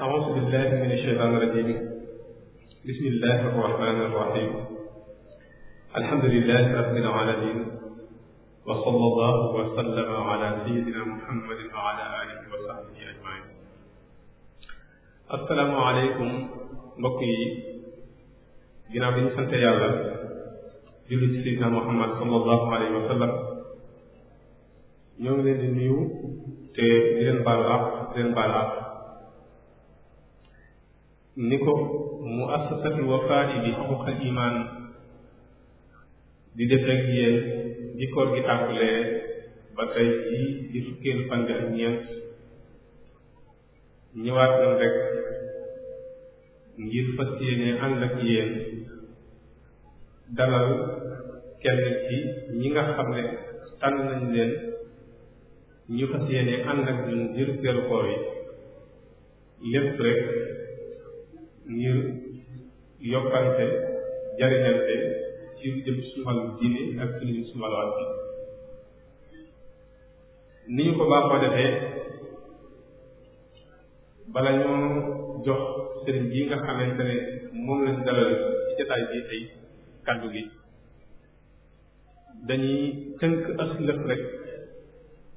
أعوذ بالله من الشيطان الرجيم بسم الله الرحمن الرحيم الحمد لله رب العالمين وصلى الله وسلم على سيدنا محمد وعلى آله وصحبه أجمعين asalaamu aleykum mbokk yi ginnaaw bi ñu sant yàlla julli ci Seydina Muhammad sallallahu alayhi wa sallam ñoo ngi leen di nuyu te di leen baal àq di leen baal àq ni ko mu assasatul wafa'i bi xuquqal iman di def ak yéen di koor gi tàmbalee ba tey jii di fukkeel fan ak ñeent ñëwaat nañ rek ngir fas yéene ànd ak yéen dalal kenn ci ñi nga xam ne tànn nañ leen ñu fas yéene ànd ak ñun ngir teeru koor yi lépp rek ngir yokkante jariñante ci jëm ci diine ak ci ni ñu ko baaxoo defee bala ñoo jox sëriñ bi nga xamante ne moom lañ dalal ci jotaay bi tey kàddu gi dañuy tënk ak rek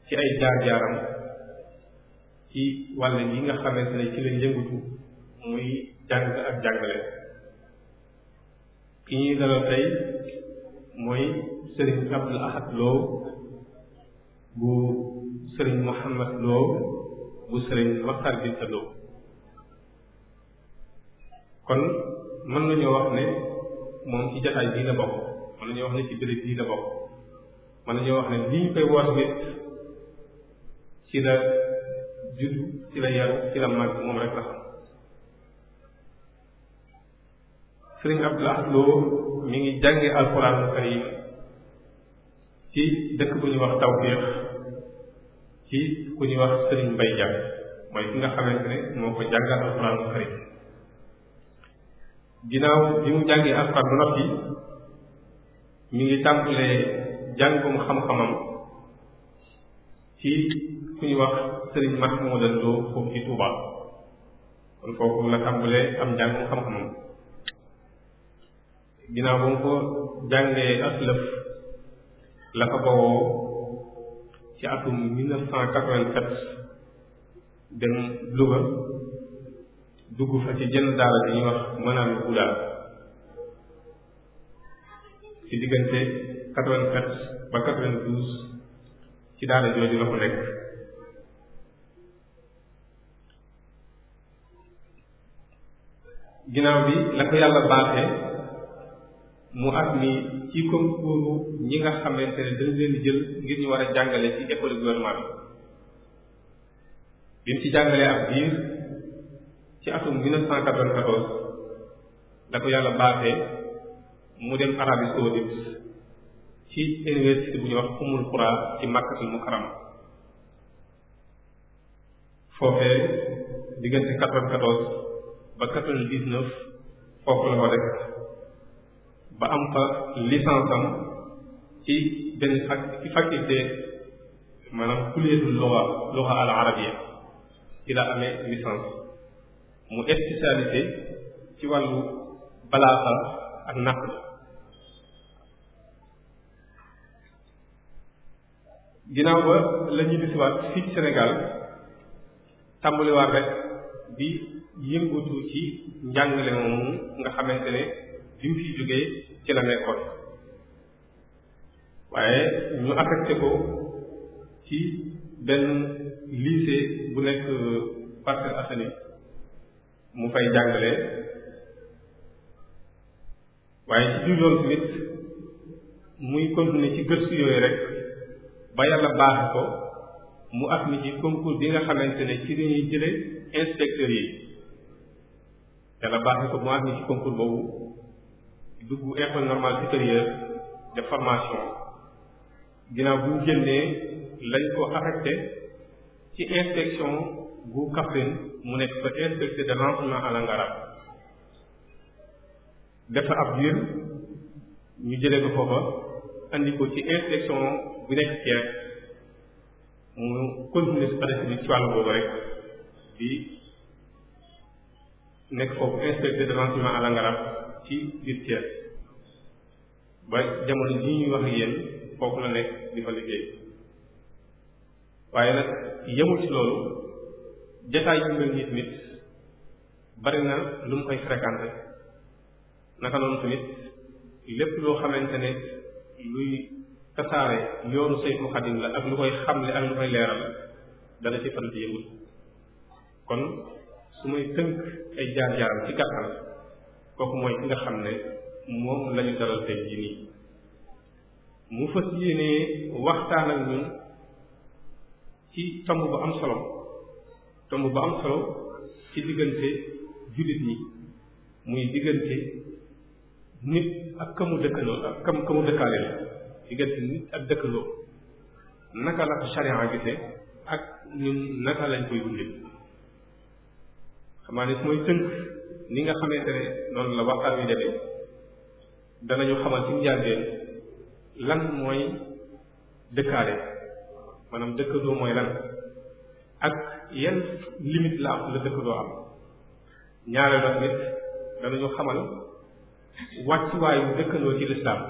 ci ay jaar-jaaram ci wàll yi nga xamante ne ci lañ yëngatu muy jàng ak jàngale ki ñuy dalal tey mooy sëriñ Abdul Ahad Lo bu sëriñ Mouhamad Lo bu sëriñ Maxtar Binta Lo kon mën nañoo wax ne moom ci jataay bii la bokk mën nañoo wax ne ci béréb bii la bokk ñu koy woote nit ci la juddu ci la yaru ci la màgg moom rek la xam sëriñ Abdou Lahad Lo mi ngi jànge alxuraanul karim ci dëkk bu ñuy wax tawféex ci ku ñuy wax sëriñ Mbay jàng mooy ki nga xamante ne moo ko jàngal alxuraanul karim ginnaaw bi mu jàngee alxuraan bu noppi mi ngi tàmbalee jàngum xam-xamam ci ku ñuy wax sëriñ Mahmoudan Lo foofu ci Touba kon foofu la tàmbalee am jàngum xam-xamam ginnaaw ba mu ko jàngee aslëf la fa bawoo ci atum 1984 dem Louga dugg fa ci jenn daara bi ñuy wax mënaam guddaal ci diggante 84 ba 92 ci daara jooju la ko nekk ginnaaw bi la ko yàlla baaxee mu at ni ci concours ñi nga xamante ne dañ leen jël ngir ñu war a jàngale ci école gouvernement bi mu ci jàngalee ak biir ci atum 1994 da ko yàlla baaxee mu dem Arabie saoudite ci université bu ñuy wax Umul Qura ci Makkatul Mukarrama foofee diggante 94 ba 99 foofu la ko rek ba am fa licence ci benn fac ci faculté maanaam kulleetul luga luga al arabia ci la amee licence mu spécialisé ci wàllu balaaxa ak naql ginnaaw ba la ñu bisiwaat fii Sénégal tàmbaliwaat rek bi yëngatu ci njàngale moomu nga xamante ne bi mu fi jógee ci la nekkoon waaye ñu affecté ko ci benn lycée bu nekk euh, Parcelles Assainies mu fay jàngale waaye ci biir loolu tamit muy continuer ci gëstu yooyu rek ba yàlla baax ko mu at mi ci concours bi nga xamante ne ci li ñuy jële inspecteurs yi yàlla baax ko mu at mi ci concours boobu dugg école normale supérieure de formation ginnaaw bu mu génnee lañ ko affecté ci inspection bu Kaffrine mu nekk fa inspecteur de l'enseignement en langue ab diir ñu jëlee ko foofa andi ci inspection bu nekk Thiès mu continuer su paree tamit ci wàllu boobu rek di nekk foofu inspecteur de l'enseignement en ci biir Thiès ba jamono ji ñuy wax ak foofu la nekk di fa liggéey waaye nag yemul ci loolu jataay yu nit nit bari na lu mu koy fréquenté naka noonu tamit lépp loo xamante ne luy tasaare yoonu Seydou Xadim la ak lu koy xamle ak lu koy leeral dana ci faral di kon su may tënk ay jaar-jaaram ci gàttal kooku mooy ki nga xam ne moom la ñu dalal tey jii nii mu fas yéenee waxtaan ak ñun ci tomb bu am solo tomb bu am solo ci diggante jullit ñi muy diggante nit ak kamu dëkkaloo ak kam diggante nit ak dëkkaloo naka la ko sharia gisee ak ñun naka lañ koy dundee xamaa ne mooy tënk ni nga xamante ne noonu la waxtaan wi demee danañu xamal ci njàngeen lan mooy dëkkaale maanaam dëkkadoo mooy lan ak yan limite la am la dëkkandoo am ñaareelu ak nit danañu xamal wàccuwaayu dëkkandoo ci lislaam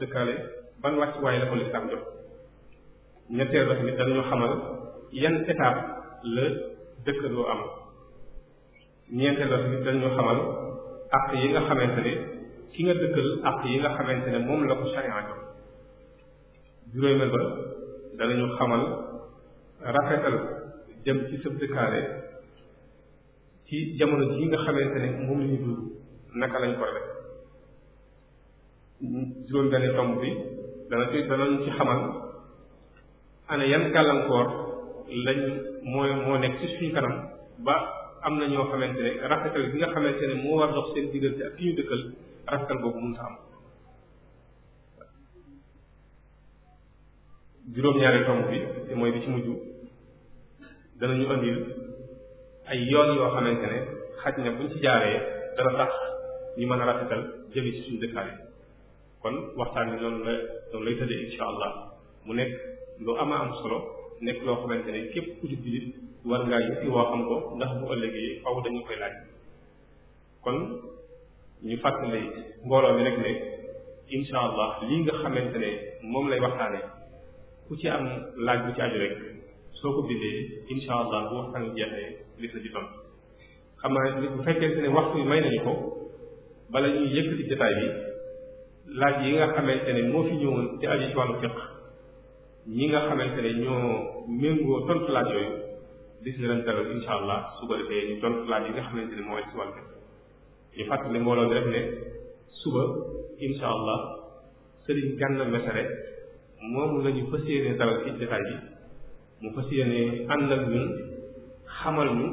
dëkkaale ban wàccuwaay la ko lislaam jox ñetteelu ak nit danañu xamal yan étape la dëkkandoo am ñeenteelal bi dañu xamal àq yi nga xamante ne ki nga dëkkal àq yi nga xamante ne moom la ko sharia jox juróomeel ba danañu xamal rafetal jëm ci sëb ci jamono ji nga xamante ne moom la ñu naka lañ koy def juróom benn tomb bi dana ci danañ ci xamal ana yan gàllankoor lañ mooy moo nekk ci suñu kanam ba am na ñoo xamante ne rafetal bi nga xamante ne moo war dox seen diggante ak ki ñu dëkkal rafetal boobu mënut a am juróom-ñaari tomb bi te mooy bi ci mujj danañu andil ay yoon yoo xamante ne xaj na buñ ci jaaree dana tax ñu mën a rafetal jëme ci suñu dëkkaay kon waxtaan bi noonu la noonu lay tëddee insha allah mu nekk lu ama am solo nekk loo xamante ne képp ku di jullit war ngaa yëpp woo xam ko ndax bu ëllëgee faw dañu koy laaj kon ñu fàttali mbooloo mi rek ne insha allah lii nga xamante ne moom lay waxtaane ku ci laaj bu ci bi jeexee li sa xam naa bu fekkente ne waxtu may nañu ko bala ñuy laaj yi nga xamante ne moo fi ñëwoon ci aju ci wàllu fiq ñi nga xamante ne ñoo méngoo tontu laaj bis la leen dalal incha allah su defee ñu tontu laaj yi nga xamante ne moo ci wàllu ñu fàttali mbooloo bi rek ne suba incha allah sëriñ Gana Messere moom la ñu fas yéene dalal ci jotaay bi mu fas yéene ànd ñun xamal ñu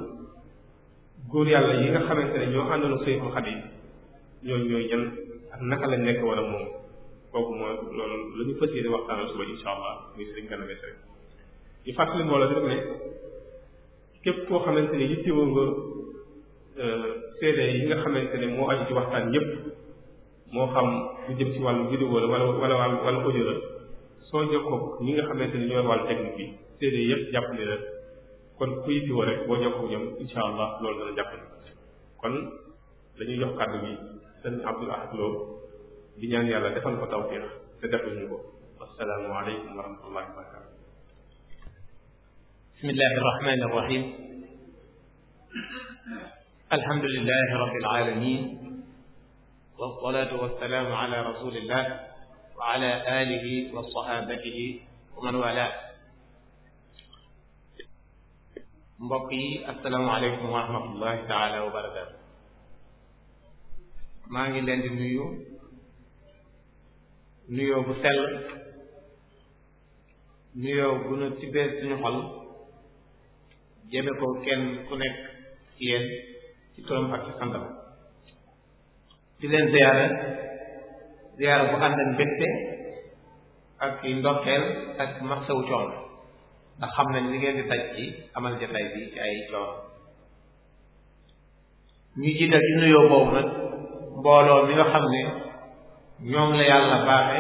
góor yàlla yi nga xamante ne ñoo àndoon Seexul Xadiim ñooñu ñooy ñan ak naka lañ nekk wala moom kooku mooy loolu la ñu fas yéene waxtaanal suba incha allah muy sëriñ Gana Messere ñu fàttali mbooloo bi rek ne. képp koo xamante ni yittewoo nga euh, seede yi nga xamante ni moo aju ci waxtaan yépp moo xam lu jëm ci wàllu vidéo la wala wala wala audio la soo jokkoog ñi nga xamante ni ñoo wàllu technique bi seede yépp jàpp ne la kon ku yittewoo rek boo jokkoog ñoom insha allah loolu dana jàpp kon dañuy jox kàddu bi sëñ Abdul Ahad Lo di ñaan yàlla defal ko tawfiq te defal ko assalaamu aleykum wa rahmatullahi بسم الله الرحمن الرحيم الحمد لله رب العالمين والصلاة والسلام على رسول الله وعلى آله وصحابته ومن والاه mbokk yi asalaamaaleykum wa rahmatullahi taala wa barakaatu maa ngi leen di nuyu nuyoo bu sell nuyoo bu nu tibbee suñu xol jebe ko kenn ku nekk ci ci turam ak di leen ziyaara ziyaara bu ànd ak mbégte ak ndokkeel ak maxsawu coono ndax xam nañ li ngeen di daj ci amal jataay bi ci ay coono ñu jiital ci nuyoo boobu nag mbooloo mi nga xam ne ñoom la yàlla baaxe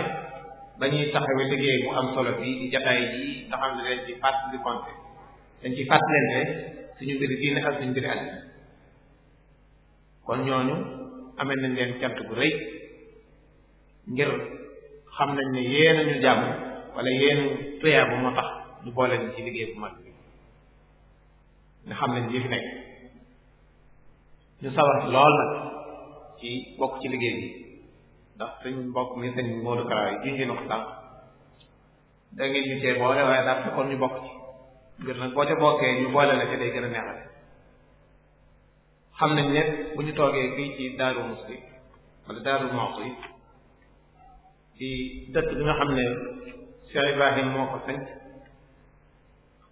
ba ñuy taxawee liggéey bu am solo bi jataay ji nga xam ne leen ci fàttali compte dañ ci fàttaleen ne suñu mbiri diine ak suñu mbiri àddina kon ñooñu amee nañ leen cant bu rëy ngir xam nañ ni yéen ñu jàmm wala yéen tuyaaba moo tax ñu boole ci liggéey bu mag bi xam nañ li fi nekk ñu sawar lool nag ci bokk ci liggéey bi ndax suñ mbokk mi sëñ Modou Kara yi junj na ko sànq da ñu cee boole waaye daal kon ñu bokk ci ngir nag boo ca bokkee ñu boole la ca day gën a neexale xam nañ ne bu ñu toogee fii ci Daaru Muxti wala Daaru Muxti ci dëkk bi nga xam ne Cheikh Ibrahim moo ko sanc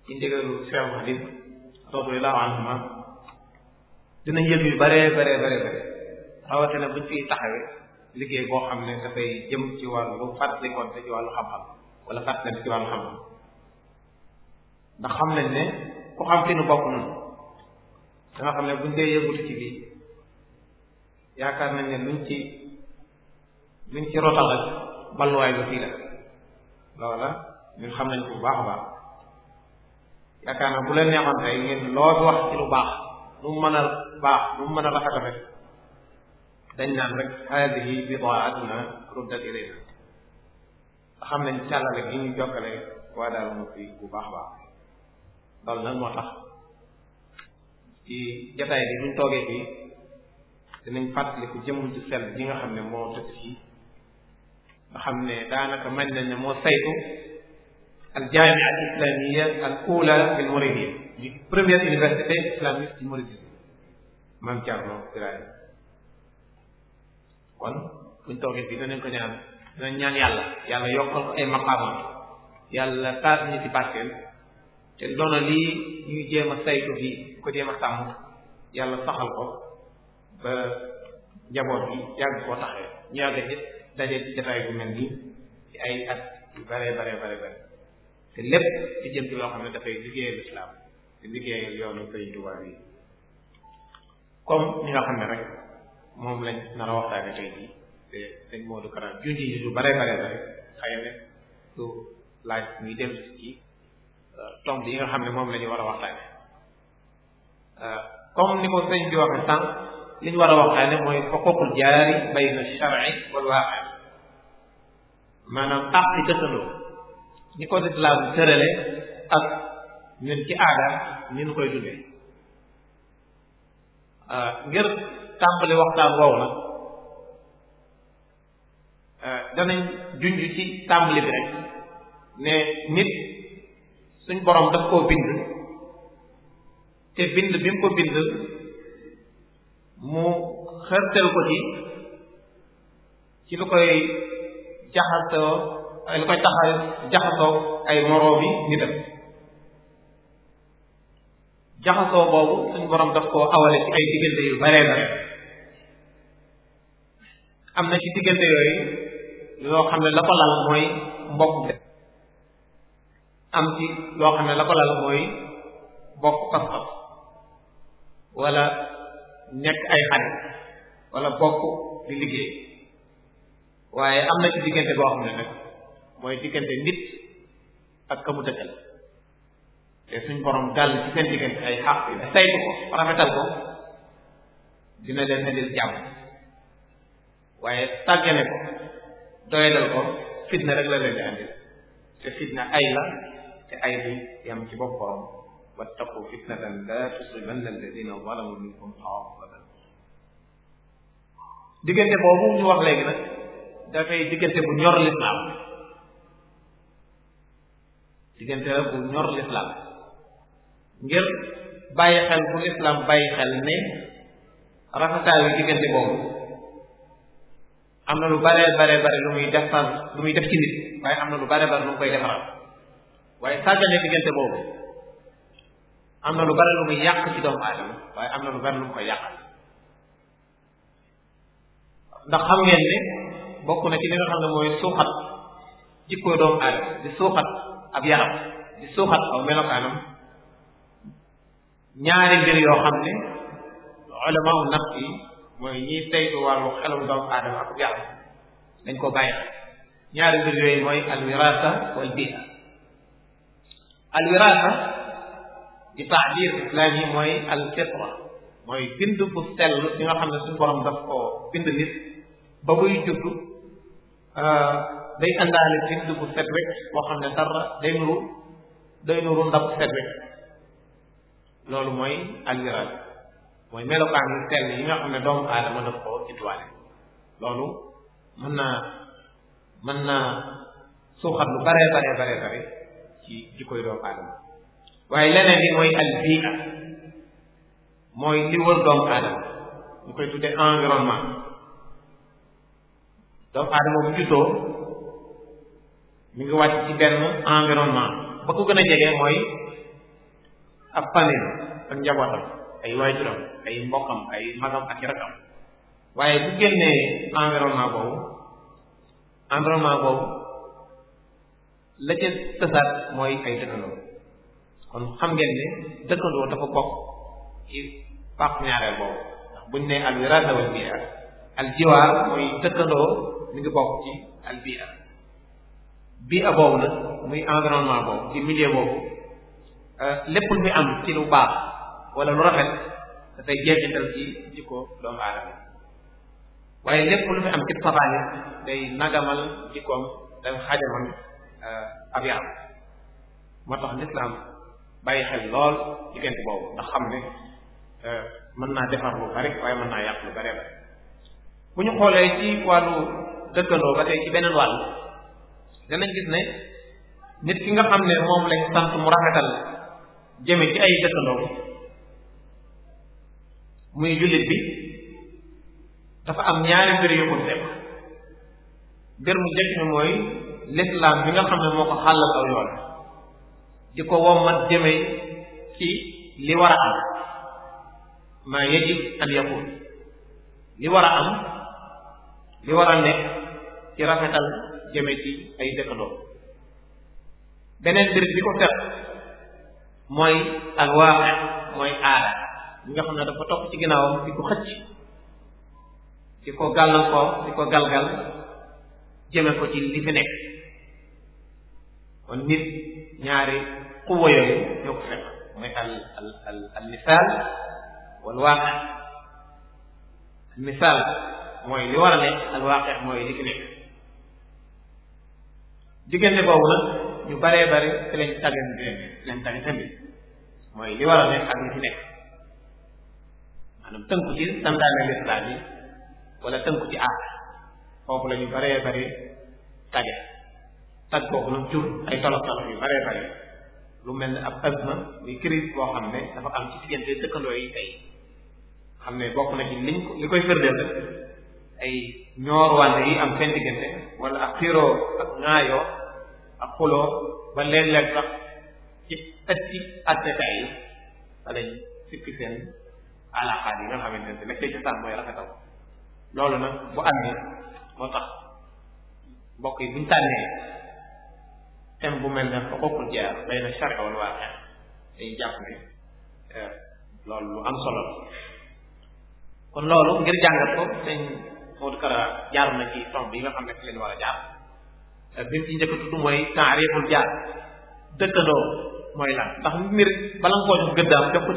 ci ndigalu Cheikh Mahdi radiyallahu anhuma dinañ yëg yu baree baree baree bare rawatina buñ fiy taxawee liggéey boo xam ne dafay jëm ci wàllu fàttalikonte ci wàllu xam-xam wala fàttalante ci wàllu xam-xam ndax xam nañ ni ku xam fi nu bokk nun da nga xam ne buñ dee yëngutu ci bii yaakaar nañ ne luñ ci luñ ci rotal rek balluwaay ba fii la loola ñun xam nañ bu baax a baax yaakaar naa bu leen neexoon tey ngeen loo wax ci lu baax lu mu mën a baax lu mu mën a rafet rek dañ naan rek haadihi bidaatuna ruddat ilayna xam nañ càllale gi ñu jokkale waa daal moo bu baax a baax loolu nag moo tax ci jataay bi buñ toogee fii dinañ fàttaliku jëmm ju sell ji nga xam ne moo dëkk fii nga xam ne daanaka mën nañ ne moo saytu al jaamia al islamia al ula fil Mouridiyya première université islamiste ci Mouridiyya maam Thierno Birahim kon buñ toogee fii danañ ko ñaan dinañ ñaan yàlla yàlla yokkal ko ay maqaamam yàlla taas ñu ci barkeel te ndono lii ñu jéem a saytu bi ko jéem a sàmm yàlla saxal ko ba njaboot bi yàgg koo taxee ñu yàgg ci dajee mel nii ci ay at yu bare bare bare te lépp di jëm ci loo xam ne dafay liggéeyal islam di liggéeyal yoonu Sëriñ Tuubaa yi comme ñi nga xam ne lañ lu na du laaj muy dem ci tomb yi nga xam ne moom lañuy ñu war a waxtaane comme ni ko sëñ bi waxe sànq li war a waxtaane mooy xuququl jaari bayna shar'i wal waaqi maanaam àq yi dëkkandoo ni ko lislaam tërale ak ñun ci aada ni koy dundee ah, ngir tàmbali waxtaan woowu nag ah, danañ junj ci tàmbali bi ne nit suñ borom daf koo bind te bind bi mu ko bind mu xërtal ko ci ci lu koy jaxasoo ay lu koy taxal jaxasoo ay moroomi nitam jaxasoo boobu suñ borom daf koo awale ci ay diggante yu baree bare am na ci diggante yooyu loo xam ne la ko lal mooy mbokk am ci loo xam ne la ko lal mooy bokk pas-pas wala nekk ay xarit wala bokk di liggéey waaye am na ci diggante boo xam ne nag mooy diggante nit ak ka mu dëkkal te suñ borom dal ci seen diggante ay xaq yi saytu ko rafetal ko dina leen indil jàmm waaye tàggane ko doyadal ko fitna rek la leen di andil te fitna ay la te ay bi yam ci boppa borom wattaqu fitnatan la tusibanna alladina zalamu minkum xaasatan diggante boobu ñu wax léegi nag dafay diggante bu ñor lislaam diggante la bu ñor lislaam ngir bàyyi xel bu lislaam bàyyi xel ne rafetaayu diggante boobu am na lu bare bare bare lu muy defar lu muy def ci nit am na lu bare bare lu mu koy defaral waaye sàggane diggante boobu am na lu bari lu muy yàq ci doomu aadama waaye am na lu bari lu mu koy yàqal ndax xam ngeen ne bokk na ci li xam ne mooy suuxat jikkoo doomu aadama di suuxat ab yaram di ñaari mbir yoo xam ne mooy ñiy saytu wàllu xelum doomu aadama ak yaram dañ ko bàyyi ñaari mbir yooyu mooy alwirasa wal bia alwiraasa di taadir islaami mooy alfitra mooy bind bu sell bi nga xam ne suñu borom daf ko bind nit ba buy judd euh, day àndaale bind bu set wecc boo xam ne dara day nuru day nuru ndab set loolu mooy alwiraasa mooy melokaan yu sell yi nga xam ne doomu aadama daf ko judduwaale loolu mën na mën naa suuxat lu bare bare bare bare ci jikkoy doomu aadama waaye leneen li mooy albia mooy li wër doomu aadama ñu koy tuddee environnement doomu aadama bu juddoo mi ngi wàcc ci benn environnement ba ko gën a jege mooy ab ak njabootam ay waajuram ay mbokkam ay magam ak i waaye bu génnee environnement boobu environnement boobu la ca mooy ay dëkkandoo kon xam ngeen ni dëkkandoo dafa bokk ci pàq boobu ndax buñ ne al wirasa wal bia al muy environnement boobu ci milieu euh, lépp lu muy am ci lu baax wala lu rafet dafay jeexital ci jikko doomu day nagamal jikkoom day xajamal Euh, ab yaram moo tax lislaam bàyyi xel lool diggante boobu ndax xam ne euh, mën naa defar lu bari waaye mën naa yàq lu bari bari bu ñu xoolee ci wàllu dëkkandoo ba tey ci beneen wàll danañ gis ne nit ki nga xam ne moom lañ sant mu rafetal jëme ci ay dëkkandoo muy jullit bi dafa am ñaari mbir yu ko def mbir mu jëkk mi mooy l'islam bi nga xam ne moo ko xàllal aw yoon di ko wommat jëme ci li war a am maa yajib an yakun li war a am li war a nekk ci rafetal jëme ci ay dëkkandoo beneen birit bi ko mooy alwaaxe mooy aada bi nga xam ne dafa topp ci ginnaawam di ko xëcc di ko gàllankoor di ko galgal jëme ko ci li fi nekk kon nit ñaari quwa yooyu ñoo ko fekk mooy al al al misaal wal waaqi misaal mooy li war a nekk al waaqi mooy li fi nekk diggante boobu nag ñu baree bari ci lañ tàggat bi lañ tàggat tamit mooy li war a nekk ak li fi nekk maanaam tënku ci santaane lislaam yi wala tënku ci aar foofu la ñu baree bari tàggat tag googu nag jur ay tolof tolof yu bare bare lu mel ne ab asma muy crise boo xam ne dafa am ci diggante dëkkandoo yi tey xam ne bokk na ci liñ li koy firndeel rek ay ñoor wànde yi am seen diggante wala ak xiiroo ak ŋaayoo ak xuloo ba léeg-léeg sax ci ëtti attekaay yi wala sikki seen alaxaat yi nga xamante ne la ci sànn mooy rafetal loolu nag bu amee moo tax mbokk yi buñ tànnee thème bu mel ne fa bokkul jaar day na sariya wala waaye dañuy jàpp ne eh, loolu lu am solo la kon loolu ngir jàngat ko sëñ Modou Kara jaar na ci tomb yi nga xam ne ci leen war a jaar eh, bi mu ci njëkk tudd mooy taarixul jaar dëkkandoo mooy ndax mbir bala nga koo jox gëddaam jox ko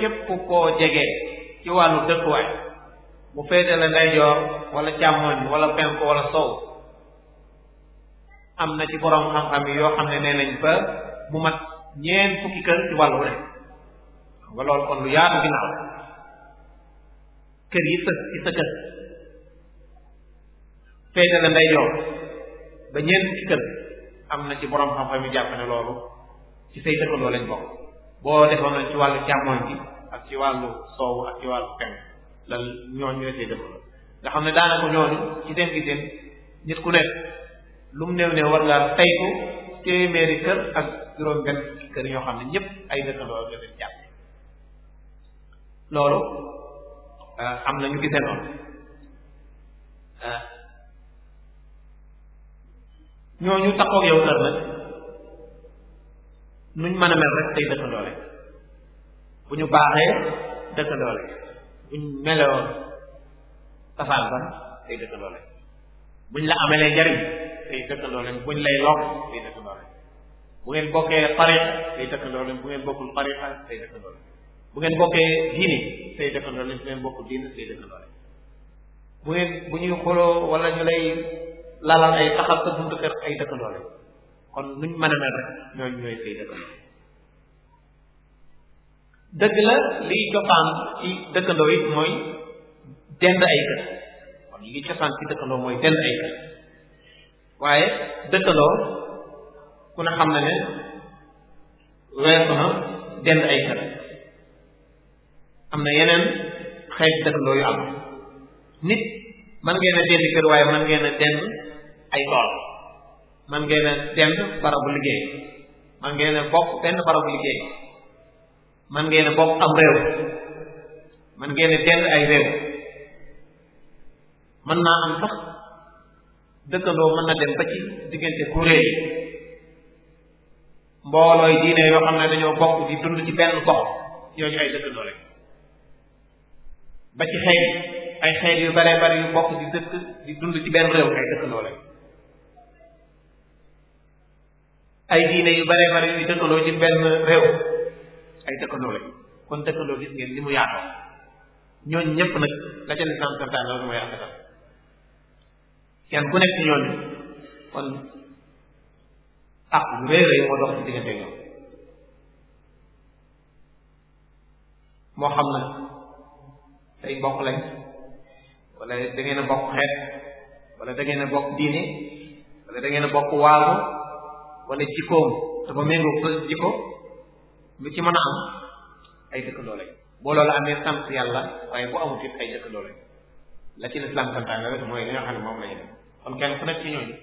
képp koo jege ci wàllu dëkkuwaay mu féete la ndeyjoor wala càmmoñ wala penk wala sow am na borom xam yoo xam ne nee nañ ba mu mat ñeent fukki kër ci wàllu rek xam nga loolu kon lu na ci borom xam-xam yi jàpp ne loolu ci say dëkkandoo lañ bokk boo defoon ci wàllu càmmoñ bi ak ci wàllu soow ak ci wàllu penk lan ñooñu la cee defoon nga xam ne daanaka ñooñu ci seen giseen nit ku nekk lu mu néew ne war ngaa tey ko téeméeri kër ak juróom benn kër yoo xam ne ñëpp ay dëkkandoo la leen jàpp loolu euh, am na ñu gisee noonu euh, ñooñu taxoog yow kër nag nuñ mën a mel rek tey dëkkandoo bu ñu baaxee dëkkandoo bu ñu meloon safaan ba tey dëkkandoo lañ bu ñu la amalee njariñ tey dëkkandoo lañ lay lor tey dëkkandoo lañ bu ngeen bokkee tariqa tey dëkkandoo lañ bu ngeen bokkul tariqa tey dëkkandoo lañ bu ngeen bokkee diine tey dëkkandoo lañ bu ngeen bokkul diine tey dëkkandoo lañ bu ngeen bu ñuy xuloo wala ñu lay lalal ay taxal sa buntu kër ay dëkkandoo lañ kon nuñ mën a rek ñooñu ñooy tey dëkkandoo dëgg la liy cosaan ci dëkkandoo it mooy dend ay kër kon liy cosaan ci dëkkandoo mooy dend ay kër waaye dëkkandoo ku ne xam na ne weesu na dend ay kër am na yeneen xeet dëkkandoo yu am nit mën ngeen a dend kër waaye mën ngeen dend ay tool mën ngeen a dend barabu liggéey mën ngeen bokk benn barabu liggéey man ngeen a bokk am réew man ngeen a ay réew mën naa am sax dëkkandoo mën na dem ba ci diggante kuréel yi mboolooy diine yoo xam ne dañoo bokk di dund ci benn gox ñooñu ay dëkkandoo rek ba ci xeet ay xeet yu bare bare yu bokk di dëkk di dund ci benn réew ay dëkkandoo lañ ay diine yu bare bare yu dëkkandoo ci benn réew ay dëkkandoo kon dëkkandoo gis ngeen li mu yaatoo ñooñu ñëpp nag la ca lislam santaan loolu mooy rafetal kenn ku nekk ci ñooñu kon ak bu rëy rëy moo dox ci diggante ñoom moo xam nag day bokk lañ wala da ngeen a bokk xeet wala da ngeen a bokk diine wala da bokk waaru wala jikkoom dafa méngoo ko jikko lu ci mën a am ay dëkkandoo lañ boo loolu amee sant yàlla waaye bu amut it ay dëkkandoo lañ la ci lislaam santaane rek mooy li nga xam ne moom la ñu def kon kenn ku nekk ci ñooñu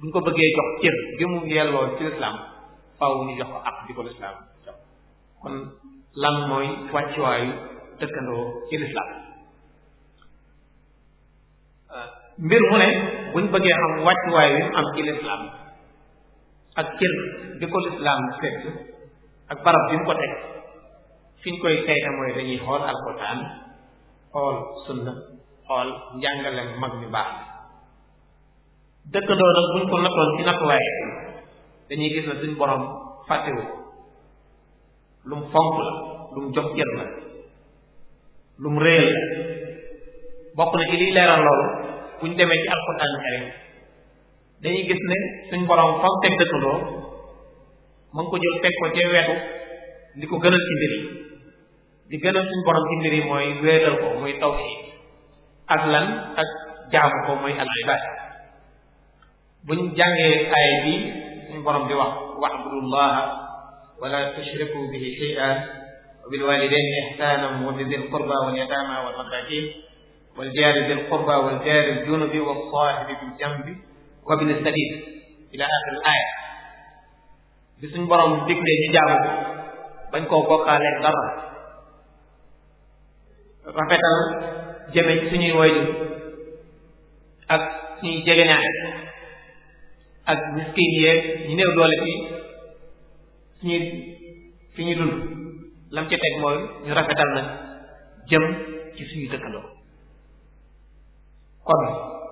buñ ko bëggee jox cër bi mu yelloo ci lislaam faaw ñu jox ko ak di ko lislaam jox mooy wàccuwaayu dëkkandoo ci mbir mu ne buñ bëggee am wàccuwaay wi am ci lislaam ak cër bi ko lislaam sedd ak barab bi mu ko teg fi ñu koy sayta mooy dañuy xool alquran xool sunna xool njàngale mag ñu baax dëkkandoo nag buñ ko nattoon ci nattuwaay dañuy gis na suñ borom fàttewu lu mu fonk la lu mu jox cër la lu mu réel la bokk na ci liy leeral loolu buñ demee ci alquran karim dañuy gis ne suñ borom fa teg dëkkandoo ma ngi ko jël teg ko ca wetu li ko gënal ci mbir yi li gënal suñu borom ci mbir yi mooy wéeral ko muy tawxiid ak lan ak jaamu ko muy al ibaada buñ jàngee aaya bi suñu borom di wax wa'budullaha wala tushriku bihi shay'an wa bil walidayni ihsanan wa bi dhil qurba wal yatama wal masakin wal jaari dil qurba wal jaari junubi was sahibi bil janbi wa bin sabil ila axir al aaya bi suñ borom diglee ñu jaamu bañ koo bokkaale dara rafetal jëme ci suñuy waajur ak suñuy jegeñaay ak miskin yeeg ñu néew doole fi suñuy fi ñu dund lam teg mooy ñu rafetal nag jëm ci suñu dëkkandoo kon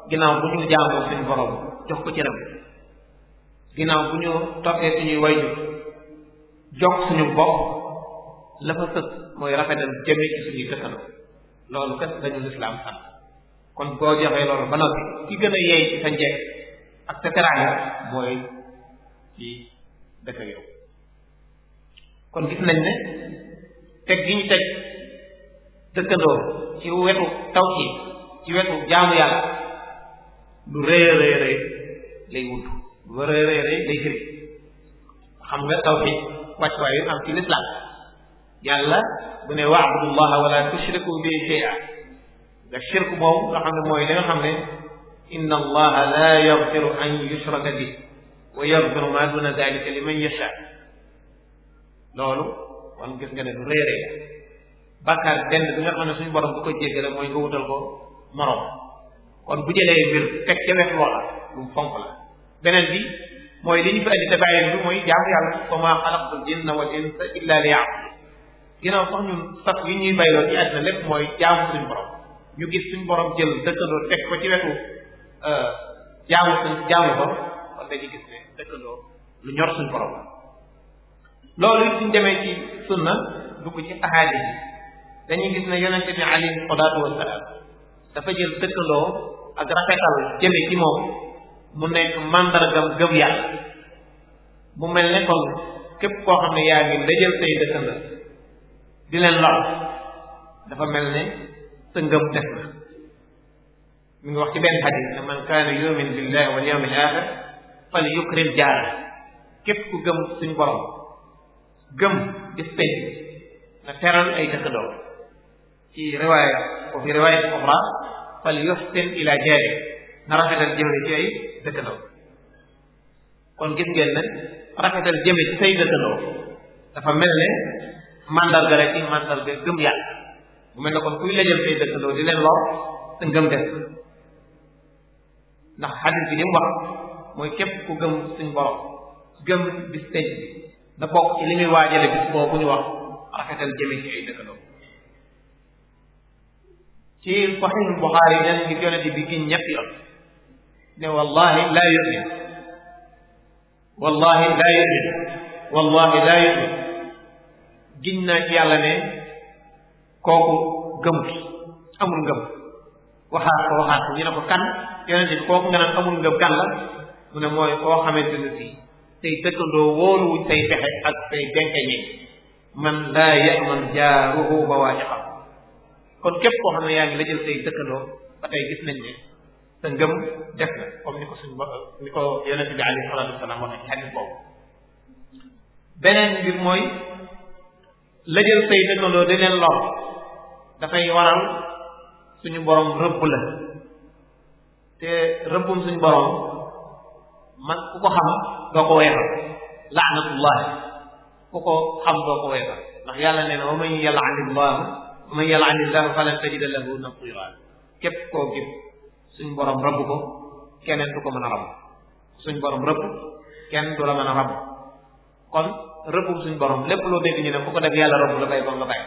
ginnaaw bu ñu jaamoo suñu borom jox ko ci ram ginnaaw bu ñu toppee suñuy wayjur jox suñu bopp la fa mooy rafetal jëme ci suñuy dëkkandoo loolu kat dañu lislaam sant kon boo joxee loolu ba noppi ki gën a yeey ci sa njekk ak sa teraanga mooy ci dëkk kon gis nañ ne teg gi ñu teg dëkkandoo ci wetu taw ci ci wetu jaamu yàlla lu rëy rëy rëy lay wuntu bu rëy rëy rëy day firi xam nga tawxiid wàccuwaay yu am ci lislaam yàlla bu ne waabudullaha wala tushriku bi shay'a da shirk boobu nga xam ne mooy li nga xam ne inna allaha la yaghfiru an yushraka bi wa yaghfiru ma duna dalika liman yasha loolu kon gis nga ne lu rëy rëy la bàkkaar benn bi nga xam ne suñu borom bu ko jéggale mooy nga wutal ko moroom kon bu jëlee mbir teg ca wet loola lu mu fonk la beneen bi mooy li ñu fa indi te bàyyi bi mooy jaamu yàlla wa maa xalaqtul jinna wal insa illa liya'budun ginnaaw sax ñun sax yi ñuy bayloo ci àddina lépp mooy jaamu suñu borom ñu gis suñu borom jël dëkkandoo teg ko ci wetu euh, jaamu suñ jaamu ñor suñu borom loolu suñ demee ci sunna dugg ci ahadi yi dañuy gis ne yonente bi alayhi salaatu dafa jël dëkkandoo ak rafetal jëme ci moom mu nekk màndargam gëm yàlla mu mel ne kon képp koo xam ne yaa ngi dajal say dëkkandoo di leen lor dafa mel ne sa ngëm def na mi ngi wax ci benn xadis ne man kaana yumin billahi wal yawmil axir fal yukrim jaara képp ku gëm suñu borom gëm bis penc na teral ay dëkkandoo ci riwaaya ko fi riwaaya oxra fal yuxsin ila jaari na rafetal jëmale ci ay dëkkandoo kon gis ngeen ne jëme ci say dëkkandoo dafa mel ne mandarga rek ci mandarga gëm yàlla bu mel ne kon kuy lajal say dëkkandoo di leen lor sa ngëm def ndax xadis bi li mu wax mooy képp ku gëm suñ borom gëm bis penc da bokk ci li waajale bis boobu ñu wax rafetal jëme ci ay dëkkandoo ci Sahih Bukhari nen ngi yonente bi giñ ñetti yoon ne wallahi laa yumin wallahi laa yumin wallahi laa yumin giñ naa ci yàlla ne kooku gëmut amul ngëm waxaat ko waxaat ko ñu ne ko kan yonent bi kooku nga naan amul ngëm kan la mu ne mooy koo xamante ne si tey dëkkandoo wóoluwuñ tey pexe ak tey denke man laa yaman jaaruhu ba waajaxam kon képp koo xam yaa ngi la jël say dëkkandoo ba tey gis nañ ne sa ngëm des na comme ni ko suñu ni ko yonent bi alayhi salaatu wasalaam waxee ci xadis boobu beneen mbir mooy la jël say dëkkandoo di leen lor dafay waral suñu borom rëbb la te rëbbum suñu borom man ku ko xam doo ko weesal laanatullah ku ko xam doo ko weesal ndax yàlla nee na wa man yal'anillah wa man yal'anillah falan tajida lahu nasiran képp koo gis suñ borom rëbb ko keneen du ko mën a rëbb suñ borom rëbb kenn du la mën a rëbb kon rëbbum suñ borom lépp loo dégg ñu ne ku ko def yàlla rëbb la bay ko nga bay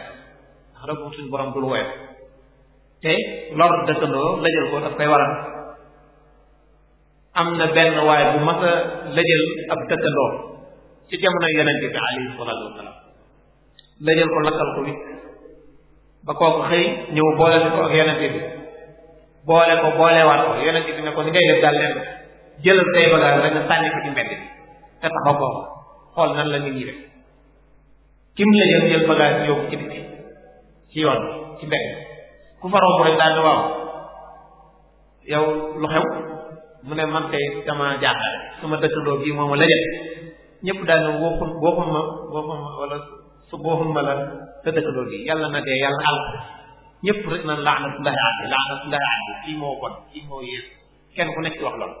ndax suñ borom du lu woyof te lor dëkkandoo lëjal ko daf koy waral am na benn waaye bu mas a lëjal ab dëkkandoo ci jamono yonente bi alayhi salaatu wasalaam lëjal ko lakkal ko wit ba kooku xëy ñëw booleel ko ak yonente bi boole ko boolewaat ko yonent bi ne ko ni ngay def daal lenn jëlal say bagage rek nga sànni ko ci mbedd bi te taxaw ko xool nan la nit ñi def kim la jël jël bagage yóbbu ci biti ci bi ku fa romb rek daal di waaw yow lu xew mu ne man kay dama jaaxal suma dëkkandoo bii moom la jël ñëpp daal ne waxun waxun ma waxun ma wala su waxun ma la sa dëkkandoo bi yàlla na dee yàlla àll ñëpp rek naan laanatullahi alayhi laanatullahi alayhi kii moo bon kii moo yées kenn ku nekk ci wax loolu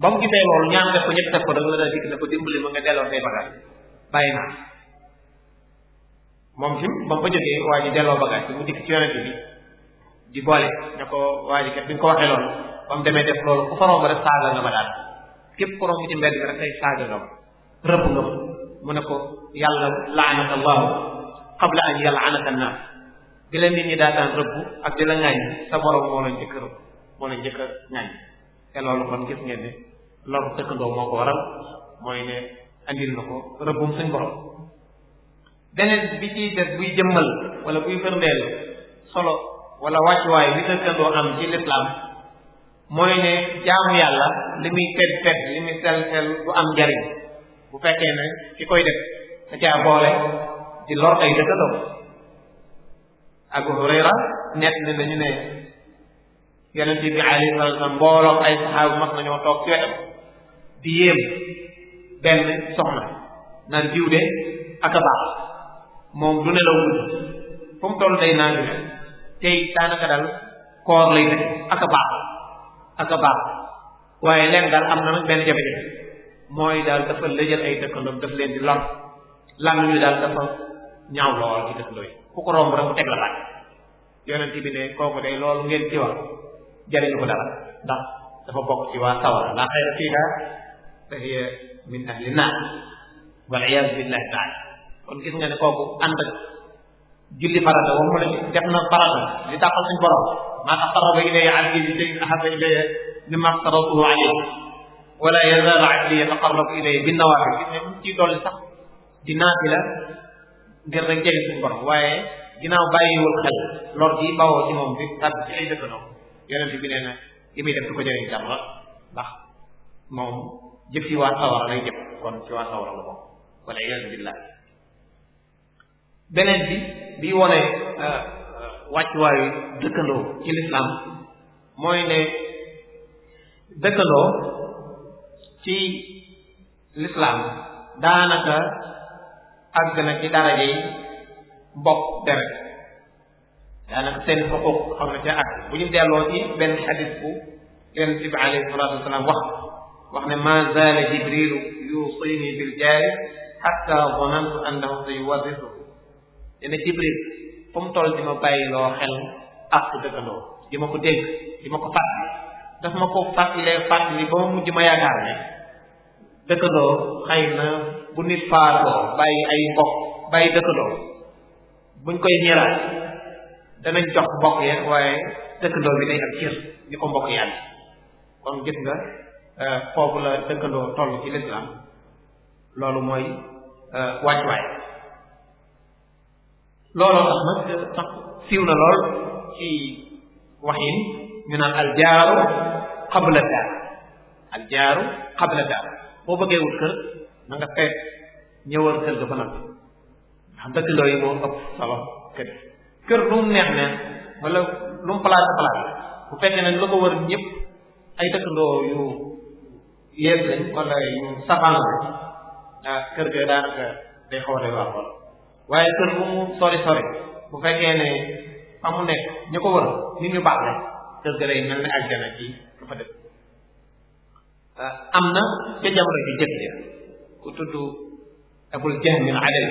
ba mu gisee loolu ñaan def ko ñëpp ko da nga daal dikk ko dimbali ma nga delloo say bagage bàyyi ba mu ko waa ji ko waxee loolu demee def loolu ku faroom saaga nga ma daal képp ku romb ci mbedd bi saaga nga ma rëbb nga ma mu ne ko yàlla laanaka allahu qabla an yalaanaka annaas bi la nit ñi daataan rëbb ak di la ŋaañ sa borom moo la njëkk moo la njëkk a ŋaañ te loolu kon gis ngeen ne loru dëkkandoo moo ko waral mooy ne andil na ko rëbbum suñ borom beneen bi ciy def buy jëmmal wala buy firndeel solo wala wàccuwaay bi dëkkandoo am ci lislaam mooy ne jaamu yàlla li muy fet fet li muy sel sel bu am njariñ bu fekkee ne ki koy def da caa di lor ay dëkkandoo Abu Hurayra nett li nañu ne yonent bi alayhi salaatu mbooloo ay saxaaba mas nañoo toog ci wetam di yéem benn soxna naan diw de ak a baax moom du nelaw guddi fu mu toll day naan tey daanaka daal koor lay def ak a baax ak a baax waaye leen daal am na nag benn jafe mooy daal dafa lëjal ay dëkkandoom daf leen di lor lan ñu daal dafa ñaaw lool ci dëkkandoo yi ku ko romb rek mu teg la laaj yonent bi ne kooku day loolu ngeen ci wax jariñu ko dara ndax dafa bokk ci waa sawara la xayra fiha fa hiya min ahli naar wal iyaadu billahi taala kon gis nga ne kooku ànd ak julli farata wa mu ne def na farata li tàqal suñ borom maa taqarraba ilayya abdi bi shay'in ahabba ilayya mimma aftaratuhu alayhi wala yazaalu abdi yataqarrabu ilayya bin nawaafil gis ne mu ciy dolli sax di naafila ngir rek jege suñu borom waaye ginnaaw bàyyiwul xel lor gi bawoo ci moom bi tàbbi ci ay dëkkandoo yonent bi nee na li muy def du ko euh, euh, dëkkandoo ci lislaam mooy ne dëkkandoo ci lislaam daanaka àgg na ci daraje yi bokk deret daanaka seen xuquq xam na ca àgg bu ñu delloo ci benn xadis bu yonent bi alayhi salaatu wasalaam wax wax ne ma zaala jibrilu yusini bil jaari xatta zonantu annahu sayuwarrisu dina jibril fu mu toll di ma bàyyi loo xel ak dëkkandoo di ma ko dégg di ma ko fàttali daf ma ko fàttalee fàttali ba ma mujj ma yaakaar ne dëkkandoo xëy na bu nit faatoo bàyyi ay mbokk bàyyi dëkkandoo buñ koy miraas danañ jox mbokk ya waaye dëkkandoo bi day am cër ni ko mbokk yàlla kon gis nga euh, foofu la dëkkandoo toll ci lislaam loolu mooy euh, wàccuwaay looloo tax nag euh, siiw na lool ci waxin ñu naan aljaaru qabla daar aljaaru qabla daar boo bëggee wut kër na nga feet kër ga ba nag ndax dëkkandoo yi moo ëpp solo kër kër lu mu neex neex wala lu mu palaas palaas bu fekkee ne lu ah, a day waa xool mu sori sori bu fekkee ne fa mu nekk ñu ko wër nit ñu baax la kër ga day mel ne aljana ci dafa def Ah, am na ca jamono ji jëkk ja ku tudd abul jahmin adawi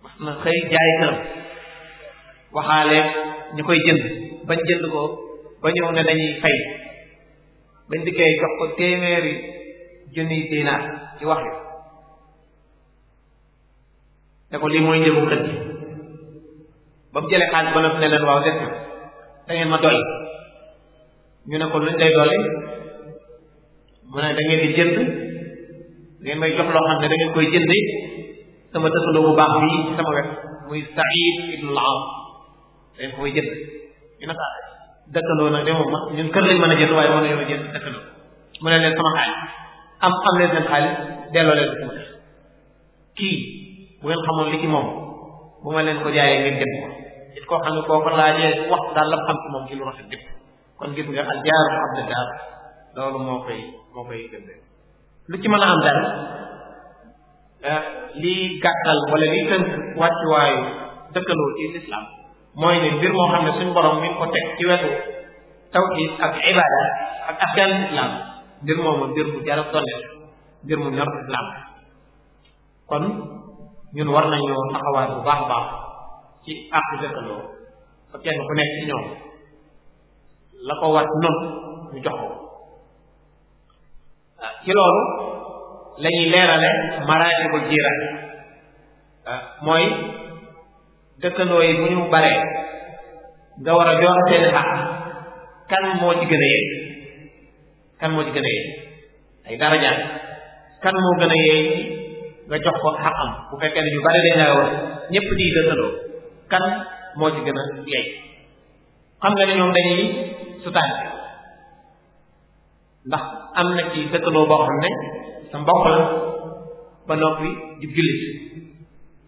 mas na xëy jaay këram waxaale ñu koy jënd bañ jënd ko ba ñëw ne dañuy fay bañ dikkee jox ko téeméeri junniy dinaar ci wax yi ne ko lii mooy njëgu kër gi ba mu jëlee xaalis ba noppi ne leen waaw def na da ngeen ma dolli ñu ne ko luñ lay dolli mu ne da ngeen di jënd ngeen may da ngeen koy jënde sama dëkkandoo bu baax bii sama wet muy Saïd ibnu al-Aas dañ jënd ñu ne ko ah, dëkkandoo nag de ñun kër lañ mën a jënd waaye mën nañoo jënd dëkkandoo mu ne leen sama xaalis am am leen seen xaalis delloo leen ko kii bu ngeen xamoon li ci moom bu ma leen ko jaayee ngeen jënd ko it koo xam ne boo ko laajee wax daal la xam ci moom ci lu rafet lépp kon gis nga al jaar abd daar loolu moo koy moo koy gënde lu ci mën a am dal eh, lii gàttal wala lii tënk wàccuwaayu dëkkaloo ci lislaam mooy ne mbir moo xam ne suñu borom mi ko teg ci wetu tawhid ak ibada ak arkaan lislaam mbir moomu mbir mu jarab donne mbir mu ñor lislaam kon ñun war nañoo taxawaat bu baax a baax ci àq dëkkaloo ba kenn ku nekk ci ñoom la ko war noonu ñu ci loolu la ñuy leerale maraatibul jiiraan ah, mooy dëkkandoo yi bu ñu baree nga war a jox seen xaq kan moo ci gën a yey kan moo ci gën a yey ay darajaat kan moo gën a yey nga jox ko xaqam bu fekkee ne ñu bare dañ war ñépp di dëkkandoo kan moo ci gën a yey xam nga ne ñoom dañuy sutaante ndax am na ci dëkkandoo boo xam ne sa mbokk la ba noppi di jullit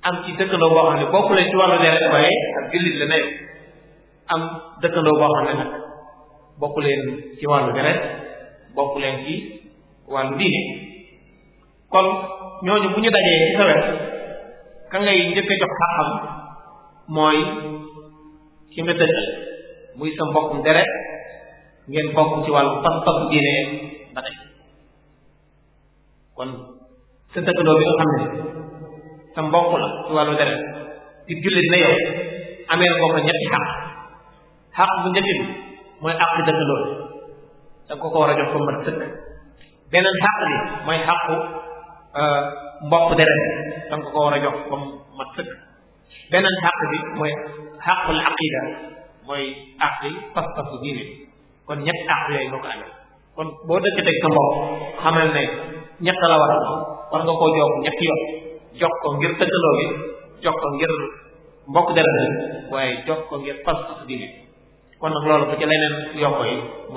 am ci dëkkandoo boo xam ne bokk la bokk leen ci wàllu deret bokk leen ci wàllu diine kon ñooñu bu ñu dajee ci sa ka ngay njëkk a jox mooy ki nga dëkk muy sa mbokkum deret ngeen bokk ci wàllu pas-pas diine ba tey kon sa dëkkandoo bi xam ne sa mbokk la ci wàllu deret di jullit na yow amee na ko ñetti xaq xaq bu njëkk mooy xaq bi dëkkandoo da ko ko war a jox ko mën sëkk beneen xaq bi mooy xaqu mbokk deret da nga ko ko war a jox comme euh, mat sëkk beneen xaq bi mooy xaqul aqida mooy aqi pas-pasu diine kon ñett àq yooyu nga ko amee kon boo dëkkateg sa mbokk xamal ne ñett la war a nga koo jokk ñetti yoon jox ko ngir tëkkaloo bi jox ko ngir mbokk deret bi waaye jox ko ngir pas pas bi kon nag loolu bu ci leneen yokk yi mu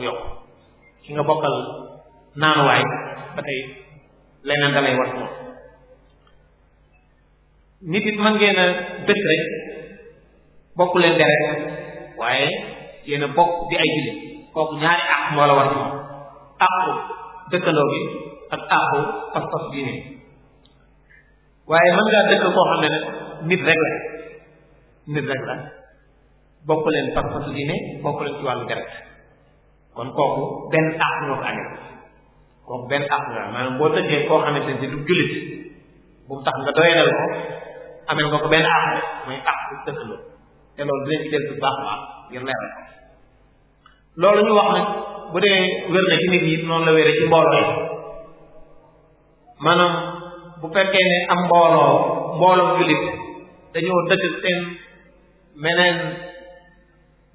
ki nga bokkal naanuwaay ba tey nit it mën dëkk rek bokk leen deret waaye yéen a bokk di ay jullit kooku ñaari àq moo la war ci moom àqu dëkkandoo bi ak àqu pas-pas diine waaye mën ngaa dëkk koo xam ne nit rek la nit rek la bokk leen pas-pas diine bokk leen ci wàllu deret kon kooku benn àq ñoo amee kooku benn àq nga maanaam boo dëkkee koo nga ko amee nga ko benn àq dëkkandoo te loolu dinañ ci del bu baax a baax ngir leeral ko loolu ñu wax nag bu dee wér na ci nit ñi noonu la wéree ci mbooloo yi maanaam bu fekkee ne am mbooloo mbooloo jullit dañoo dëkk seen meneen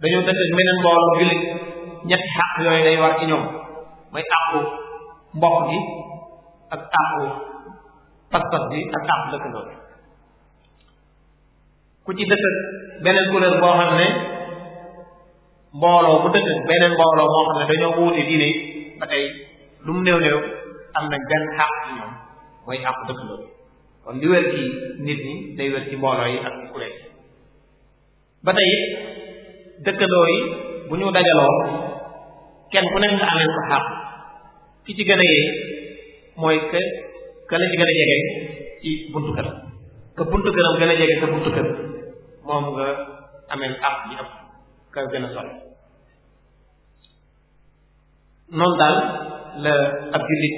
dañoo dëkk meneen mbooloo jullit ñetti xaq yooyu day war ci ñoom mooy àqu mbokk gi ak àqu pas-pas bi ak àqu dëkkandoo bi ku ci dëkk beneen couleur boo xam ne mbooloo mu dëkk beneen mbooloo moo xam ne dañoo wuute diine ba tey lu mu néew néew am na gan xaq ñoom mooy xaq ñi day wér dëkkandoo yi bu ñu dajaloo kenn ku nekk nga amee ko xaq ki ci gën a yee mooy que que la ci gën a jege ci buntu kër que buntu këram gën a jege sa buntu kër moom nga amee xaq ji am ka gën a sori noonu daal la ab jullit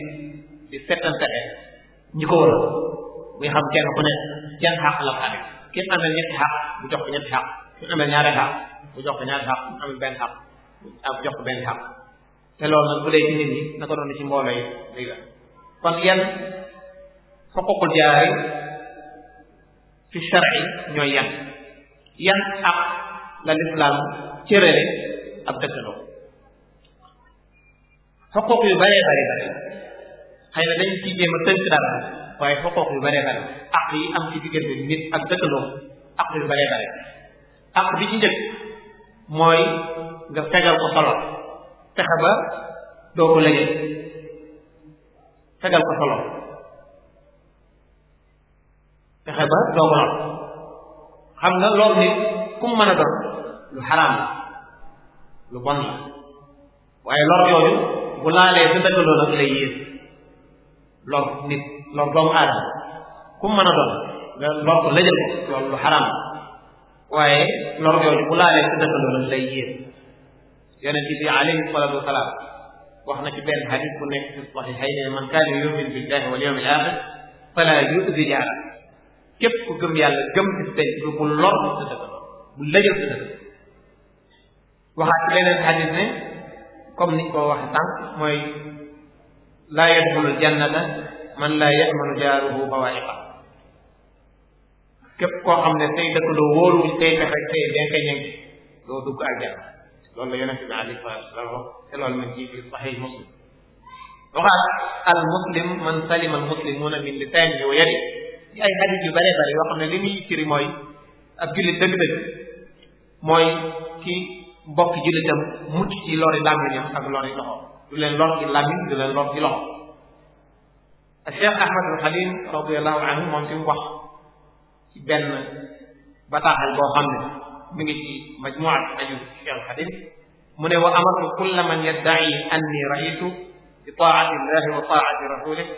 di setantaxe ñi ko wër muy xam kenn ku ne yan xaq la xale ki mu amee ñetti xaq mu jox ko ñetti xaq ki mu amee ñaari xaq mu jox ko ñaari xaq mu amee benn xaq mu jox ko benn xaq te loolu nag bu dee ci nit ñi naka doon ci mbooloo yi léegi kon yan xuququl jaari fi shar'i ñooy yan la lislaam cërale ab dëkkandoo xoqooq yu bëree bëri bëri xëy na dañ ciy jéem a tënk dara waaye xoqooq yu bëree bëri aq yi am ci diggante nit ak dëkkandoo aq yu bëree bëri aq bi ci njëkk fegal ko solo fexe ba doo ko lëgee fegal ko solo fexe ba doo ko xam nga loolu nit ku mu mën a doon lu xaraam la lu bon la waaye lor yooyu bu laalee sa dëkkandoo nag lay yées lor nit lor doomu aadama ku mën a doon nga lor ko lëjal ko loolu lu xaraam waaye lor yooyu bu laalee sa dëkkandoo nag lay yées yonente bi alayhi salatu wasalaam wax na ci benn xadis bu nekk ci saxiixayni ne man kaana yumin billahi wal yawmil axir fala yu'di jaara képp ku gëm yàlla gëm ci penc bi bu lor sa dëkkandoo bu lëjal sa dëkkandoo waxaat ci beneen xadis ne ko wax tànk mooy laa la jannata man laa yamanu jaaruhu bawaayiqa képp koo xam ne say dëkkandoo wóoruwuñ say pexe say denke ñëng doo dugg aljanna loolu la yonente bi ba salaatu wasalaam wax te loolu man ci biir muslim waxaat al muslim man salima al muslimuuna min lisaanihi wa yadihi ci ay xadis ne li muy firi mooy ab jullit dëgg mooy ki mbokk jullitam mucc ci lori làmmiñam ak lori loxo du leen lor ci làmmiñ du leen lor ci loxo Cheikh Ahmad al Xalim radiallahu anhu moom ci mu wax ci benn bataaxal boo xam ne mi ngi ci majmuat aju Cheikh al Xalim mu ne wa amartu kulla man yaddai anni rahitu bi taati illahi wa taati rasulih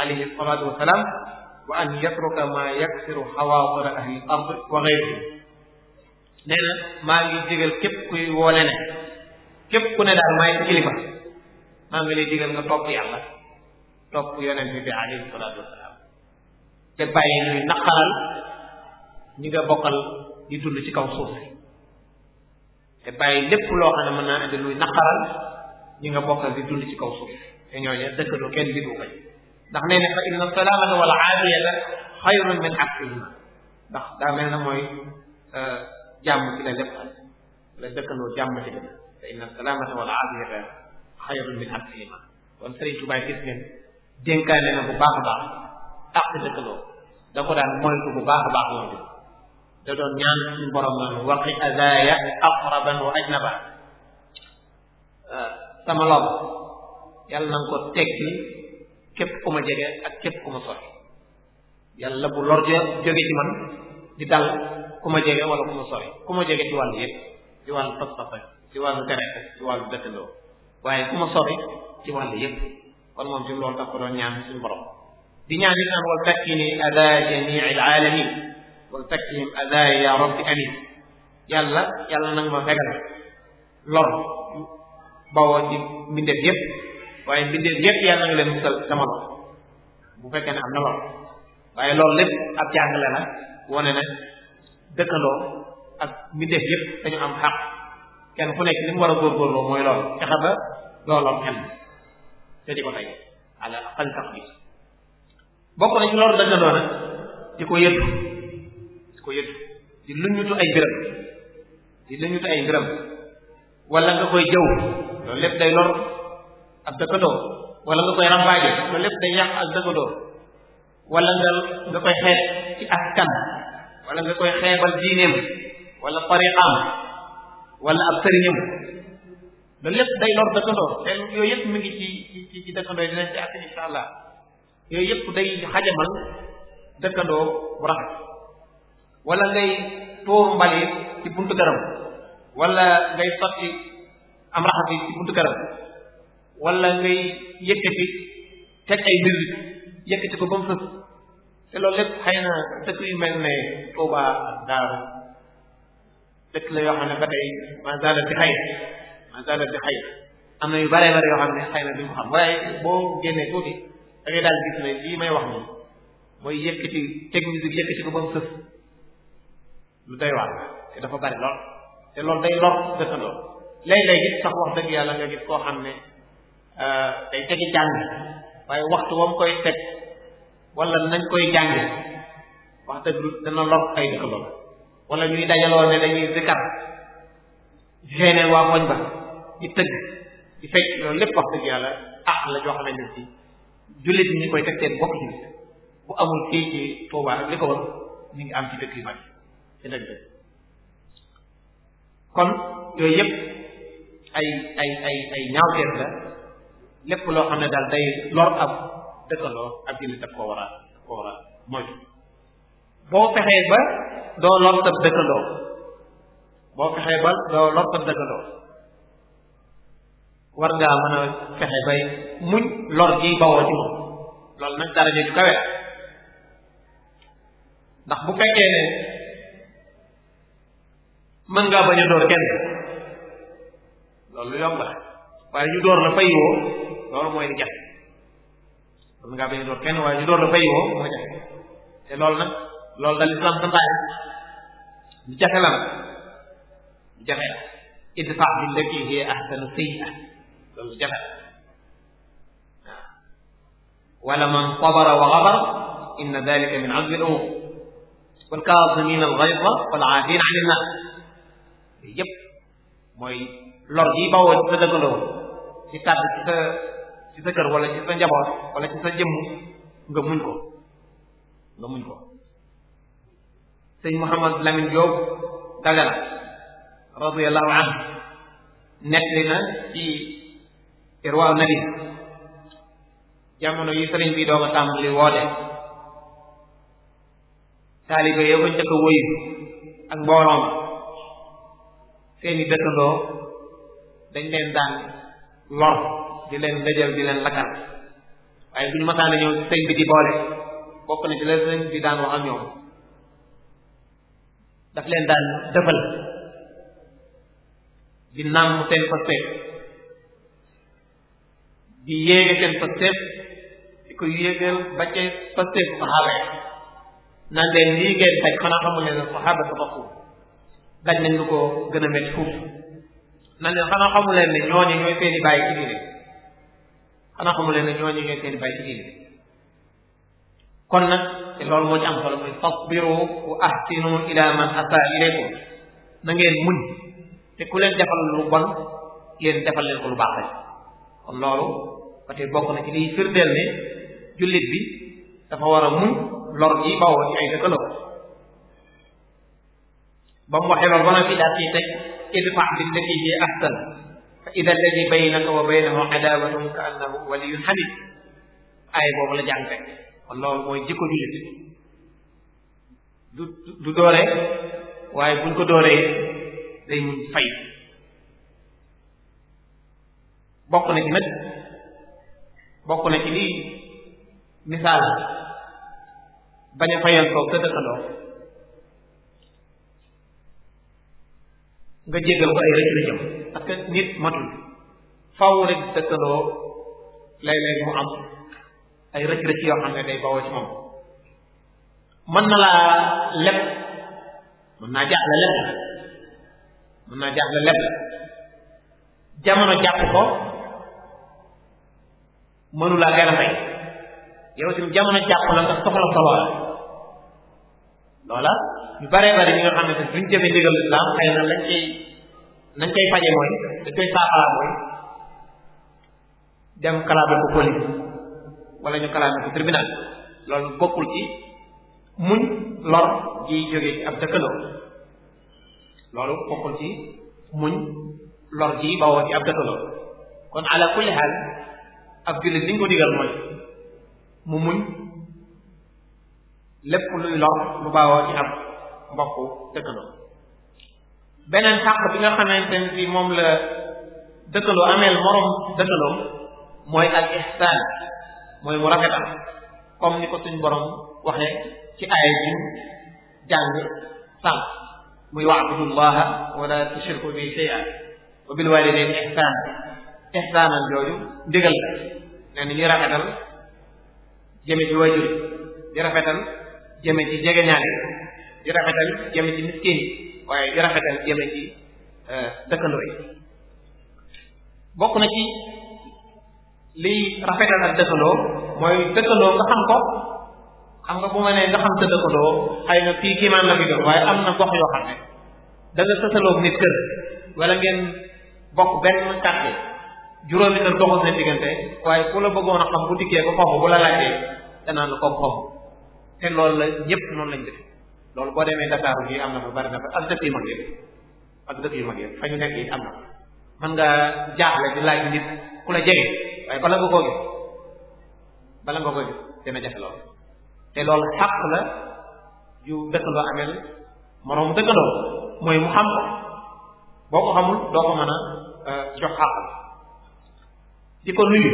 alayhi salatu wasalaam wa an yatruka ma yaksiru xawaatira ahli al ard wa gayrihi nee maa ngi digal képp kuy woone ne képp ku ne daal maay kilifa maa ngi lay digal nga topp yàlla topp yonent bi alayhi salaatu wasalaam ci kaw suuf lépp loo xam ne nga bokkal di dund ci kaw suuf te ñooñu daa mel na mooy euh, jàmm ci la lépp la dëkkandoo jàmm ci dëkk te inna salaamata wal aafiyata xayrun min aksihima kon Sëriñ Tuubaa gis ngeen dénkaane na bu baax a baax ak dëkkandoo da ko daan moytu bu baax a baax moom da doon ñaan suñu borom naan waqi azaya aqraban wa ajnaba ah, sama lor yàlla na ko tekki képp ku ma jege ak képp ku ma sori yàlla bu lor jo jóge ci man di dal ku ma jege wala ku ma sori ku ma jege ci wàllu yëpp ci wàllu pas ci wàllu tereka ci wàllu dëkkandoo waaye ku ma sori ci wàllu yépp kon moom ci loolu tax ko doon ñaan suñu borom di ñaan di naan wal takkini ada jamii al alamin wal takkihim ada ya rabbi amin yàlla yàlla nanga ma fegal lor bawoo ci mbindeef yëpp waaye mbindeef yëpp yàlla nga leen musal sama bu fekkee ne am na lor waaye loolu lépp ab jàngale la wone na dëkkandoo ak mbindeef yëpp dañu am xaq kenn ku nekk li mu war a góorgóorloo mooy loolu fexe ba loolam am te bokk na lool loolu dëkkandoo nag di ko yëddu di luññutu ay mbiram di luññutu ay mbiram wala nga koy jëw loolu lépp day lor ab dëkkandoo wala nga koy rambaaje loolu lépp day yàq ak dëkkandoo wala nga nga koy xeet ci askan wala nga koy xeebal diineem wala tariqaam wala ab sëriñam loolu lépp day lor dëkkandoo te yooyu yëpp ngi ci ci ci dëkkandoo yooyu yëpp day xajamal dëkkandoo bu rafet wala ngay tuur mbalit ci buntu këram wala ngay sotti am raxas ci buntu këram wala ngay yëkkati teg ay mbir yëkkati ko ba te loolu lépp xay na dëkk yu mel ne Touba ak Daaru la yoo xam ne ba tey masala bi xëy masala bi xëy am na yu bare bare yoo xam ne xëy na duñ ko xam waaye boo génnee tuuti da ngay daal may wax mooy yëkkati technique bi yëkkati ko ba mu sës lu doy waar te dafa bari lool te loolu day lor dëkkandoo léeg-léeg gis sax wax dëgg yàlla nga gis koo xam ne euh, day tegi jàng waaye waxtu ba koy teg wala nañ koy jànge wax dëgg dana lor ay dëkkandoo wala ñuy dajaloo ne dañuy zikar génne waa koñ ba di tëgg di fecc loolu lépp wax dëgg yàlla ah la joo xamante ne si jullit ñi koy teg seen bokk jullit bu amul fii ci Tuubaa rek li ko war ñu ngi am ci dëkk yu bari ci dëkk kon yooyu yëpp ay ay ay ay la lépp loo xam ne daal day lor am dëkkandoo ak jullit daf ko war a daf ko war a boo fexee ba doo lor sa dëkkandoo boo fexee ba doo lor sa dëkkandoo war ngaa mën a fexe bay muñ lor gi bawoo ci moom loolu nag dara ju kawe ndax bu fekkee ne mën ngaa bañ a door kenn loolu yomb la waaye ñu door la fay loolu mooy li jax mën ngaa bañ a door kenn waaye ñu door la fay woo moo jafe te loolu nag loolu dal islam santaane ñu jafe la nag ñu jafe la idfa billati hiya ahsanu sayyi'a loolu jafe la wala man sabara wa ghafara inna dhalika min azmi al-umur wal kaazimina al-ghayza wal aafina 'ani an-naas yëpp mooy lor yi bawoo sa dëkkandoo ci kàddu ci sa ci sa kër wala ci sa njaboot ci sa nga muñ ko nga muñ ko sëñ Mouhamad Lamine Diop Dagana radiyallahu anhu nettali na ci irwaaw nabi jamono yi sëriñ bi doog a tàmbali woote taalibe yoo ko njëkk a wóyu ak mbooloom seeni dëkkandoo dañ leen daan lor di leen dajal di leen lakkal masaana ñëw sëñ bi di boole bokk na ci la sëñ bi daan wax ñoom daf leen daan dëfal di nàmm seen pasteef di yéege seen pasteef di ko yéegal ba ca pasteef saxaaba ya naan leen lii ngeen daj xanaa xamul leen saxaaba sabaku daj nañ lu ko gën a métti fuuf naan leen xanaa xamul leen ne ñooy seeni bàyyi ci diine xanaa xamu leen ne ñooñu ñooy seen kon na te loolu moo ci am solo muy fasbiru wa ahsinu ila man asaa ilaykum na ngeen muñ te ku leen defal lu bon yéen defal leen ko lu baax kon loolu ba tey bokk na li liy firndeel ne jullit bi dafa war a muñ lor yi bawoo ci ay dëkkaloo ba mu waxee loolu fi daal ciy teg idfa' billatii hiya ahsan fa ida alladi baynaka wa baynahu adawatun ka annahu waliyun hamid ay boobu la jàng rek kon mooy jikko jullit du du doore waaye buñ ko dooree day muñ fay bokk na ci nag bokk na ci lii misaal bañ a fayal ko sa dëkkandoo nga jéggal ko ay rëcc rëccam parce que nit matul faaw rek dëkkaloo léeg-léeg mu am ay rëcc rëcc yoo xam ne day bawoo ci moom mën na laa leb mën naa jaaxle leb la naa jaaxle leb la jàpp ko mënu laa gën a yow tamit jamono jàpp la nga soxla solo loola ñu baree bari ñi nga xam ne te jëmee jëfe ndigal lislaam xëy na lañ cay nañ cay faje mooy dañ koy saafara mooy dem kalaame ko police wala ñu kalaame ko tribunal loolu bokkul ci muñ lor ci bawoo ci ab dëkkaloo kon ala kulli xaal ab jullit li ñu ko mooy mu muñ lépp luy lor lu baawoo ci ab mbokku dëkkaloo beneen xàq bi nga xamante ne moom la dëkkaloo ameel moroom dëkkaloo mooy al ihsaan mooy mu rafetal comme ni ko suñ borom waxe ci aaya ji jàng sànq muy wa'budullaha wala tushriku bihi shay'an wa bil walidayni ihsaan ihsaanan jooju ndigal la nee ni ñu rafetal jëme ci wajur di rafetal jëme ci jegeñaale di rafetal jëme ci yi waaye di rafetal jëme ci euh, dëkkandoo yi bokk na ci liy rafetal ak dëkkandoo mooy dëkkandoo nga xam ko xam nga bu ma nee nga xam sa na fii kiimaan la fi waaye am na gox yoo xam ne da nga sësaloog nit kër wala ngeen bokk benn waaye ku la bëggoon a xam bu dikkee ko xomb te lool la ñëpp noonu lañ def loolu boo demee Dakar bi am na fa bari na fa ak dëkk yu mag yëpp ak dëkk yu mag yëpp fa ñu nekk yi am na mën nga jaaxle di laaj nit ku la jege waaye bala nga koo gis bala nga koo gis dina jafe lool te loolu xaq la yu dëkkandoo amel moroom dëkkandoo mooy mu xam ko boo ko xamul doo ko mën a euh, jox xaq di ko nuyu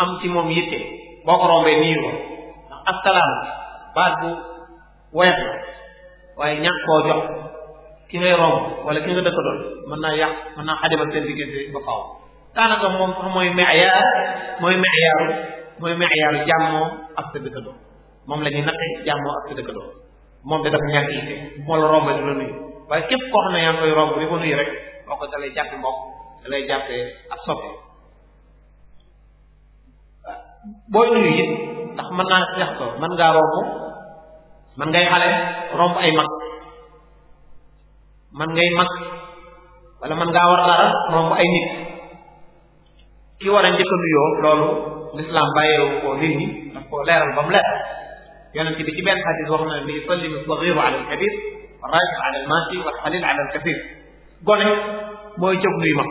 am ci moom yitte boo ko rombee nii ko assalaam baat bu woyat la waaye ñàkk koo jox ki ngay romb wala ki nga dëkk doon mën naa yàq mën naa xadima seen diggante ba faaw daanaka moom sax mooy meyaar mooy meyaaru mooy meyaaru jàmmoo ak sa moom la ñuy natte jàmmoo moom dafa ñàkk moo la romb di képp koo xam ne lay jàpp mbokk jàppee ak soppe booy nuyu it ndax mën naa yax man mën ngaa romb mën ngay xale romb ay mag mën ngay mag wala mën ngaa war dara romb ay nit ki war a njëkk nuyoo loolu lislaam bàyyeewu ko nit ñi daf ko leeral ba mu leer yonent bi ci benn xadis wax na ne li yusallimu sagiru ala alkabir wa rajul ala almasi wa xalil ala alkasir gone mooy jóg nuyu mag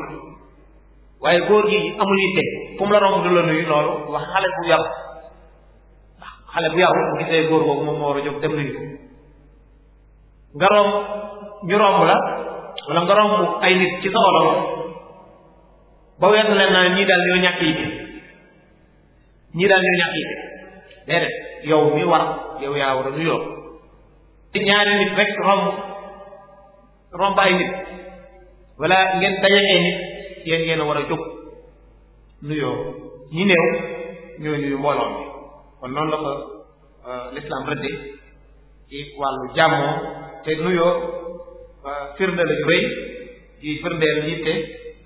waaye góor gi amul yitte fu mu la romb du la nuyu loolu wax xale bu yàlla xale bu yaru bu gisee góor boobu moom moo war a jóg dem nuyu nga romb ñu romb la wala nga romb ay nit ci sa olof ba weesu leen naa ñii daal ñoo ñàkk yi te ñii daal ñoo ñàkk yi te déedéet yow mi war yow yaa war a nuyoo ci ñaari nit rek romb romb ay nit wala ngeen daje nit yéen ngeen war a jóg nuyoo ñi néew ñooy nuyu mbooloo mi kon noonu la ko euh, l'islam rëdde ci wàllu jàmmoo te nuyoo euh, firnde la ju rëy di firndeel yitte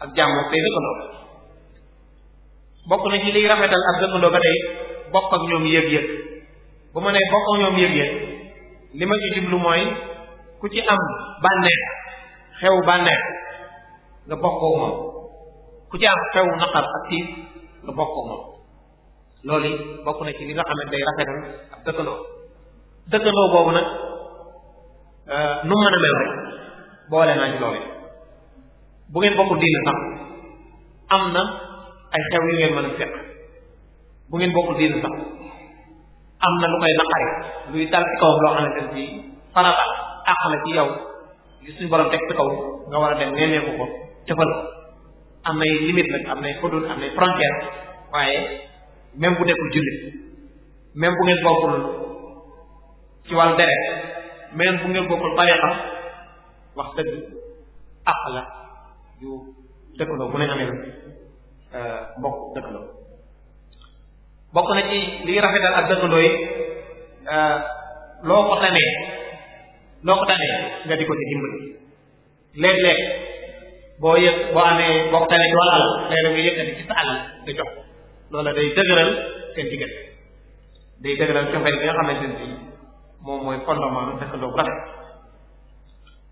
ak jàmmoo tey dëkkandoo bokk na ci liy rafetal ak dëkkandoo ba tey bokk ak ñoom yëg-yëg bu ma nee bokk ñoom yëg-yëg li ma ci jublu mooy ku ci am bànneex xew bànneex nga bokkoo moom ku ci am xew naqar ak tiis nga bokkoo moom loolu it bokk na ci li nga xam ne day rafetal ab dëkkandoo dëkkandoo boobu nag euh, nu mën a mel rek boole naa ci loolu bu ngeen bokkul diine sax am na ay xew yu ngeen mën a fekk bu ngeen bokkul diine sax am na lu koy naqari luy dal ci kawam loo xamante ne bii farata àq la ci yow li suñu borom teg ci kaw nga war a dem ngeen ko ko defal ko am nay limite nag am nay xudud am nay frontière waaye même bu nekkul jullit même bu ngeen bokkul ci wàllu deret bu ngeen bokkul tariqa wax dëgg àq la yu dëkkandoo bu ne amee euh, mbokk dëkkandoo bokk na ci liy rafetal ak dëkkandoo yi euh, loo ko tanee loo ko tanee nga ko ci dimbali léeg-léeg boo yëg boo amee boo ko tanee alal léeg-léeg nga alal nga jox loolu day dëgëral seen diggante day dëgëral cofeel bi nga xamante ni moom mooy fondement lu dëkkandoo bu rafet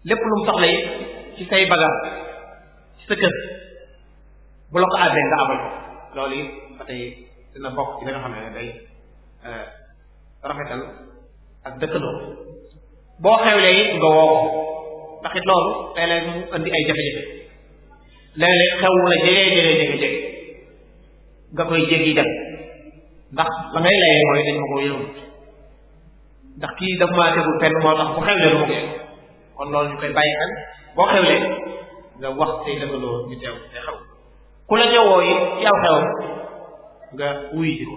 lépp lu mu soxla it ci say bagage ci bu la ko àbbee nga abal ko loolu it ba tey dina bokk ci li nga xam ne day euh, rafetal ak dëkkandoo boo xewlee it nga woo ko loolu léeg-léeg mu indi ay jafe-jafe xew la jege jege jege nga koy jéggi dem ndax la ngay layee mooy dañ ma ko kii dafa maa tegul fenn moo tax bu xewlee du ma ko yëg kon loolu ñu boo xewlee nga wax say dëkkaloo ñu teew te xew ku la ñëwoo it ci aw xewam nga wuyu ji ko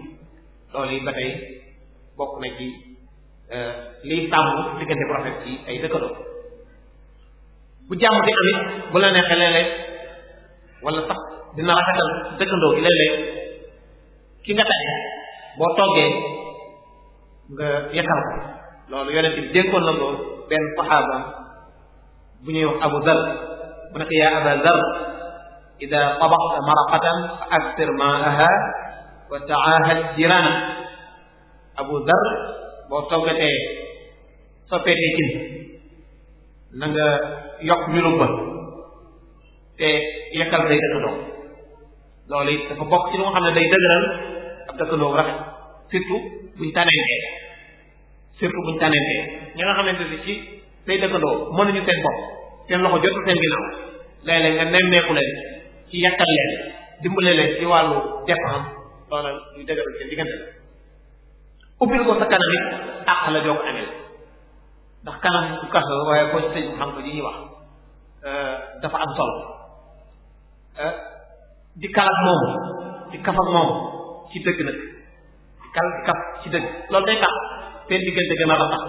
loolu yi ba tey bokk na ci euh, liy tàmm diggante bu rafet ci ay dëkkaloo bu jàmm di amit bu la neexee léeg-léeg wala sax dina rafetal dëkkandoo gi léeg-léeg ki nga tay boo lool nga yekkal ko loolu yonent bi dénkoon na loolu benn saxaaba bu ñuy wax abu dar mu ne ko yaa aba dar ida tabaxta maraqatan fa aksir maaha wa taahad jirana abu dar boo toggatee soppeetee cin na nga yokk ñulub ba te yekkal say dëkk doom it dafa bokk ci nga xam ne day dëgëral dëkkandoo rafet surtout buñ tànnantee surtout buñ tànnantee ñi nga xamante ni ci say dëkkandoo mënuñu seen bopp seen loxo jotul seen ginnaaw léeg-léeg nga nemmeeku leen ci yàqal leen dimbale leen ci wàllu dépense loola luy dëgëral seen diggante la ubbil ko sa kanam it àq la joo ko amee ndax kanam du kaso waaye boo ci tëj xam ko li ñuy wax euh, dafa am solo euh, di kalak moom di kafak moom ci dëgg nag kal kaf ci dëgg loolu day tax seen diggante gën a rafet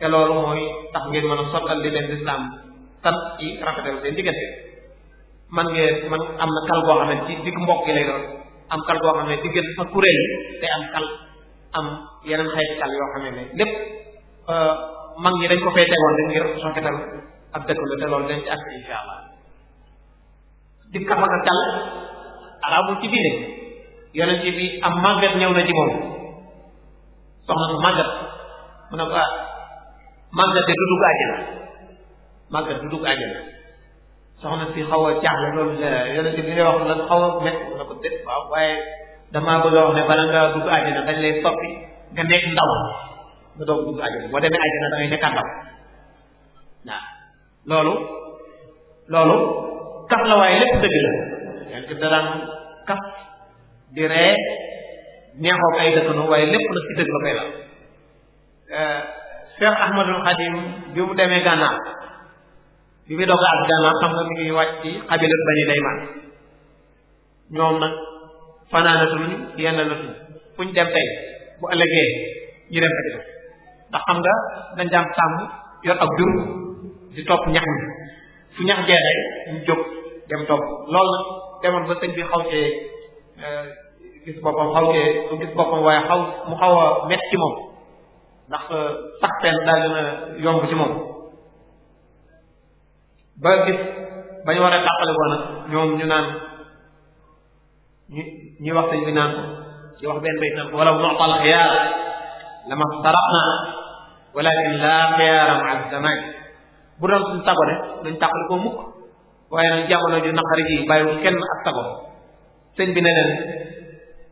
te loolu mooy tax ngeen mën a sottal li leen lislaam tam ci rafetal seen diggante man ngeen man am na kal boo xam ne ci digg mbokk yi lay doon am kal boo xam ne diggante fa kuréel yi am kal am yeneen xeeti kal yoo xam ne lépp euh, mag ñi dañ ko fee tegoon rek ngir rafetal ak dëkk la te loolu dañ ci ak insha allah di kafa nga kal arabul ci diine yonent bi am màggat ñëw na ci soxna su màggat mu ne ko ah màggat de du dugg na màggat du dugg àjjana soxna si xaw a jaaxle loolu eh, yonent bi lay wax la xaw a métti mu ne ko def waaye damaa bëgg a wax ne bala nga dugg àjjana dañ lay soppi nga nekk ndaw nga doog dugg àjjana boo demee àjjana da ngay nekkaat ndaw waaw loolu loolu kaf la waaye lépp dëgg la yonent bi kaf di ree neexoo ay dëkkandoo waaye lépp la ci dëgg la koy la Cheikh Ahmadul Xadim bi mu demee gànnaar bi mu doog ak gànnaar xam nga mi ngi wàcc ci xabila bani dayman ñoom nag fanaanatuñ yennalatuñ fu ñu dem tey bu ëllëgee ñu dem ajina ndax xam nga dañ daan sàmm yor ak jur di topp ñax mi fu ñax jeexee ñu jóg dem topp loolu nag demoon ba sëñ bi xaw see Euh, gis boppam xaw cee mu boppam waaye xaw mu xaw a métti ci moom ndax euh, sax seen daal yomb ci moom ba gis ba ñu war a tàqale ko nag ñoom ñu naan ñu ñuy wax sëñ bi naan ko di wax benn bayt naan ko walaw nu'tal xiyaar lama saraqna walakin laa mukk waaye nag jamono ju naqari gi bàyyiwul kenn ak sago sëñ bi ne leen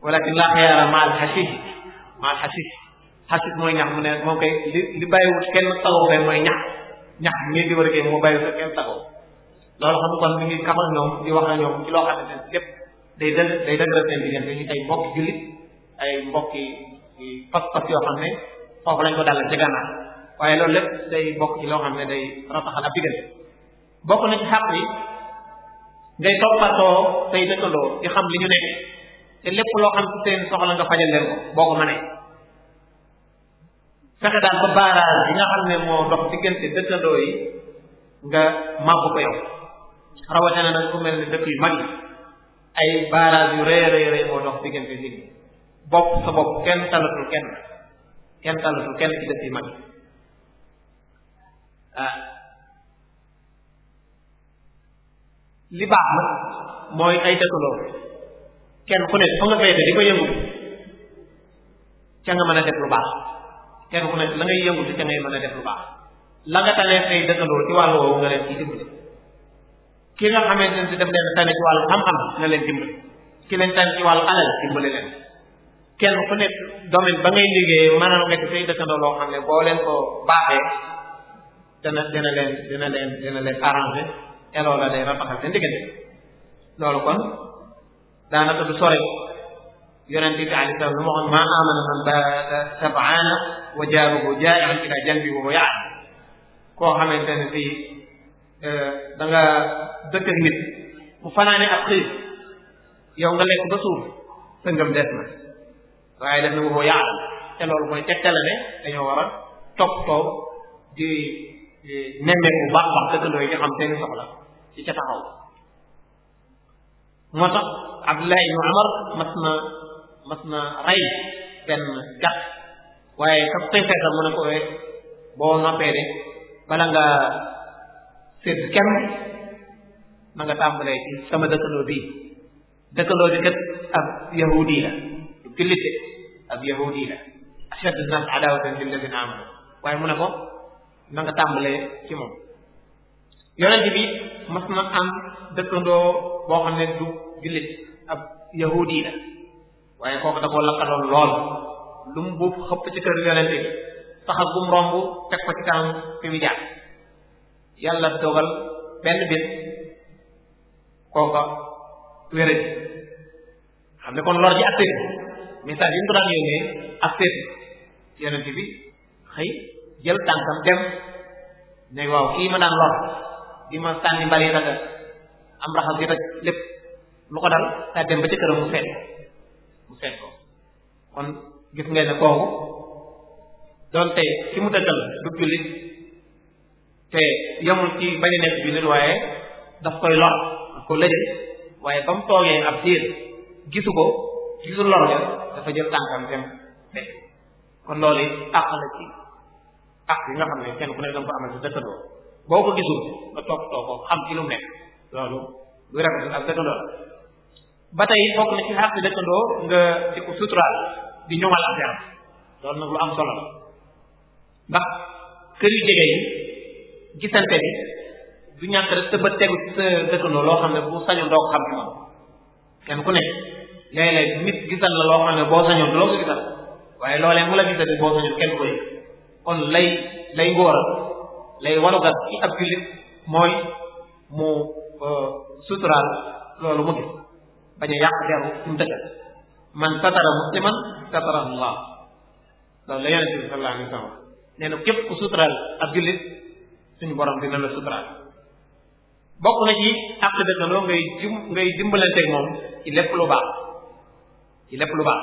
walakin laa xiyaara maal xasis maal xasis xasis mooy ñax mu ne moom kay li li bàyyiwut kenn sagoo kay mooy ñax ñax mii di war a bay moo bàyyiwut kenn sagoo loolu xam kon di wax ak ñoom ci loo xam ne lépp day dëgg day dëggal ay mbokki ay mbokki pas-pas yoo xam ne foofu lañ ko dalal ci gànnaar waaye loolu lépp day bokk ci loo xam ne day rataxal ab diggante bokk na ci xaq ngay toppatoo say dëkkandoo di xam li ñu nekk te lépp loo xam ci seen soxla nga fajal leen ko boo ko mënee fexe daal ba baaraas yi nga xam ne moo dox diggante dëkkandoo yi nga ko yow rawatina nag yu mag yi ay baaraas yu rëy rëy rëy moo dox diggante nit ñi bopp sa bopp kenn talatul kenn kenn talatul kenn ci dëkk yu mag yi ah li baax mooy ay dëkkandoo kenn ku nekk fa nga féete di ko yëngu ca nga mën a def baax kenn ku nekk la ngay yëngu ca ngay mën a def lu baax la nga tane ci wàllu woowu nga leen ciy dimbali ki nga xamante si def leen tane ci wàllu xam-xam nga leen dimbali ki leen tane ci wàllu alal dimbali leen kenn ku nekk domaine ba ngay liggéey mënal nga ci say loo xam ne boo leen ko baaxee dana dina leen dina leen dina leen arrangé te loola day rataxal seen diggante loolu kon daanaka du bi alei salaam lu ma waxoon maa amana man baata sabaana wa jaaruhu jaa'an ila janbi wa yaat koo xamante ne fii euh, da nga dëkk ak nit mu yow nga lekk ba suur sa ngëm des na waaye def na wa yaat te loolu mooy tegtale ne dañoo war di nemmeeku bu baax baax dëkkandoo yi nga xam seen soxla ci ca taxaw moo tax Abdullah ibn Umar mas na mas na rey benn gàtt waaye ka koy feetal mu ne ko wee eh, boo noppee de bala nga seet kenn na nga sama dëkkandoo bii dëkkandoo bi kat ab yahudi la du jullit ab yahudi la ashaddu an-nas adawatan lil ladina amanu waaye mu ne ko na nga tàmbalee ci moom yonent bi mas na am dëkkandoo boo xam ne du jullit ab yahudi la waaye kooku da koo lakkaloon lool lu mu buub xëpp ci kër yonent bi saxal gum romb teg ko ci kanam fi mu yàlla dogal benn bés kooka wéradi xam ne kon lor ji ak seeti message yi mu daan yónnee ak seeti yonent bi xëy jël tànkam dem ne waaw kii ma daan lor di ma sànni mbali raga am raxas gi rek lépp lu ko dal saa dem ba ca këram mu seet mu seet ko kon gis ngeen ne kooku donte ci mu dëkkal du jullit te yamul ci bañ nekk jullit waaye daf koy lor daf ko lëjël waaye ba mu toogee ab diir gisu ko gisu lor dafa jël tànkam dem kon loolu it àq la ci ak yi nga xam ne kenn ku ne da nga ko amal sa dëkkandoo boo ko gisul nga toog too ko xam ci lu mu nekk loolu nga di ko suturaal am ndax kër yu jege yi gisante bi du loo xam ne bu sañoon doo ko xam ci kenn ku nekk léeg-léeg nit gisal la loo xam ne boo sañoon doo ko gisal waaye loolee mu la gisal boo sañoon kenn ko yëg kon lay lay ngóoral lay walugat ci ab jullit mooy mu euh, suturaal loolu mu gis bañ a yàq deru mu dëkkal man satara musliman satara allah loolu la yonente bi sallallahu alayhi wa sallam nee na képp ku suturaal ab jullit suñu borom dina la suturaal bokk na ci àq dëkkandoo ngay jum ngay dimbalanteeg moom ci lépp lu baax ci lépp lu baax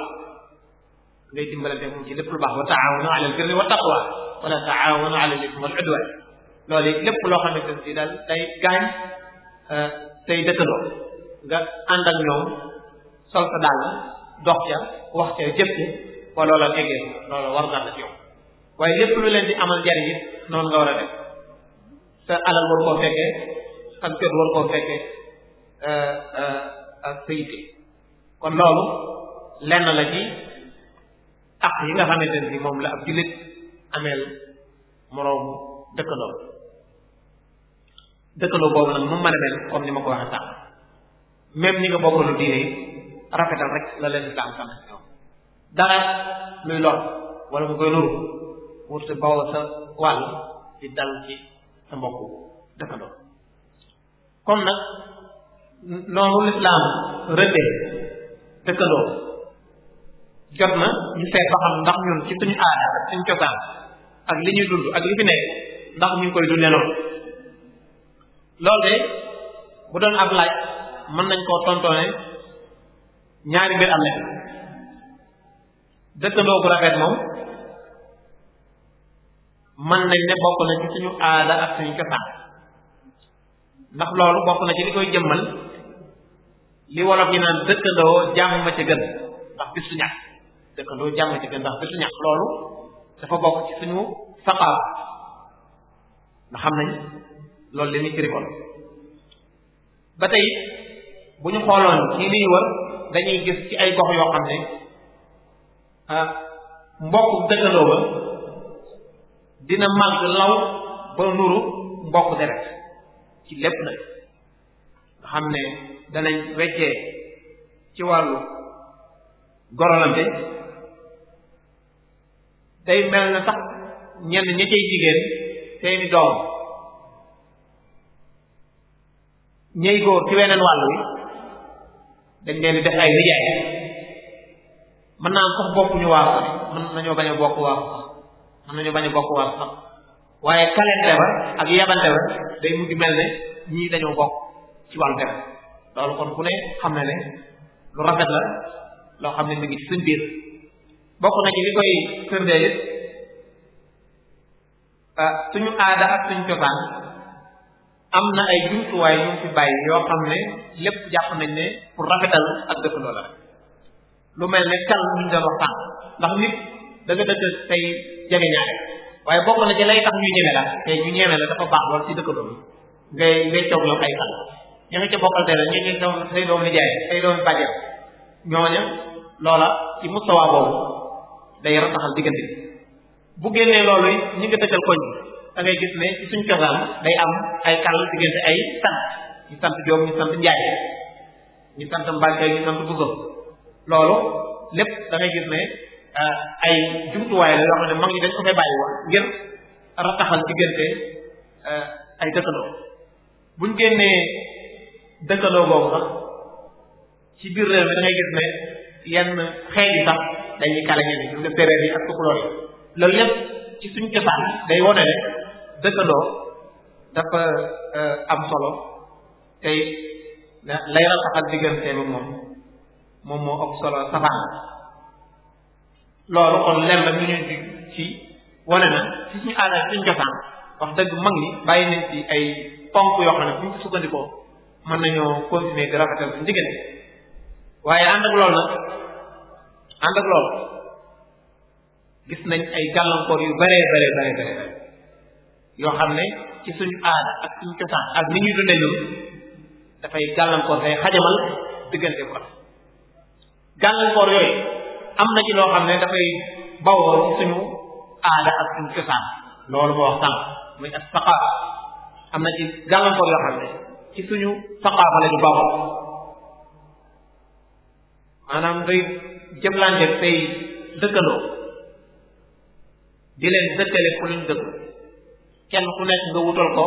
ngay dimbalante moom ci lépp lu baax wa taawanu ala albirri wa taqwa wala taawanu ala al-ithmi wal udwan loolu lépp loo xamante ne si daal day gaañ tey euh, dëkkandoo nga ànd ak ñoom sol sa daal dox wax ca jëf ca ba loola eggee loola war na la ci yow waaye lépp leen di amal njariñ it noonu nga war a def sa alal war koo fekkee euh, euh, ak jot war loolu lenn la ci ak yi nga xamante ne moom la ab jullit ameel moroomu dëkkandoo dëkkandoo boobu nag mu mën a mel comme ni ma ko waxee sax même ñi nga bokkalu diine rafetal rek la leen islam sant ñoom dara luy lor wala mu koy loru wurte bawoo sa wàll di dal ci sa mbokku dëkkandoo kon nag noonu lislaam rëddee dëkkandoo jot na ñu seet ba ndax ñun ci suñu aada ak suñu cosaan ak li ñuy dund ak li fi nekk ndax ñu ngi koy dundee noonu loolu de bu doon ab laaj mën nañ koo tontoone ñaari mbir am na dëkkandoo bu rafet moom mën nañ ne bokk na ci suñu aada ak suñu cosaan ndax loolu bokk na ci li koy jëmmal li wolof yi naan dëkkandoo jàmm ma ci gën ndax bis du dëkkandoo jàmm ci gën ndax bisu ñax loolu dafa bokk ci suñu saqaal nga xam nañ loolu li muy firi kon ba tey bu ñu xooloon ci liy wër dañuy gis ci ay gox yoo xam ne ah mbokk dëkkandoo ba dina màgg law ba nuru mbokk deret ci lépp nag nga xam ne danañ weccee ci wàllu gorolante tey mel na sax ñenn ña cay jigéen seeni doom ñay góor ci weneen wàll wi dañ leen di def ay nijaay mën naa am bokkuñu waaxu mën nañoo bañ a bokk waaxu sax mën nañoo bañ bokk waaxu sax waaye kalente ba ak yabante ba day mujj mel ne ñii dañoo bokk ci wàllu def loolu kon ku ne xam ne ne lu rafet la loo xam ne mi ngi suñ biir bokk na ci li koy firndeel ah, suñu aada ak suñu cosaan am na ay jumtuwaay yu fi bàyyi yoo xam ne lépp jàpp nañ ne pour rafetal ak dëkk loola rek lu mel ne kal luñ doon wax ndax nit da nga dëkk say jege ñaare waaye bokk na ci lay tax ñu ñeme la te ñu ñeme la dafa baax lool ci dëkk loolu ngay ngay toog ñoom ay kal ña nga ca bokkal teel a ñu ngi doon say doom nijaay say doom bàjjen ñooña loola ci mustawaa boobu day rataxal diggante bi bu génnee loolu it ñi dëkkal koñ bi da gis ne ci suñ cosaan day am ay kàll diggante ay sant ñu sant Joob ñu sant Njaay ñu sant Mbàkke ñu sant Buso loolu lépp da gis ne eh, ay jumtuwaay la yoo ne mag ñi dañ ko fay bàyyi wax ngir rataxal diggante eh, ay dëkkandoo buñ génnee dëkkandoo boobu sax ci biir réew mi da ngay gis ne yenn xeet sax dañuy kale ñeneen gis nga séeréer yi ak tukulóor yi loolu lépp ci suñ cosaan day wone ne dëkkandoo dafa euh, am solo te lay rasaxal diggante moom moom moo ëpp solo safaan loolu kon lenn ñu ñu di ci wane na ci suñu aada suñu cosaan wax dëgg mag ñi bàyyi nañ ci ay ponk yoo xam ne bu mën nañoo continuer di rafetal suñu diggante waaye ànd ak loolu nag ànd ak loolu gis nañ ay gàllankoor yu bëree bare bare bare yoo xam ne ci suñu aada ak suñu cosaan ak ni ñuy dundee ñun dafay gàllankoor yooyu am na ci loo xam ne dafay bawoo ci suñu aada ak suñu cosaan loolu moo wax muy ak saqaafa am na ci gàllankoor yoo xam ne ci suñu saqaafa la ñu bawoo maanaam day jëmlanteeg say dëkkandoo di leen dëkkale ku luñ dëkk kenn ku nekk nga wutal ko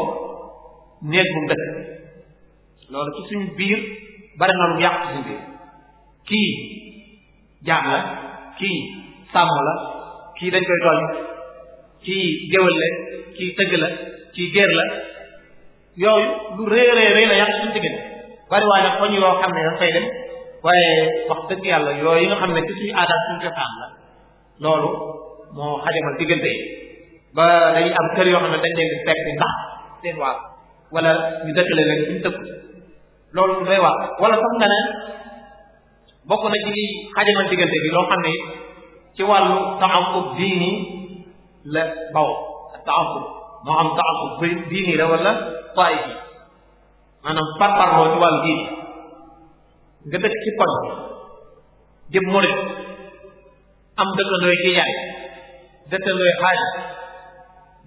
néeg bu mu dëkk loolu ci suñu biir bari na lu yàq suñu biir kii jaam la kii sàmm la kii dañ koy toll kii géwël la kii tëgg la kii géer la yooyu lu rëy rëy rëy la yàq suñu diggante bari waa ne foñ yoo xam ne dañ fay dem waaye wax dëgg yàlla yooyu nga xam ne ci suñu aadaat suñu cosaan la loolu moo xajamal diggante yi ba dañuy am kër yoo xam ne dañ leen di fekk ndax seen waaw wala ñu dëkkale leen suñu dëkk loolu lu doy waar wala sax nga ne bokk na ci xajamal diggante bi loo xam ne ci wàllu taxawub diini la baw taxawub moo xam taxawub diini la wala taay bi maanaam par parloo ci wàllu diini nga dëkk ci koñ di murit am dëkkandooy tijaan dëkkandooy xaaj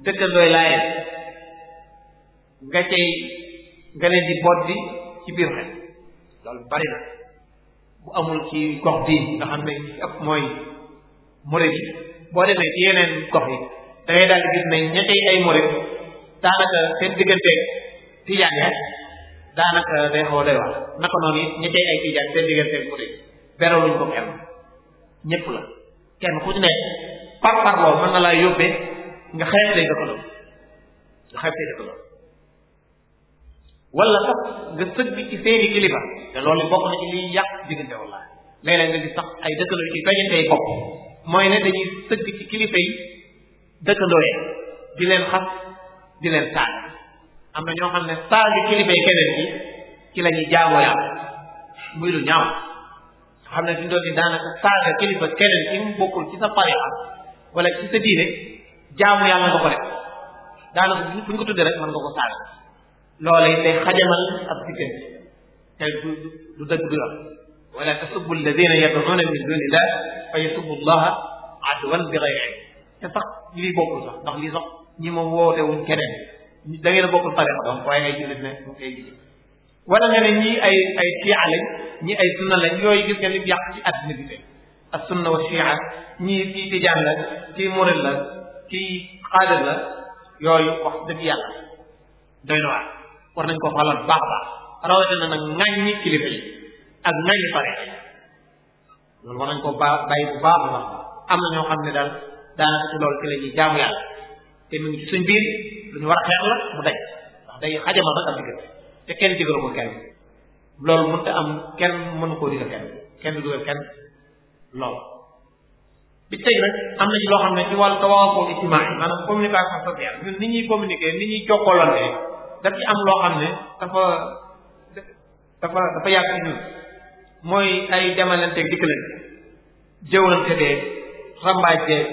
dëkkandooy laaye nga cay nga leen di boot bi ci biir xel loolu bari bu amul ci gox bii nga xam ne ëpp mooy murit yi boo demee ci yeneen gox yi da ngay daal di gis ne ña cay ay murit daanaka seen diggante tijaan ya daanaka day xaw a doy wax naka noonu it ñi ay tijaan seen digganteeg ku ne beraluñ ko kenn ñëpp la kenn ku ci ne par par lool mën na laa yóbbee nga xeeb say dëkkandoo dëkkandoo wala sax nga sëgg ci seeni na ci ay dëkkandoo yu ci feeñatee bopp mooy ne dañuy sëgg ci kilifa yi dëkkandoo yi di leen xas di leen saaga am na ñoo xam ne saaga kilifay keneen ci ci la ñuy jaamoo yàlla muy lu ñaaw xam ne fi mu doon ni daanaka saaga kilifa keneen ci mu bokkul ci sa tariqa wala ci sa diine jaamu yàlla nga ko def daanaka fu ñu ko tuddee rek mën nga ko saaga loola it day xajamal ab diggante te du du dëgg du yoon wala tasubbu alladina yad'una min dunillah fa yasubbu allaha adwan bi ghayri te sax lii bokkul sax ndax lii sax ñi ma woote wuñ keneen da ngeen a bokkul tariqa donc waaye ay jullit ne mu koy gis wala nga ay ay chia lañ ñii ay sunna lañ yooyu gis nga li yàq ci àddina bi tey ak sunna wa chia ñi kii tijaan la kii murid la kii xaadir la yooyu wax dëgg yàlla doy na waar war nañ ko xoolal baax baax rawatina nag ŋàññi kilifa yi ak ŋàññi tariqa yi war nañ ko baa baax baax am na ñoo xam ne daal daanaka ci loolu ci la jaamu yàlla te mu ngi suñ biir lu ñu war a xeex la mu daj ndax day xajamal rek am diggante te kenn digalu ko kenn loolu mënut a am kenn mënu koo digal kenn kenn du kenn loolu bi tey nag am na ci loo xam ne ci ni ñuy communiquer ni am loo xam dafa dafa dafa yàgg ñun mooy ay demalanteeg dikkalante jëwlante bee rambaaj bee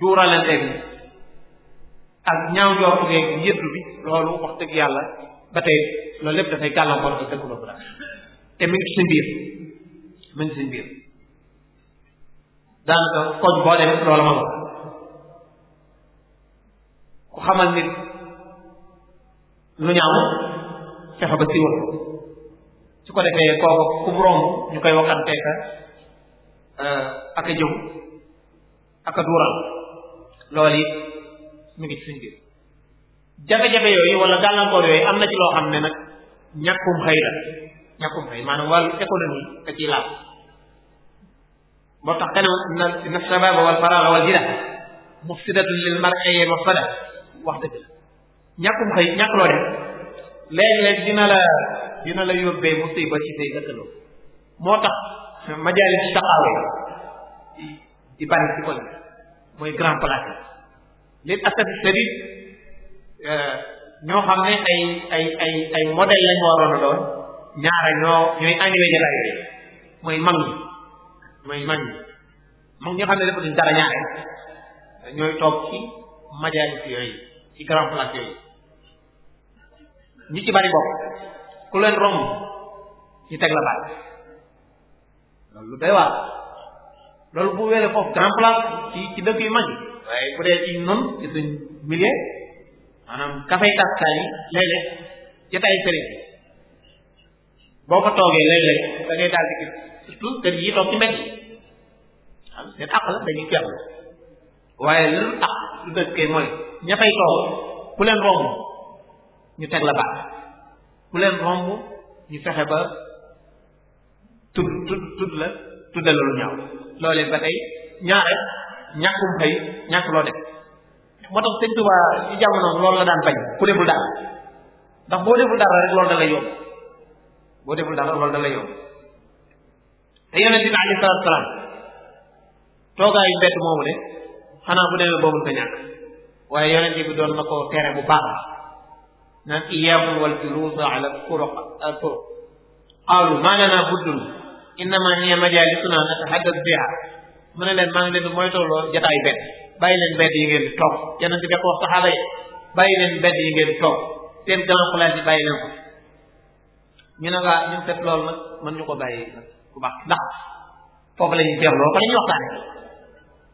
duuralanteeg ak ñaaw njort wax dëgg yàlla ba tey loolu lépp dafay ko su ko defee kooku ku mu ñu koy waxantee euh, ka ak a jëw ak a duural loolu it mi ngi ci suñ yooyu wala gàllankoor yooyu am na ci loo xam ne nag ñàkkum xëy la ñàkkum xëy maanaam wàllu économie da ciy laal boo tax kene na na sababa wal faraaga wal jida mufsidatun lil mar'i mafsada wax dëgg la ñàkkum xëy ñàkk loo def léeg-léeg dina la dina la yóbbee musiba ci say dëkkaloo moo tax majaalis saqaawe di bari ci kol mooy grand place lil asaf shadid ñoo xam ne ay ay ay ay modèle lañu waroon a doon ñaara ñoo ñooy animé jataay bi mooy mag ñi mooy mag ñi mag ñoo xam ne dafa duñ dara ñaare ñooy toog ci majalis yooyu ci grand place yooyu ñi ci bari bopp ku leen romb ñu teg la baat loolu lu doy waar loolu bu weeree foofu grand place ci dëkk yu mag waaye bu dee ci noonu ci suñ milieu maanaam kafay taskaan yi léeg-léeg jotaay sëriñ boo ko toogee léeg-léeg da ngay daal di gis surtout kër yi toog ci mbedd yi waaye lu àq lu dëkk mooy ña fay toog ku leen romb ñu teg la baax ku leen romb ñu fexe ba tudd tudd tudd la tuddal lu ñaaw loolee ba tey ñaareel. ñàkkum xëy ñàkk loo def moo tax sëñ Tuba ci jamono loolu la daan bañ ku deful dara ndax boo deful dara rek loolu da lay yóbbu boo deful dara loolu da lay yóbbu te yonent bi alayhi salaatu salaam toogaayu bett moomu de xanaa bu demee boobu nga ñàkk waaye yonent bi doon na ko tere bu baax naan iyaakum wal juluusa ala turuq turuq qaalu maa lanaa buddun innamaa hiya majaalisuna natahaddathu fiihaa mu ne leen maa ngi leen di moytuloo jataay bedd bàyyi leen bedd yi ngeen di toog yeneen bi da ko wax saxaaba yi bàyyi leen bedd yi ngeen di toog seen grand place yi bàyyi leen ko ñu ne waa ñun ko bàyyi nag ku baax ndax foofu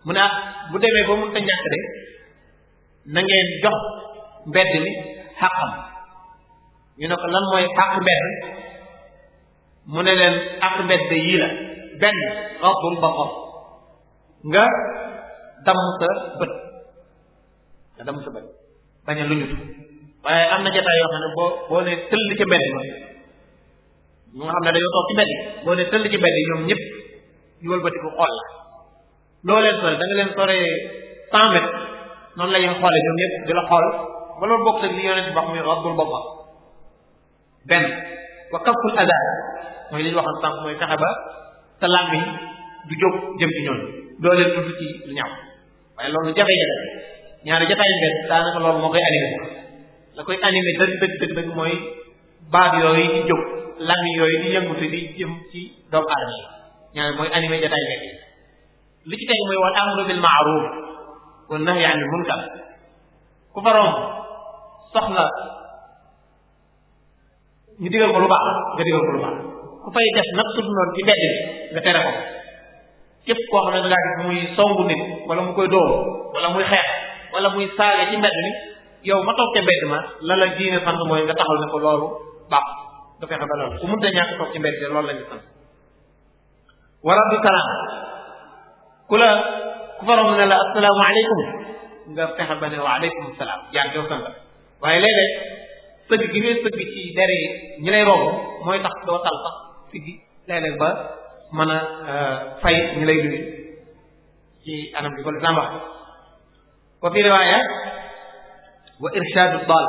mu ne ah bu demee ba mun ta ñàkk de na ngeen jox mbedd mi xàqam ñu ne ko lan mooy xàq mbedd mu ne leen xàq mbedd yii la benn rabbul basar nga damm sa bët nga damm sa bët waaye am na jotaay yoo xam ne boo boo ne tëll ci mbedd ma ñu nga xam ne dañoo toog ci mbedd boo ne tëll ci mbedd yi ñoom ñëpp ñu wëlbatiku xool la loo leen sore da leen sore cent mètres noonu la ñuy xoolee ñoom ñëpp xool ba loolu bokk ak li yonent bi wax muy rabbul baba benn wa kaful ada mooy li ñu waxoon sànq mooy fexe ba sa làmmiñ du jóg jëm ci ñooñu doo leen tudd ci lu ñaaw waaye loolu jafe-jafe ñaari jataay mbedd daanaka loolu moo koy animé la koy animé dëgg dëgg dëgg dëgg mooy baat yooyu di jóg lam yooyu di yëngute di jëm ci doomu aadama ñaari mooy animé jataay mbedd li ci teg mooy wal amru bil ma'ruf wa nahyi anil munkar ku faroom soxla ñu digal ko lu baax nga digal ko lu baax ku fay def nag su noonu ci mbedd bi tere ko képp koo xam ne da ngaa gis muy songu nit wala mu koy dóor wala muy xeex wala muy saaga ci mbedd mi yow ma toog ca mbedd ma la la diine sant mooy nga taxaw ne ko loolu baax nga fexe ba loolu la ñu sant nga fexe ba ne waaye léeg-léeg sëgg gi ngay sëgg ci dere ñu lay romb mooy tax doo tal sax siggi léeg ba mën a euh, fay ñu lay luy ci anam bi ko lislaam wax wa fi riwaaya wa irshaadu daal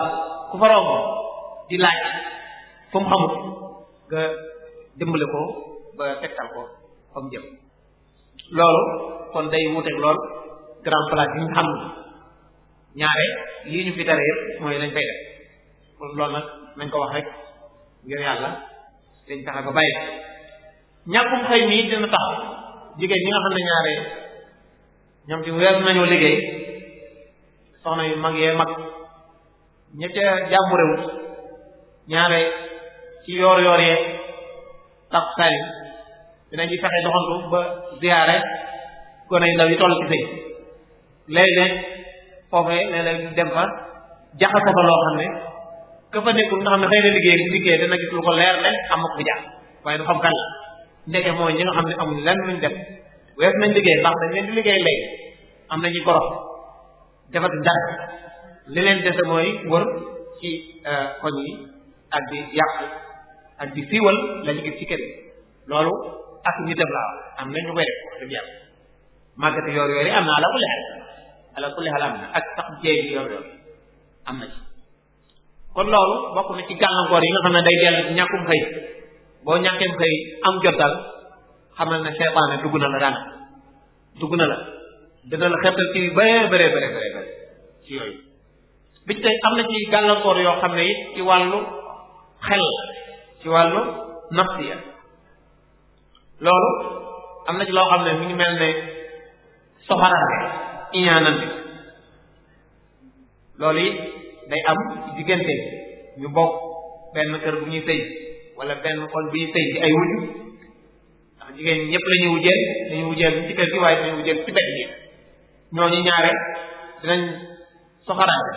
ku fa romb di laaj fu xamut nga dimbale ko ba tegtal ko fa jëm loolu kon day wuuteeg lool grand place yi ñu xam ñaare lii ñu fi tere yëpp mooy lañ fay def kon loolu nag nañ ko wax rek ngir yàlla dañ taxe ba bàyyi ñàkkum xëy mi dina tax jigéen ñi nga xam ne ñaare ñoom ci weer nañoo liggéey soxna yu mag yee mag ña ca jàmburewut ñaare ci yoor yoor yee tax sari dinañ ci fexe doxantu ba ziyaare gone yu ndaw yi toll ci sëy léeg-léeg foofee léeg-léeg dem fa jaxasoo fa loo xam ne ka fa nekkul nga xam ne xëy na liggéey bu dana gis lu ko leer ne xam na ko fi waaye du xam kan ndege mooy ñi nga xam ne amul lenn luñ def wees nañ liggéey ndax dañ leen di liggéey lay am nañu gorof defatu li leen dese mooy wër ci euh, koñ yi ak di yàq ak di siiwal lañu gis ci kër loolu ak ñu def laa am nañu koy def wax yoor yoor yi am na ala kulli xel ala kulli xel am na ak sax jéey bi yoor yoor am na ci kon loolu bokk na ci gàllankoor yi nga xam ne day dellu ci ñàkkum xëy boo ñàkkeem xëy am jot daal xamal ne seytaane dugg na la daan dugg na la dina la xetal ci bëree bëree bëree bëree ci yooyu bi tey am na ci gàllankoor yoo xam ne it ci wàllu xel ci wàllu nafsiya loolu am na ci loo xam ne mi ngi mel ne soxoraate iñaanan bi loolu it day am ci diggante ñu bokk benn kër bu ñuy sëy wala benn xol bi sëy ci ay wuju ndax jigéen ñi ñëpp la ñuy wujjeel dañuy wujjeel ci kër gi waaye dañuy wujjeel ci bedd gi ñooñu ñaare dinañ soxaraate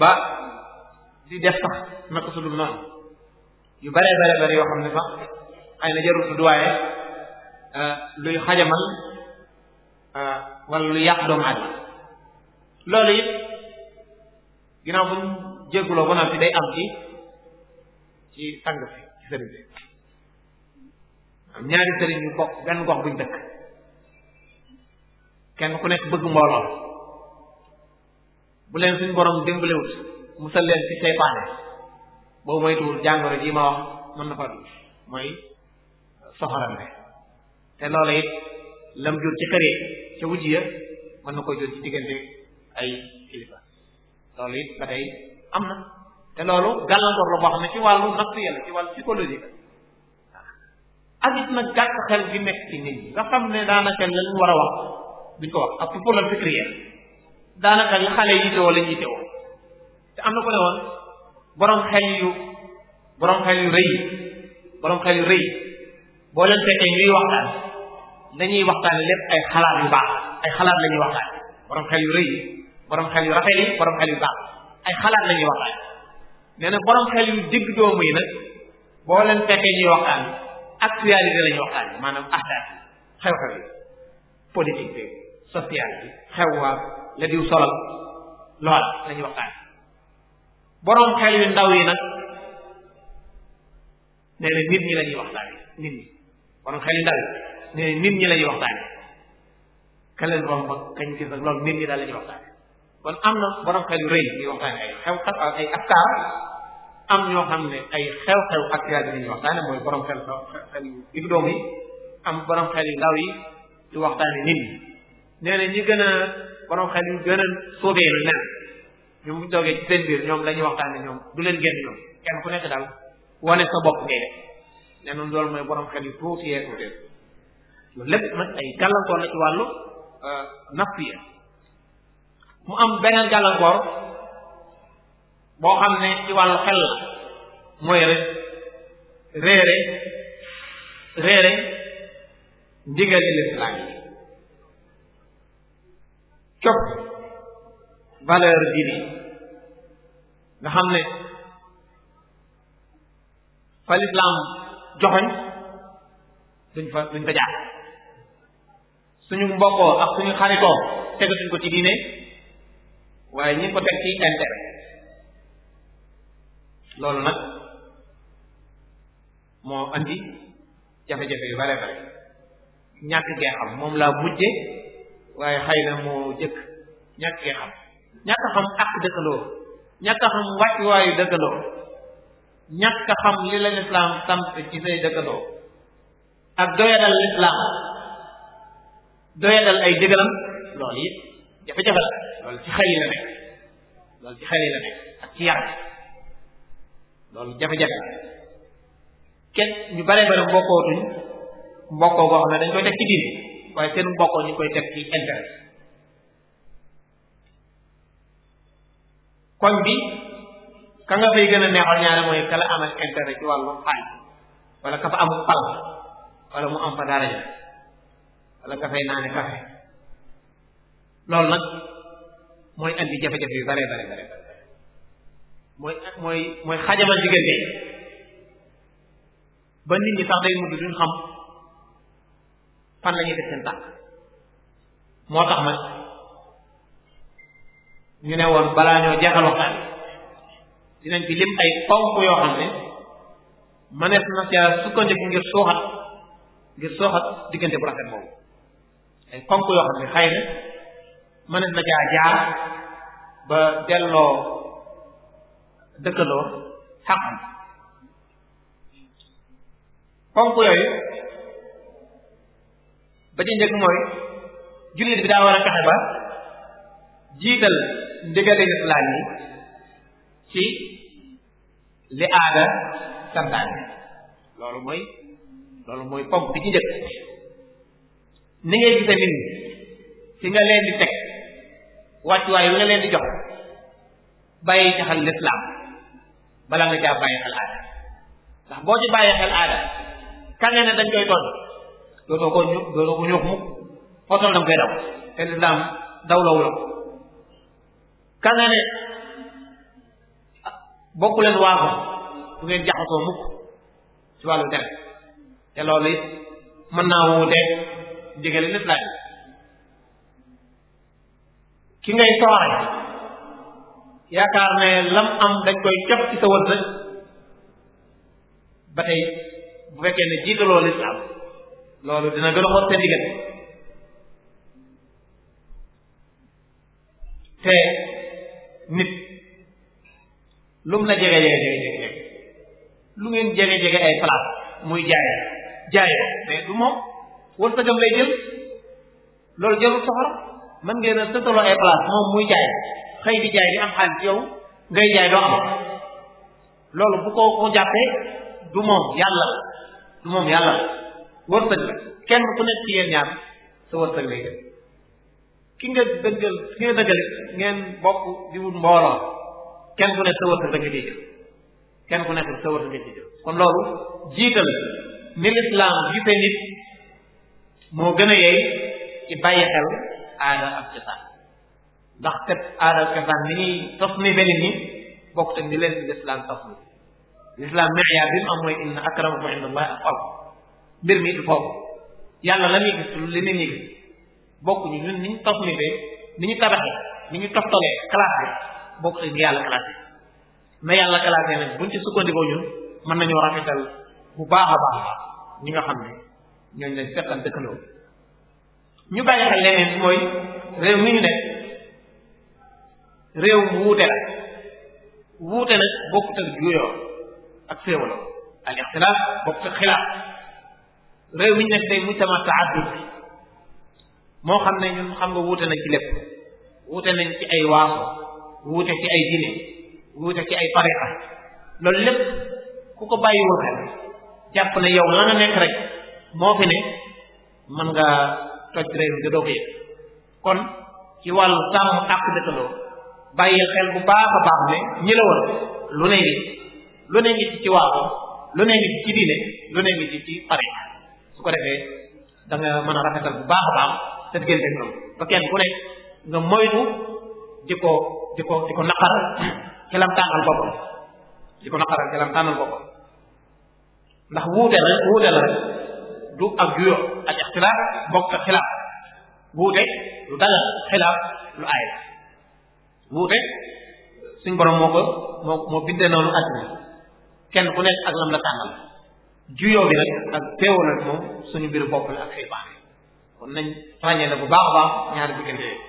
ba di def sax naka su noonu yu bare bare bare yoo xam ne sax xëy na jarul tudd waaye euh, luy xajamal euh, wala lu yàq doomu aadama loolu it ginnaaw buñ jégguloo ba noppi day am ci ci sang si ci sëriñ bi am ñaari sëriñ yu bokk benn gox buñ dëkk kenn ku nekk bëgg mbooloo bu leen suñ borom dimbalewut musal leen ci seytaane boobu moytuwul jàngoro ji ma wax mën na fa dugg mooy soxorante te loola it lam jur ci kër yi wujj ya mën na ko jur ci diggante ay kilifa loolu it ba tey am na te loolu gàllankoor la boo xam ne ci wàllu natt yàlla ci wàllu psychologie ak it nag gàtt xel gi nekk ci nit ñi nga xam ne daanaka lañ war a wax duñ ko wax ak pour la ficrière daanaka li xale yi teewoo la ñuy teewoo te am na ko ne woon borom xel yu borom xel yu rëy borom xel yu rëy boo leen ñuy waxtaan dañuy ay xalaat yu baax ay xalaat la wax waxtaan borom xel yu rëy borom xel yu rafet yi borom xel yu baax ay xalaat la ñuy waxtaan. nee na borom xel yu digg doomu yi nag boo leen fekkee ñuy waxtaan actualité la ñuy waxtaan maanaam ahdaat xew-xew yi politique bi sociale bi xew waa la diw solal lool la ñuy waxtaan borom xel yu ndaw yi nag nit ñi lañuy ñuy waxtaan nit ñi borom xel yu ndaw yi nee nit ñi la ñuy waxtaan ka leen romb kañ gis ak loolu nit ñi daal la ñuy waxtaan kon am na borom xel yu rëy ñuy waxtaan ay xew xew ay afkaar am ñoo xam ne ay xew-xew ak yaay bi ñuy waxtaane mooy borom xel xel yu doom yi am borom xel yu ndaw yi di waxtaane nit ñi nee ñi gën a borom xel yu gën a sóobee lu nen ñoom mu toogee ci seen biir ñoom la ñuy waxtaane ñoom du leen génn ñoom kenn ku nekk daal wane sa bopp ngay def nee na loolu mooy borom xel yu tuuti yeeku réew loolu lépp nag ay gàllankoor la ci wàllu euh, nafsiya mu am beneen gàllankoor boo xam ne ci wàllu xel la mooy rek réere réere ndigali lislaam yi cop valeur diine nga xam ne fa lislaam joxoñ duñ fa duñ fa jaar suñu mbokkoo ak suñu xaritoo tegatuñ ko ci diine waaye ñi ko teg ci intérêt loolu nag moo andi jafe-jafe yu bare bare ñàkk gee xam moom laa mujje waaye xëy na moo jëkk ñàkk gee xam ñàkk xam ak dëkkaloo ñàkk xam wàccuwaayu dëkkaloo ñàkk xam li la lislaam sant ci say dëkkaloo ak doyadal lislaam doyadal ay dëggalam loolu it jafe-jafe la loolu ci xëy la nekk loolu ci xëy la nekk ak ci yar loolu jafe-jafe kenn ñu bare bare mbokkootuñ mbokkoo boo xam dañ koy def ci diine waaye seen mbokkoo ñu koy def ci intérêt koñ bi ka nga fay gën a neexal ñaare mooy kala amal intérêt ci wàllu xaalis wala ka fa am pal wala mu am fa daraja wala ka fay naane kafe loolu nag mooy andi jafe-jafe yu bare bare bare bare mooy mooy mooy xajamal diggante yi ba nit ñi sax day mujj duñ xam fan la ñuy seen tànk moo tax nag ñu ne woon balaa ñoo jeexal waxtaan dinañ fi lim ay ponk yoo xam ne mënees na ca sukkandiku ngir suuxat ngir diggante bu boobu ay ponk yoo xam ne xëy jaar ba delloo dëkkandoo xaq ponk yooyu ba ci njëkk mooy jullit bi daa war a fexe ba jiital ndigali lislaam yi ci li aada santaane loolu mooy loolu mooy ponk bi ci njëkk ni ngay gise nit ñi nga leen di teg wàccuwaay wi nga leen di jox bàyyi ci lislaam bala nga caa bàyyi xel aada ndax boo ci bàyyi xel aada kan dañ koy tooñ dootoo ko ñu dootoo ko ñuux mukk foo toll da koy daw te lislaam daw la wula kan ne ah, bokku ngeen jaxasoo mukk ci wàllu tere te loolu it mën naa wuute digale lislaam ki ngay soxare yaakaar ne lam am dañ koy cof ci sa wërsëg ba tey bu fekkee ne jiitaloo lislaam loolu dina gën a xool seen diggante te nit lum la jege jege jege jege lu ngeen jege jege ay place muy jaaye jaaye mais du moom wërsëgam lay jël loolu jarul soxor mën ngeen a sëtaloo ay place moom muy jaaye say di jaay di am xaalis yow ngay jaay doo loolu bu ko ko jàppee du moom yàlla la du moom yàlla la wërsëg la kenn ku nekk ci yéen ñaar sa wërsëg lay def ki nga dëggal ki ngeen bokk di wut mbooloo kenn ku nekk sa wërsëg da nga ciy jëf kenn ku nekk sa wërsëg da nga ciy moo gën a yey ci bàyyi xel aada ak cosaan ndax kat aadal cosaan ni ñuy tos ni beneen ñi bokk te ni leen lislaam tos ni lislaam meeyaar bi mu am mooy inna akramakum indallahi atqaakum mbir mi it foofu yàlla la muy gis li nit ñi bokkuñu ni ñu tos ni bee ni ñu tabaxee ni ñu toftalee classé bokk te ni yàlla classé mais yàlla classé nag buñ ci sukkandikoo ñun mën nañoo rafetal bu baax a baax ñi nga xam ne ñooñu lañ fekkan dëkkandoo ñu bàyyi xel leneen mooy réew mi ñu nekk réew mu wuute la wuute nag bokkut ak juyoo ak féewaloo al bokkut ak xilaaf réew mi nekk day mujtama taadud moo xam ne ñun xam nga wuute nañ ci lépp wuute nañ ci ay waaxu wuute ci ay diine wuute ci ay tariqa loolu lépp ku ko bàyyiwul xel jàpp ne yow la nga nekk rek moo fi ne mën nga toj réew mi doo ko yëg kon ci wàllu sàmm àq dëkkaloo bàyyil xel bu baax a baax ne ñi la woon lu ne ngi lu ne ngi ci ci waaxu lu ne ngi ci ci diine lu ne ngi ci ci pare su ko defee da nga a rafetal bu baax a baax sa diggante ñoom ba kenn ku ne nga moytu di ko di ko di ko naqar boppam ko naqaral ci lam ndax wuute la wuute la rek du ak juyoo ak ixtilaaf bokk xilaaf wuute lu dagal xilaaf lu aay wuute suñ borom moo ko moo moo bindee noonu àdduna kenn ku nekk ak lam la tànnal juyoo bi nag ak teewoo nag moom suñu biir bopp la ak seytaane kon nañ ràññee na bu baax a baax ñaari diggante yooyu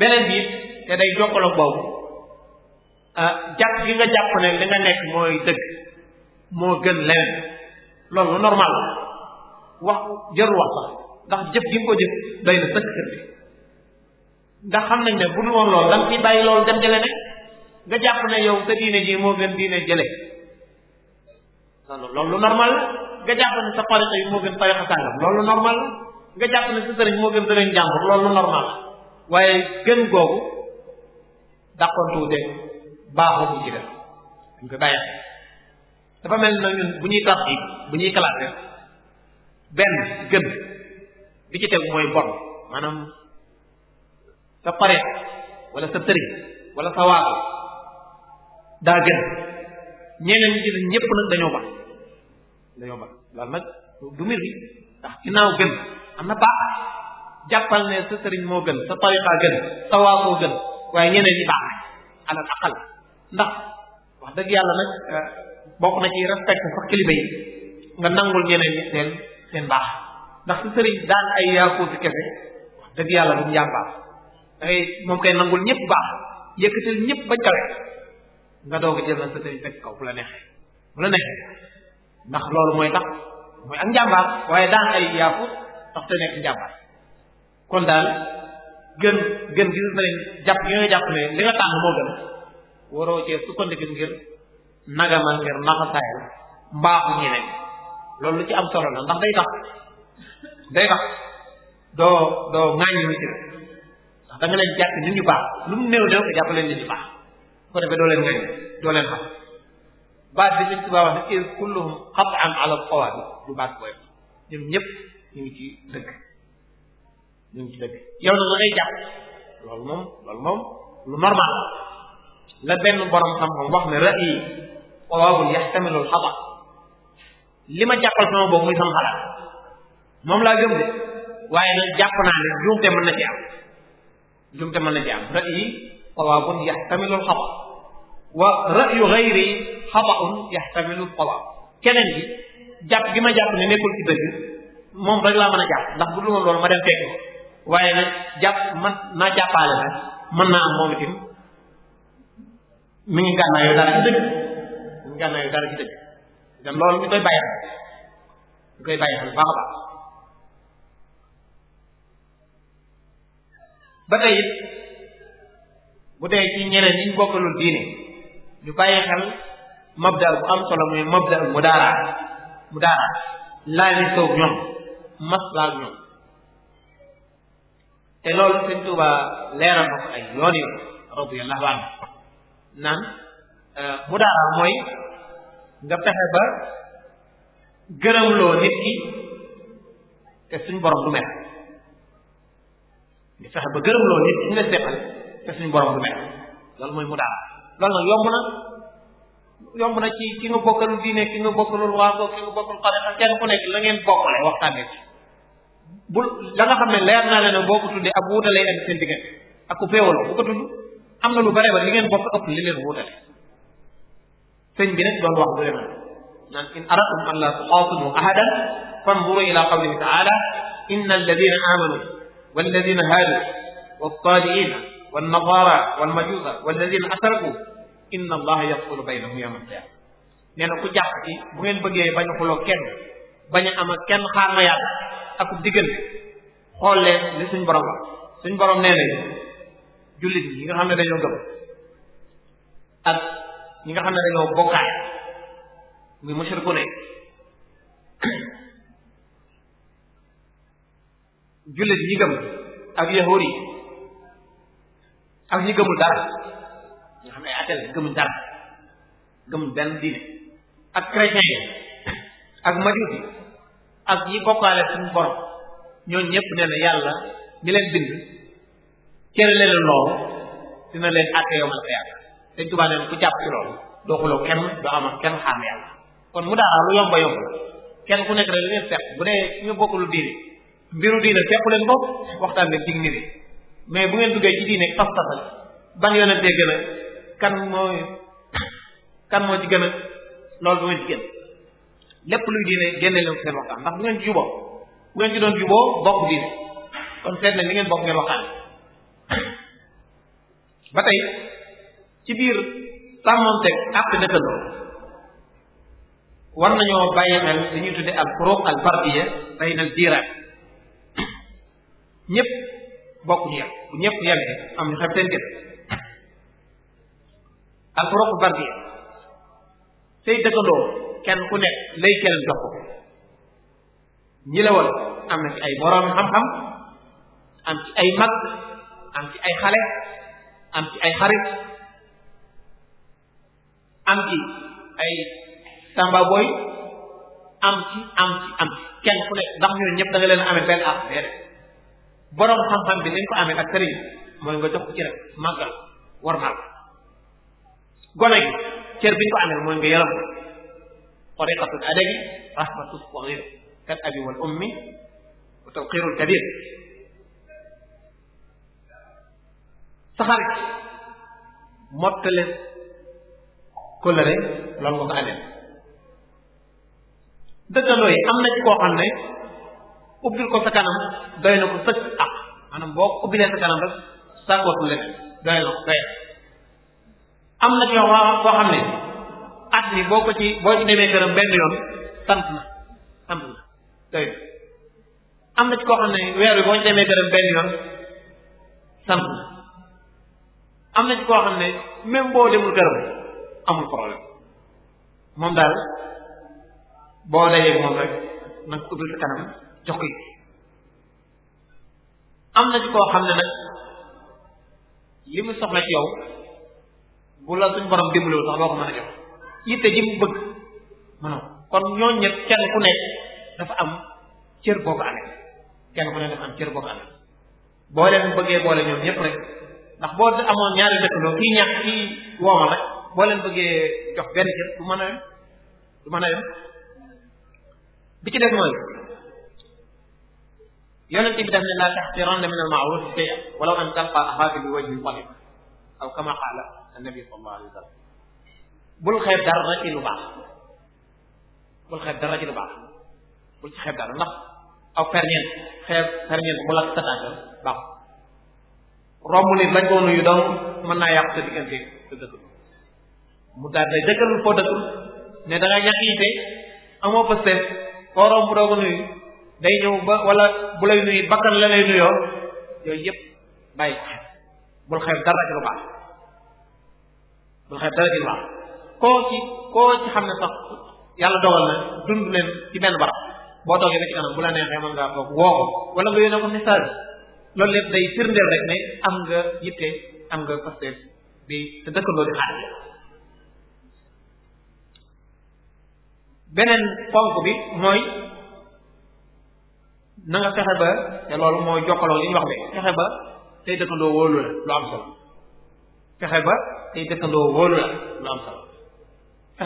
beneen bi te day jokkaloog boobu ah, jàpp gi nga jàpp ne li nga nekk mooy dëgg moo gën leneen loolu normal la wax jarul wax sax ndax jëf gi nga ko jëf na sëkk sëkk ndax xam nañ ne bu dul woon loolu da nga ciy bàyyi loolu dem jële ne nga jàpp ne yow sa diine ji moo gën diine jële loolu lu normal nga jàpp ne sa tarixa yi moo gën tarixa sàngam loolu normal nga jàpp ne sa sëriñ moo gën sëriñ jàmbur loolu normal waaye gën googu dàqontuu de baaxoo bu ci dafa mel na ñun bu ñuy tarti bu ñuy classé benn gën bi ci tegu mooy bon maanaam sa pareex wala sa tëri wala sa waaxu daa gën ñeneen ñi ci ñëpp nag dañoo bax dañoo bax loolu nag bi ndax ginnaaw gën am baax jàppal ne sa sëriñ moo gën sa tariqa gën sa waaxoo gën waaye ñeneen ñi baax nañ alal aqal ndax wax dëgg yàlla nag euh, bokk na ci respect sax kilifa yi nga nangul ñeneen seen baax ndax sa sëriñ daan ay yaakuusi kese wax dëgg yàlla duñu yàmbaax da moom kay nangul ñëpp baax yëkkatil ñëpp bañ kawe nga doog a jël nag sa sëriñ fekk kaw bu la neexee bu la neexee ndax loolu mooy tax mooy ak njàmbaar waaye daan ay yaafu tax te nekk njàmbaar kon daal gën gën gis na leen jàpp yi nga jàpp ne li nga tànn moo gën waroo cee ngir nagama ngir naxasaayal mbaaxu ñeneen loolu ci am solo la ndax day tax day tax doo doo ŋàññi ci rek da nga leen jàpp nit ñu baax lu mu néew néew nga jàpp leen ñu baax ko defee doo leen ngañ doo baat bi liñ tubaab wax ne il kulluhum xataan ala xawaabi du baat booy ñoom ñëpp ñu ngi ci ñu ngi ci yow nag da ngay jàpp loolu moom loolu moom lu normal la benn borom xam-xam wax ne ra'yi xawaabul yaxtamilu al xata li ma jàppal sama bopp muy sama xalaat moom laa gëm de waaye nag jàpp naa ne juumte mën na ci jumte mën na ci am ra'yi tawaabun yaxtamilu xata wa ra'yu gayri xata'un yaxtamilu tawaab keneen bi jàpp gi ma jàpp ne nekkul ci dëgg moom rek la mën a jàpp ndax bu dul woon loolu ma dem fekk waaye nag jàpp man naa jàppaale nag mën naa am moom itam mi ngi gànnaa yooyu dara ci dëgg mi ngi loolu ñu koy bàyyi xel ñu koy bàyyi ba tey bu dee ci ñeneen ñi ñu bokkalul diine ñu bàyyi xel mabda bu am solo muy mabda mu daaraa mu daaraa laali soog ñoom maslaak ñoom te loolu Sëñ Tuubaa leeral na ko ay yoon yoon radiyallahu anhu naan euh, mu mooy nga fexe ba gërëmloo nit ki te suñ borom du mel di fexe ba gërëm loo nit ñu la seqal te suñu borom du mer loolu mooy mu daal loolu nag yomb na yomb na ci ki nga bokkalul diine ki nga bokkalul waago ki nga bokkul tariqa kenn ku nekk la ngeen bokkale waxtaanee ci bu la nga xam ne leer naa leen ne boo ko tuddee ab wuute lay indi seen diggante ak ku féewaloo bu ko tudd am na lu bare ba li ngeen bokk ëpp li leen wuutale sëñ bi nag doon wax bu leen naan in aratum an la tuqaatilu ahadan fanzuru ila qawlihi taala inna alladina amanu والذين هادوا والصابئين والنصارى والمجوس والذين أشركوا إن الله يفصل بينهم يوم القيامة nee na ku jàpp ci bu ngeen bëggee bañ a xuloo kenn bañ a am ak kenn xaar ma yàlla ak diggante xool leen li suñ borom la suñ borom nee na jullit yi nga xam ne dañoo gëm ak ñi nga xam ne dañoo bokkaay muy mushrikuun jullit yi gëm ak yahuud yi ak ñi dara ñoo xam ne ay atel gëmul dara gëmul benn diine ak chrétien ak majuus yi ak yi bokkaale suñu borom ñooñu ñëpp yàlla mi leen bind cëre leen loolu dina leen àtte yow ma la yàlla dañ tubaa neen ku jàpp ci loolu doo xuloo kenn doo am ak kenn xaam yàlla kon mu daara lu yomba la kenn ku nekk rek li ngeen seq bu ñu bokkul diine mbiru diine tepp leen ko waxtaan leen ci nit yi mais bu ngeen duggee ci diine pas-pasal ban yonentee gën a kan mooy kan moo ci gën a loolu bu ngeen ci génn lépp luy diine génne leen seen waxtaan ndax bu ngeen ci juboo bu ngeen ci doon juboo bokk diine kon seet li ngeen bokk ngeen waxtaan ba tey ci biir sàmmonteeg àq dëkkandoo war nañoo bàyyi xel li ñuy tudde al furuq al fardiya bayna al jiiraan ñépp bokk ñu yem bu ñëpp yem de am ñu xeb seen jëf ku nekk lay keneen am ci ay borom xam-xam am ci ay mag am ci ay xale am ci ay xarit am ci ay samba boy am ci am ci am ci kenn ku nekk ndax ñun ñëpp da leen amee benn affaire borom xam-xam bi nañ ko amee ak sëriñ mooy nga jox ko ci rek màggal war naa gone gi cër bi ñu ko mooy nga yaram tariqatul adabi rahmatus saghir kat abi wal ummi wa tawqirul kabir saxar gi mottale kóllëre loolu nga ko amee dëkkandoo yi am na ci koo xam ne ubbil ko sa kanam doy na ko sëkk ak ah, maanaam boo ubbilee sa kanam rek sàkkootu leneen doy na ko doy am na ci wax koo xam ne at mi boo ko ci boo ci demee këram benn yoon sant na sant na am na ci koo xam ne weer boo demee këram benn yoon sant na am demul këram amul problème moom daal boo dajee moom rek nag ubbil sa kanam jox ko am na ci xam ne nag li soxla ci yow bu la suñ borom a jox yitte ji bëgg mënoo kon ñooñu ñëpp kenn ku nekk dafa am cër boo ko amee kenn ku nekk dafa am cër boo ko amee boo leen bëggee boole ñoom ñëpp rek ndax boo amoon ñaari dëkkandoo kii ñàkk kii woomal rek boo leen bëggee jox benn cër du mën a du mën a yem bi ci def mooy yonente bi daf ne laa taxqiranna min al maaruf shay'an walaw an talqa axaaka bi wajhin talib aw kama qaala annabi sallallahu alayhi wa sallam bul xeeb dara ci lu baax bul xeeb dara ci lu baax bul ci xeeb dara ndax aw ferñeent xeeb ferñeent bu lakk sataatal baax romb nit bañ koo nuyu donc mën naa yàqu sa diggante sa dëkkul mu daal day dëkkalul foo dëkkul ne da nga ñàkk yitte amoo pëstéef koo romb doog a nuyu day ñëw ba wala bu lay nuyu bakkan la lay nuyoo yooyu yëpp bàyyi ko xel bul xel dara ci lu baax bul xel dara ci lu baax koo ci koo ci xam ne sax yàlla dogal na dund leen ci benn barab boo toogee ba ci kanam bu la neexee mën ngaa toog woo ko wala nga yónnee ko message loolu lépp day firndeel rek ne am nga yitte am nga pasteef bi sa dëkkandoo di xaar beneen ponk bi mooy na nga fexe ba te loolu mooy jokkaloo li wax léegi fexe ba tey dëkkandoo wóolu la lu am solo fexe ba tey dëkkandoo wóolu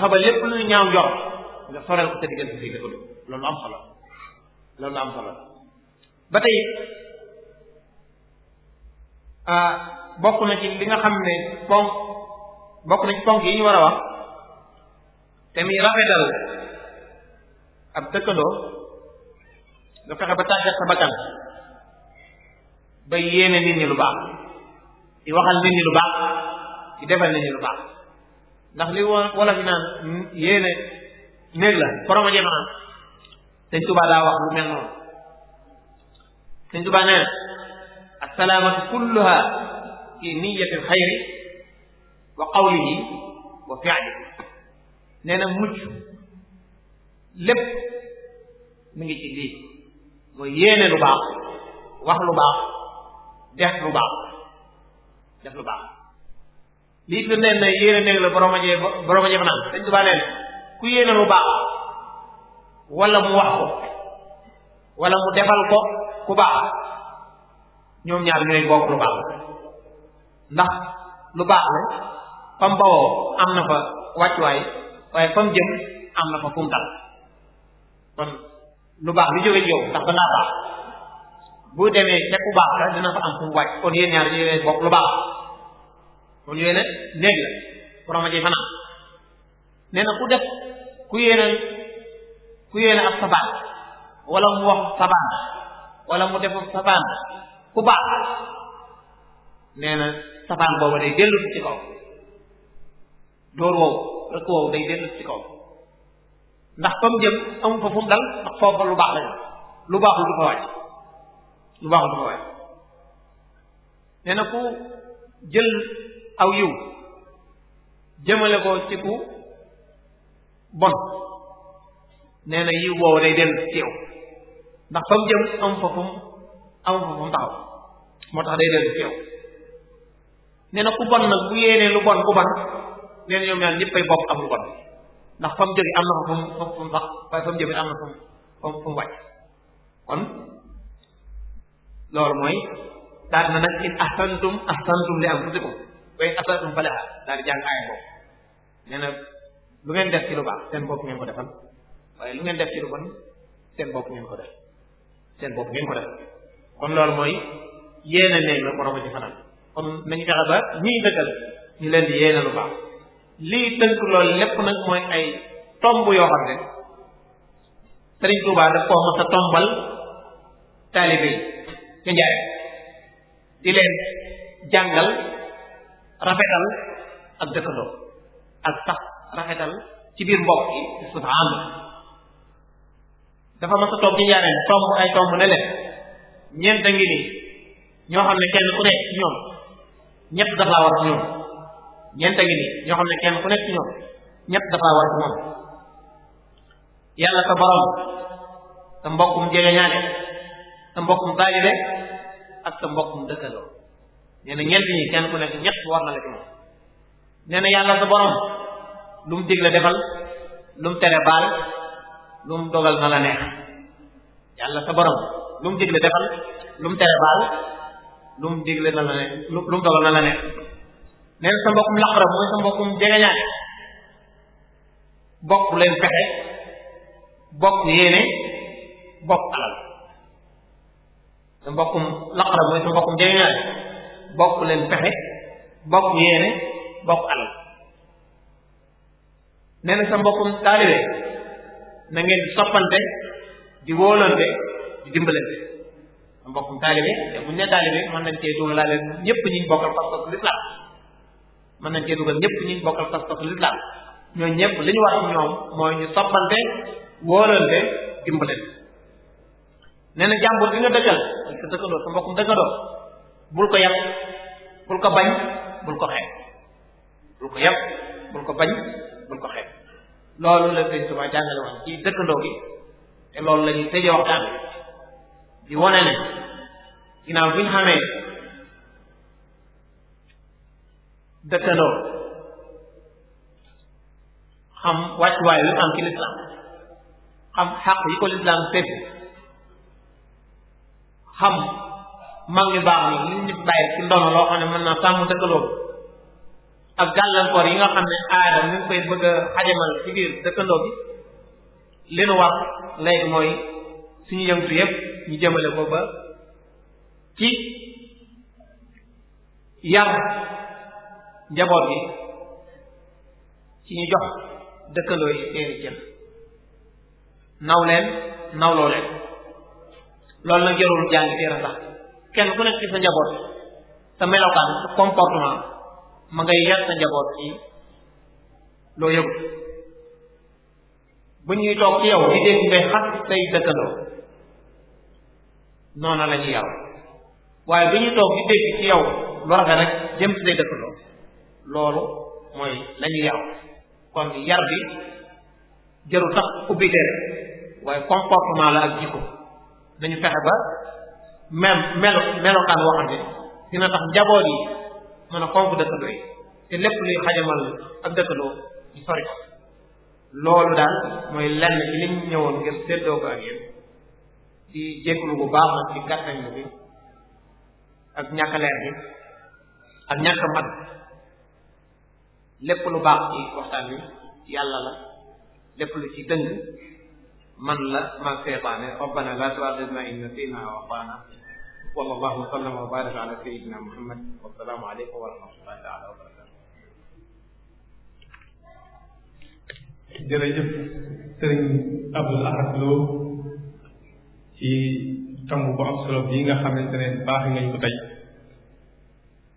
ba lépp luy ñaaw njort nga soreel ko sa diggante si dëkkandoo loolu am solo loolu am solo ba tey bokk na ci li nga xam ne ponk bokk na ci ponk yi ñu war a wax te muy rafetal ab dëkkandoo nga fexe ba tàggat sa bakkan ba yéene nit ñi lu baax di waxal nit ñi lu baax di defal nit ñi lu baax ndax li wala fi naan yéene néeg la boroma jema am sëñ tubaa daa wax lu mel noonu sëñ tubaa nee na assalaamatu kulluha fi niyati alxayri wa qawlihi wa fi'lihi nee na mucc lépp mi ngi ci lii mooy yéene lu baax wax lu baax def lu baax def lu baax lii fi neen na yéene néeg la borom a jee borom a fanaan dañ tubaa neen ku yéene lu baax wala mu wax ko wala mu defal ko ku baax ñoom ñaar ñooy bokk lu baax ndax lu baax la fam bawoo am na fa wàccuwaay waaye fam jëm am na fa fu kon lu baax lu jóge yow ndax danaa baax bu demee ca ku baax la dina fa am fu mu kon yéen ñaar ñu yéen lu baax kon yéen a néeg la borom a ci fanaan nee na ku def ku yéen a ku yéen a ab sabaan wala mu wax sabaan wala mu def sabaan ku baax nee na sabaan booba day dellu ci kaw door wow rek wow day dellu ci kaw ndax fa mu jëm amu fa fu mu dal ndax foofa lu baax la lu baaxul du fa wàcc lu baaxul du fa wàcc nee na ku jël aw yiw jëmale ko ci ku bon nee na yiw boobu day dellu ci yow ndax fa mu jëm amu fa fu mu fa fu taxaw moo tax day dellu ci yow nee na ku bon nag bu yéenee lu bon ku bon nee na ñoom ñaar ñëppay bokk am lu bon ndax fa mu am na fa fu mu fa fa fa mu jëm kon loolu mooy daal na nag in ahsantum ahsantum li anfusikum wa in asatum falaha daal di jàng aaya boobu lu ngeen def ci lu baax seen bopp ngeen ko defal waaye lu ngeen def ci lu bon seen bopp ngeen ko def seen bopp ngeen ko def kon loolu mooy yéene leen la borom ci fanaan kon nañu fexe ba ñuy dëkkal ñu leen di yéene lu baax. lii tënk loolu lépp nag mooy ay tomb yoo xam ne Sëriñ Tuubaa daf koo mos a tombal taalibe ci njare di leen jàngal rafetal ak dëkkandoo ak sax rafetal ci biir mbokk yi subhaanallah dafa mos a tomb ci njare tomb ay tomb ne leen ñeent a ngi nii ñoo xam ne kenn ku ñoom ñett dafa war ci ñoom ñeent a ngi nii ñoo xam ne kenn ku nekk ci ñoom ñett dafa war ci moom yàlla sa borom sa mbokkum jegeñaane sa mbokkum taalibe ak sa mbokkum dëkkandoo nee na ñeent ñi kenn ku nekk ñett war na la ci moom nee yàlla sa borom lu mu digle defal lu mu tere baal lu mu dogal na la neex yàlla sa borom lu mu digle defal lu mu tere baal lu mu digle na la neex lu mu dogal na la neex nee na sa mbokkum laqara mooy sa mbokkum jegeñaale bokk leen pexe bokk yéene bokk alal sa mbokkum laqara bokk leen pexe bokk yéene bokk alal nee na sa mbokkum taalibe na ngeen di soppante di wóolante di dimbalante sa mbokkum taalibe te buñ ne taalibe mën nañ cee dugalale ñëpp ñi bokkal parce que l'islam mën nañ cee dugal ñëpp ñu bokkal pas-pas lislaam ñooñu ñëpp li ñu war am ñoom mooy ñu soppante wóolante dimbalante nee na jàmbur bi nga dëkkal dëkkandoo sa mbokkum dëkkandoo bul ko yàq bul ko bañ bul ko xeeb bul ko yàq bul ko bañ bul ko xeeb loolu la Sëriñ Tuubaa jàngale woon ci dëkkandoo gi te loolu la ñuy tëjee waxtaan di wane ne ginnaaw xamee dëkkandoo xam wàccuwaay lu am ci lislaam xam xaq yi ko lislaam sédd xam mag ñu baax ni li ñu bàyyi ci ndono loo xam ne mën naa sàmm dëkkandoo ak gàllankoor yi nga xam ne aada mi ngi koy bëgg xajamal ci biir dëkkandoo bi li nu wax léegi mooy suñu yëngtu yépp ñu jëmale ko ba ci yar njaboot gi ci ñu jox dëkkandoo yi seeni cër naw leen nawloo leen loolu nag jarul jàngi téere ndax kenn ku nekk ci sa njaboot sa melokaan comportement ma ngay yar sa njaboot ci loo yëgu bu ñuy toog ci yow di dégg ngay xas say dëkkandoo noona la ñuy waaye bu ñuy toog di dégg ci yow lu rafet rek jëm ci say dëkkandoo loolu mooy lañu yaru kon yar bi jëru tax ubbi téere waaye comportement la ak jikko nañu fexe ba même melo melokaan woo ne dina tax njaboot yi mën a fonk dëkkandoo yi te lépp luy xajamal ak dëkkandoo ñu sori ko loolu daal mooy lenn ci liñ ñëwoon ngir séddoo ko ak yéen di jégalu bu baax nag ci gàttañ bi ak ñàkk leer ak ñàkk lépp lu baax ci waxtaan wi yàlla la lépp lu ci dëng man la man rabbana la tu'akhidna in nasina wa akhtana wa sallallahu wa muhammad wa alaykum wa rahmatullahi taala wa barakatuh jërëjëf sëriñ Abdul Ahad Lo ci tomb bu am solo nga xamante ne baax ngañ ko tey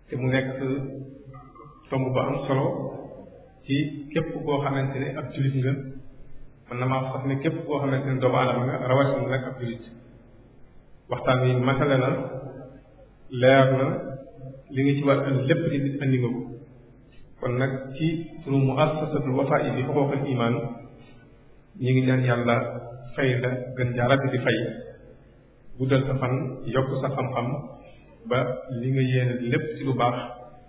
te tomb bu am solo ci képp koo xamante ne ab jullit nga mën na maa sax ne képp koo xamante ne doomu aadama nga rawatina rek ab jullit waxtaan wi matale na leer na li nga ci war andi lépp kon nag ci sunu muassasatul wafa'i bi xuququl iman ñi ngi ñaan yàlla fay la gën jaarati di fay guddal sa fan yokk sa xam-xam ba li nga yéene lépp ci lu baax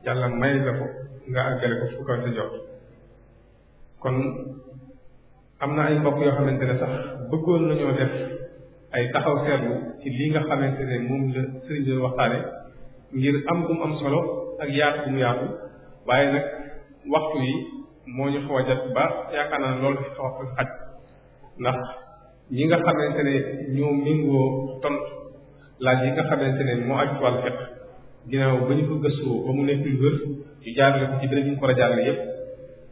yàlla may la ko nga àggale ko fu kaw kon am na ay mbokk yoo xamante ne sax bëggoon nañoo def ay taxaw seetlu ci lii nga xamante ne moom la sëriñ doon waxtaane ngir am bu mu am solo ak yaatu bu yaatu waaye nag waxtu yi moo ñu xaw a jot ba yaakaar naa loolu fi xaw a xaj ndax ñi nga xamante ne ñoo mingoo tontu laaj yi nga xamante ne moo aju wàllu ginnaaw ba ñu ko gëstoo ba mu nekk lu wër ñu jaarale ko ci beneen ko war a jaarale yépp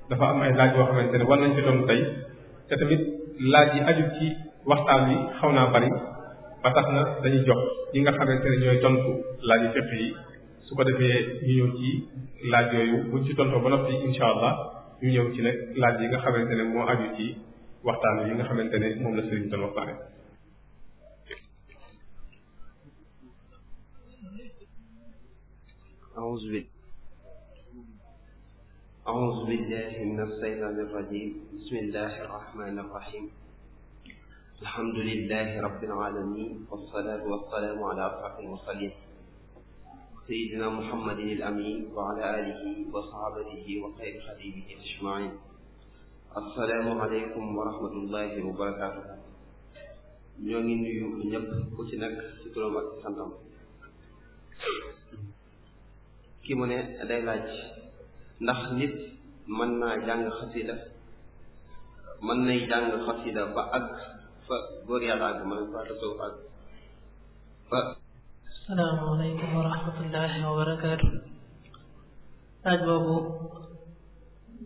dafa am ay laaj yoo xamante ne war nañ ci doon tey te tamit laaj yi aju ci waxtaan wi xaw naa bari ba tax na dañuy jox ñi nga xamante ne ñooy tontu laaj yu fépp yi su ko defee ñu ñëw ci laaj bu buñ ci tontoo ba noppi incha allah ñu ñëw ci nag laaj yi nga xamante ne moo aju ci waxtaan yi nga xamante ne moom la sëriñ doon waxtaane أعوذ بال أعوذ بالله من الشيطان الرجيم بسم الله الرحمن الرحيم الحمد لله رب العالمين والصلاة والسلام على أشرف المرسلين سيدنا محمد الأمين وعلى آله وصحابته وخير خديمه أجمعين السلام عليكم ورحمة الله وبركاته ñoo ngi nuyu ñëpp ku ci nekk ci turam ak santam kii mu ne day laaj ndax nit mën naa jàng xasida mën nay jàng xasida ba àgg fa góor yàlla àgg mën fa tasawuf fa asalaamaaleykum wa rahmatullahi wa barakaatu laaj boobu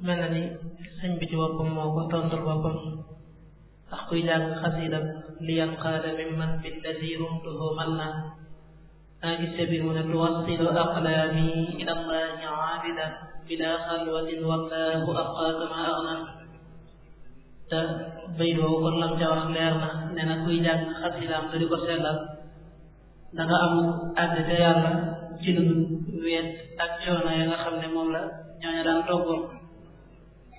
mel na ni sëñ bi ci boppam moo ko tontul boppam ndax kuy jàng xasida li yanqaala min man billadi rumtuhu man na أجتمع توصل أقلامي إلى الله عابدا بلا خلوة والله أبقى كما أغنى te bay boobu kon lam ca wax leer na nee na kuy jàng xasidaam te di ko sellal da nga am àgg ca yàlla ci lu weet ak coono ya nga xam ne moom la ñooñu daan toggoon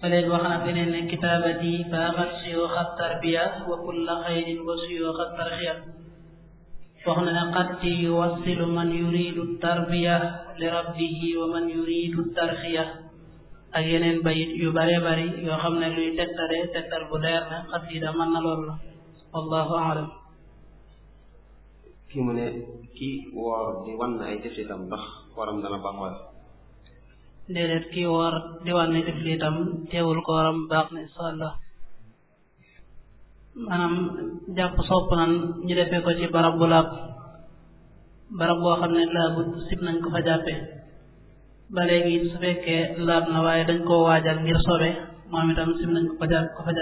ba léegi wax na feneen ne kitaabati baaxat siyooxa tarbiya wa kulla xayrin wa siyooxa tarxiya soxna qatti yuwassilu man yuridu tarbiya li rabbihi wa man yuridu tarxiya ak yeneen bayit yu bare bari yoo xam ne luy tegtale tegtal bu leer na xasida na loolu la wallahu aalam kii mu ne kii woor di wan na ay jëflitam ndax waram dana baax waaye déedéet woor di wan na jëflitam teewul kooram baax na insha maanaam jàpp sopp nan ñu defee ko ci barab bu laab barab boo xam ne laabu sib nañ ko fa jàppe ba léegi su fekkee laab na waaye dañ koo waajal ngir sobe moom itam sib nañ ko fa jàpp ko fa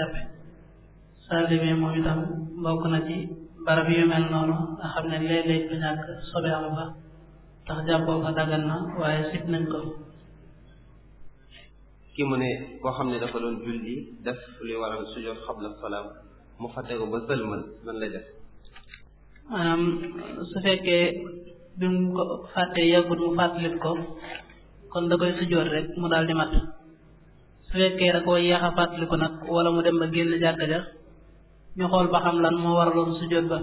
moom itam bokk na ci barab yu mel noonu nga ne léeg-léeg sobe am fa tax jàppoo fa dagan waaye sib nañ ko ki mu ne koo xam ne dafa doon julli def li waral sujjoot xabla salaam mu fàtte ko ba sëlmal nan lay def maanaam su fekkee bi mu ko fàttee yàggut mu fàttalit ko kon da koy sujjoot rek mu daal di mat su fekkee da koo yéex a nag wala mu dem ba génn jàkka ja ñu xool ba xam lan moo waraloon sujjoot ba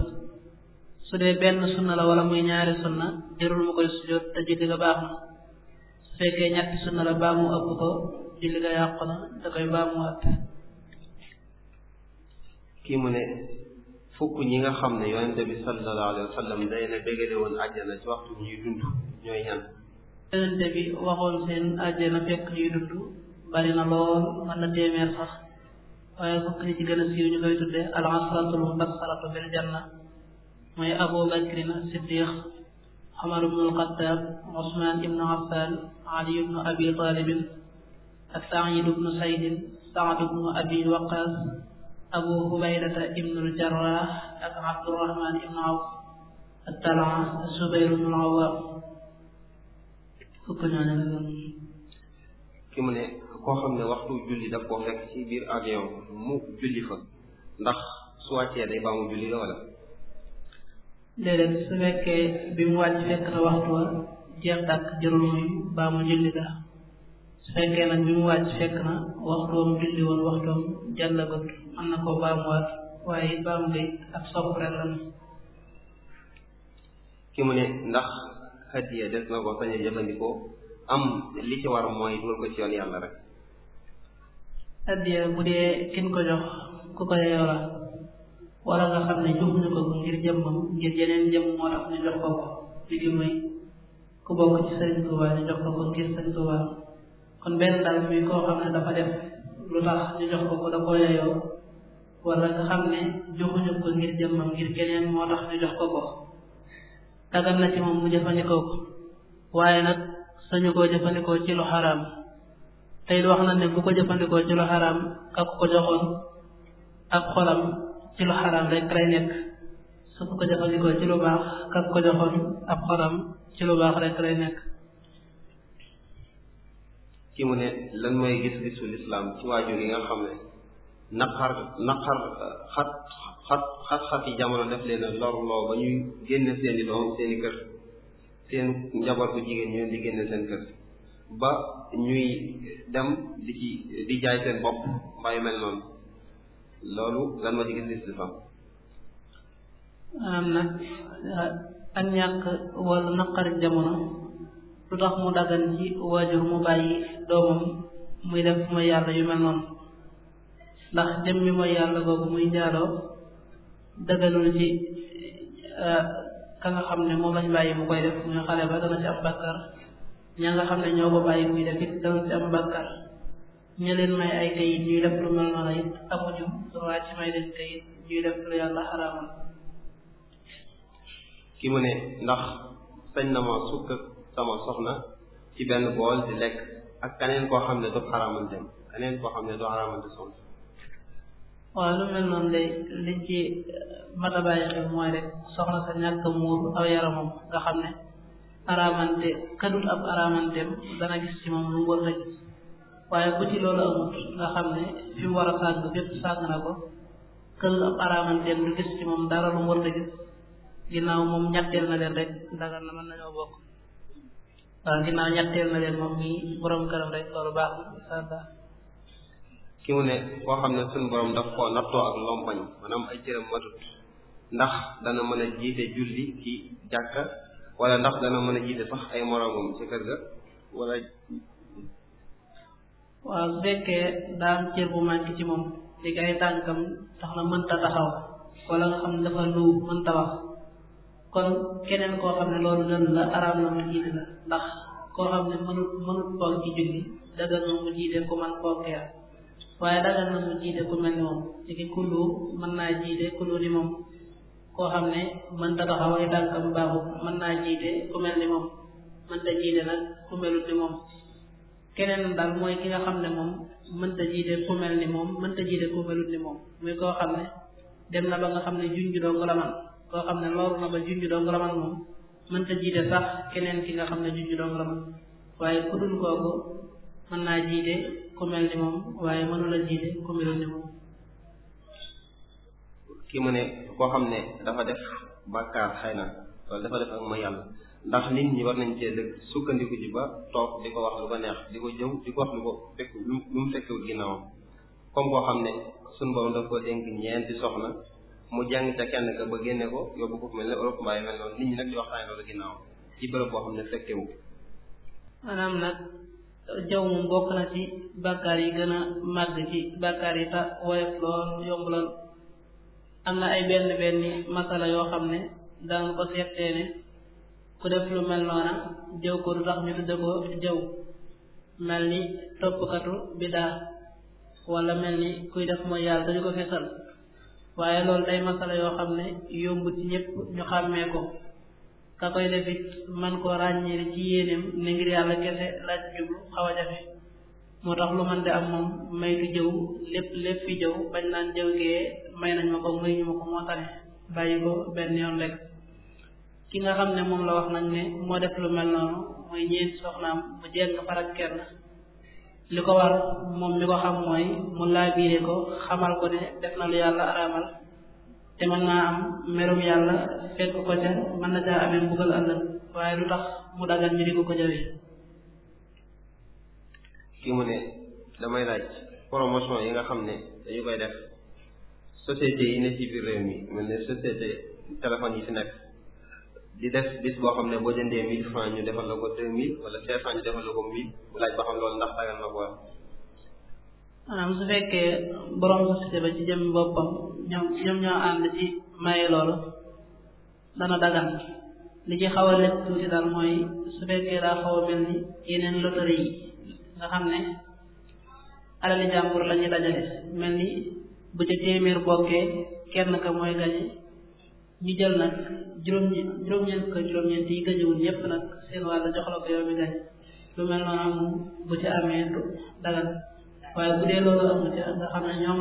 su dee benn sunna la wala muy ñaari sunna jërul mu koy sujjoot te julli baax na su fekkee ñetti sunna la baamu ëpp ko julli ga yàqu na da koy baamuwaat kii mu ne fukk ñi nga xam ne yonente bi sallallahu alayhi wa sallam day na bégale woon àjjana ci waxtu ñuy dund ñooy ñan yonente bi waxoon seen àjjana fekk ñuy dund bari na lool mën na téeméer sax waaye fukk ni ci gën a siiw ñu koy tudde al asratul mubassaratu bil janna mooy abu bakrin siddiq umar ibnu alxataab usman ibnu affan ali ibnu abi talibin ak said ibnu saydin saad ibnu abi waqaas abu hubaylata ibnul jarrah ak abdurahman ibnu awf attalaa zubayr ibnul awaam ki mu ne xam ne waxtu julli daf koo fekk ci biir avion mu julli fa ndax su wàccee day baa julli la wala déedéet su fekkee bi mu wàcc fekk waxtu wa jeex tàkk jërul muy julli la su fekkee nag bi mu wàcc fekk na waxtoom julli woon waxtoom jàllagut mën na koo baamuwaat waaye it baamu bi ak sopp rek ki mu ne ndax hadiya des na ko sañ a jëfandikoo am li ci war mooy dugal ko ci yoon yàlla rek hadiya bu dee kin ko jox ku ko yeyoo la wala nga xam ne joxuñu ko ngir jëmmam ngir yeneen jëmm moo tax ñu jox ko ko muy ku bokk ci sëriñ Tuubaa ñu jox ko ko ngir sëriñ kon benn daal muy koo xam ne dafa def lu tax ñu jox ko ko da koo yeyoo wala nga xam ne joxuñu ko ngir jëmmam ngir keneen moo tax ñu jox ko ko dagan na ci moom mu jëfandikoo ko waaye nag sañu koo jëfandikoo ci lu xaraam tey wax na ne bu ko jëfandikoo ci lu xaraam ak ko joxoon ak xolam ci lu xaraam rek lay nekk su ko jëfandikoo ci lu baax ak ko joxoon ab xolam ci lu baax rek lay kii mu ne lan mooy gis-gisu lislaam ci waajur yi nga xam ne naqar naqar xat xat xat-xat yi jamono def leen a lorloo ba ñuy génne seen doom seen kër seen njaboot bu jigéen ñu di génne seen kër ba ñuy dem di ci di jaay seen bopp mbaa yu mel noonu loolu lan ma ci gis-gis lislaam maanaam nag ak ñàkk wala naqar jamono lu tax mu daggan ci waajur mu bàyyi doomam muy def mooy yàlla yu mel noonu ndax jëmmi mooy yàlla boobu muy njaaloo dagganul ci euh, ka xam ne moom lañ bàyyi mu koy def muy xale ba dana ci am bàkkar ña nga xam ne ñoo ko bàyyi muy def it ci am bàkkar ñu may ay kayit ñuy def lu mel noonu it amuñu droit ci may leen kayit ñuy def lu yàlla xaraamal ki mu ndax sañ na ma sukk sama soxna ci benn bool di lekk ak keneen koo xam ne du xaraamanteem keneen koo xam ne du xaraamante soxna waaw lu mel noonu day liñ ci euh, mat a mooy rek soxna sa ñàkk muur aw yaramam nga xam ne araamante kadul ab araamanteem dana gis ci moom lu mu war a gis waaye ku ci loolu amut nga xam ne fi mu a sàng bépp sàng na ko kël ab araamanteem du gis ci moom dara lu mu war a gis ginnaaw moom ñàkkeel na leen rek ndagal na mën nañoo bokk waaw ginnaaw ñetteel na leen moom mii borom këram rek loolu baaxul baax ki mu ne koo xam ne suñu borom daf koo nattoo ak lombañ maanaam ay cëram matut ndax dana mën a jiite julli ci jàkka wala ndax dana mën a jiite sax ay moroomam ci kër ga wala waaw su fekkee daa am cër bu manqué ci moom léegi ay tànkam tax na mënta wala nga xam ne dafa lu mënta wax kon keneen koo xam ne loolu dana la araam na mu jiite la ndax koo xam ne mënut mënut foog ci julli daga na mu jiite ku man koo keer waaye daga na mu jiite ku mel ni moom léegi kullu mën naa jiite kullu ni moom koo xam ne mën ta taxaw ay tànkam baaxu mën naa jiite ku mel ni moom mën ta jiite nag ku melut ni moom keneen daal mooy ki nga xam ne moom mën ta jiite ku mel ni moom mën ta jiite ku melut ni moom muy koo xam ne dem na ba nga xam ne junj dong la man koo xam ne loolu na ba junj dong la man moom mënta jiite sax keneen ki nga xam ne junj dong la man waaye ku dul kooku mën naa jiite ku mel ni moom waaye mënula jiite ku mel ni moom kii mu koo xam ne dafa def bàkkaar xëy na wala dafa def ak ma yàlla ndax nit ñi war nañ cee dëgg sukkandiku ji toog di ko wax lu ko neex di ko jëw di ko wax lu ko fekk lu mu fekkewul ginnaawam koo xam ne suñu borom daf ko dénk ñeenti soxna mu jàng ca kenn ka ba génne ko yóbbu ko mel ne Europe mbaa mel noonu nit ñi nag di waxtaane loolu ne fekke wu maanaam nag jaww bokk na ci bàkkaar yi gën a màgg ci bàkkaar yi ta woyof lool yomb am na ay benn benn masala yoo xam ne daan ko seetee ne ku def lu mel noona jëw ko du tax ñu tudde ko jëw mel ni toppkatu bidaa wala mel ni kuy def mooy yàlla dañu ko fesal waaye loolu day masala yoo xam ne yomb ci ñëpp ñu xàmmee ko ka koy def man koo ràññee ci yéeneem ne ngir yàlla kese laaj jublu xaw moo tax lu man de am moom maytu jëw lépp lépp fi jëw bañ naan jëw gee may nañ ma ko may ñu ma ko moo tane bàyyi benn yoon rek ki nga xam ne moom la wax nag ne moo def lu mel noonu mooy ñeenti soxnaam mu jéng farak kenn li ko war moom mi ko xam mooy mu laabiire ko xamal ko ne def na lu yàlla araamal te mën naa am merum yàlla fekk ko ca mën na caa amee mbugal ëllëg waaye lu tax mu dagal ñu di ko ko jawee kii mu ne damay laaj promotion yi nga xam ne dañu koy def société yi ne ci biir réew ne société téléphone yi fi nekk di def bis boo xam ne boo jëndee mille francs ñu defal la ko deux mille wala cinq cent defal la ko mille mu laaj ba xam loolu ndax dagan na boole maanaam su fekkee borom société ba ci jëm boppam ñoom dagan li ci xaw a lépp tuuti daal mooy su fekkee daa xaw a mel ni yeneen loterie yi nga xam ne alali jàmbur la ñuy mel ni bu ca téeméer bokkee kenn ka mooy gañe ñu jël juróom juróom juróom-ñeent yi gañewul ñëpp nag seen wàll jox la ko yow mi gañ lu mel noonu am bu ci amee dagan waaye bu dee loolu amu ci nga ñoom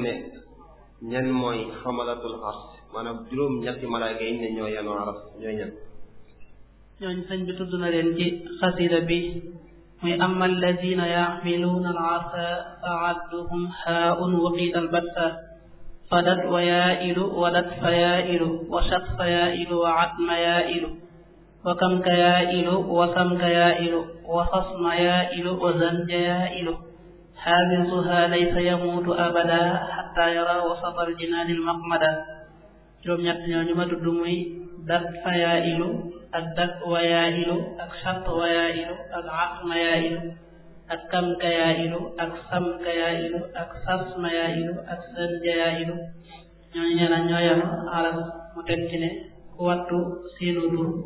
la soob juróom-ñetti malaaka yi ne ñoo yanu ñooñ sëñ bi tudd na leen ci muy amma alladina yaxmiluuna alasa aadduhum xaaun wa qiila albatta fadat wa yaailu wadat fa yaailu wa shat fa yaailu wa atma yaailu wa kamka yaailu wa samka yaailu wa sasma yaailu wa zanja yaailu xaamisuha laysa yamuutu abada xatta yara wasata aljinaani almaqmada juróom ñett ñoo ñu ma tudd muy dak fayaa ilu ak dak wayaa ilu ak xat wayaa ilu ak xaq mayaa ilu ak kam kayaa ilu ak sam kayaa ilu ak sas mayaa ilu ak sën jayaa ilu ñooñu nee na ñoo yem arab mu ku wattu seenu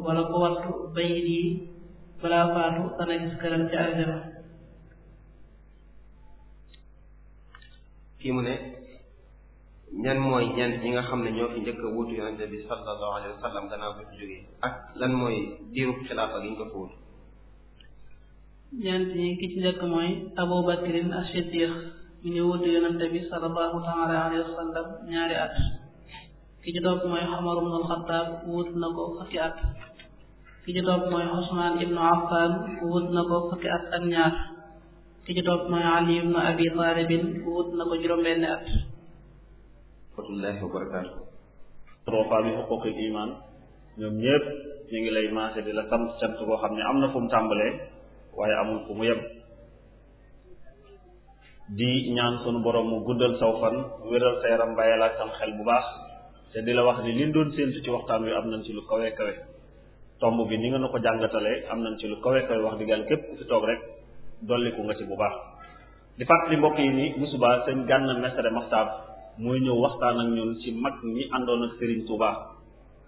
wala ku wattu bayit yi dana gis këram ci aljana ne ñan mooy ñan nga xam ne ñoo fi njëkk a wuutu yonente bi sallallahu alayhi wa sallam gannaaw fi jógee ak lan mooy diiru xilaafa gi ñu ko fi wuutu ñeent ki ci njëkk mooy Abu Bakrin as ñaari at ki ci mooy Umar ibn al-Khattab na ko fukki at ki ci mooy Usman ibnu Affan wuutu na ko fukki at ak ñaar ki ci mooy Ali ibnu Abi Talibin wuutu na ko juróom at rahmatullahi wa barakaatu roofaa ñoom ñëpp ñu ngi lay la sant sant boo xam ne am na fu mu tàmbalee waaye amul fu mu yem di ñaan sunu borom mu guddal saw fan wéral sa yaram bàyyilaat sam xel bu baax te di la wax ni liñ doon séentu ci waxtaan wi am nañ ci lu kawe kawe tomb bi ni nga na ko jàngatalee am nañ ci lu kawe kawe wax diggal képp fi toog rek dolliku nga ci bu baax di fàttali mbokk yi ni bu subaa sëñ gànn mesare maxtaab mooy ñëw waxtaan ak ñun ci mag ñi àndoon ak Serigne Touba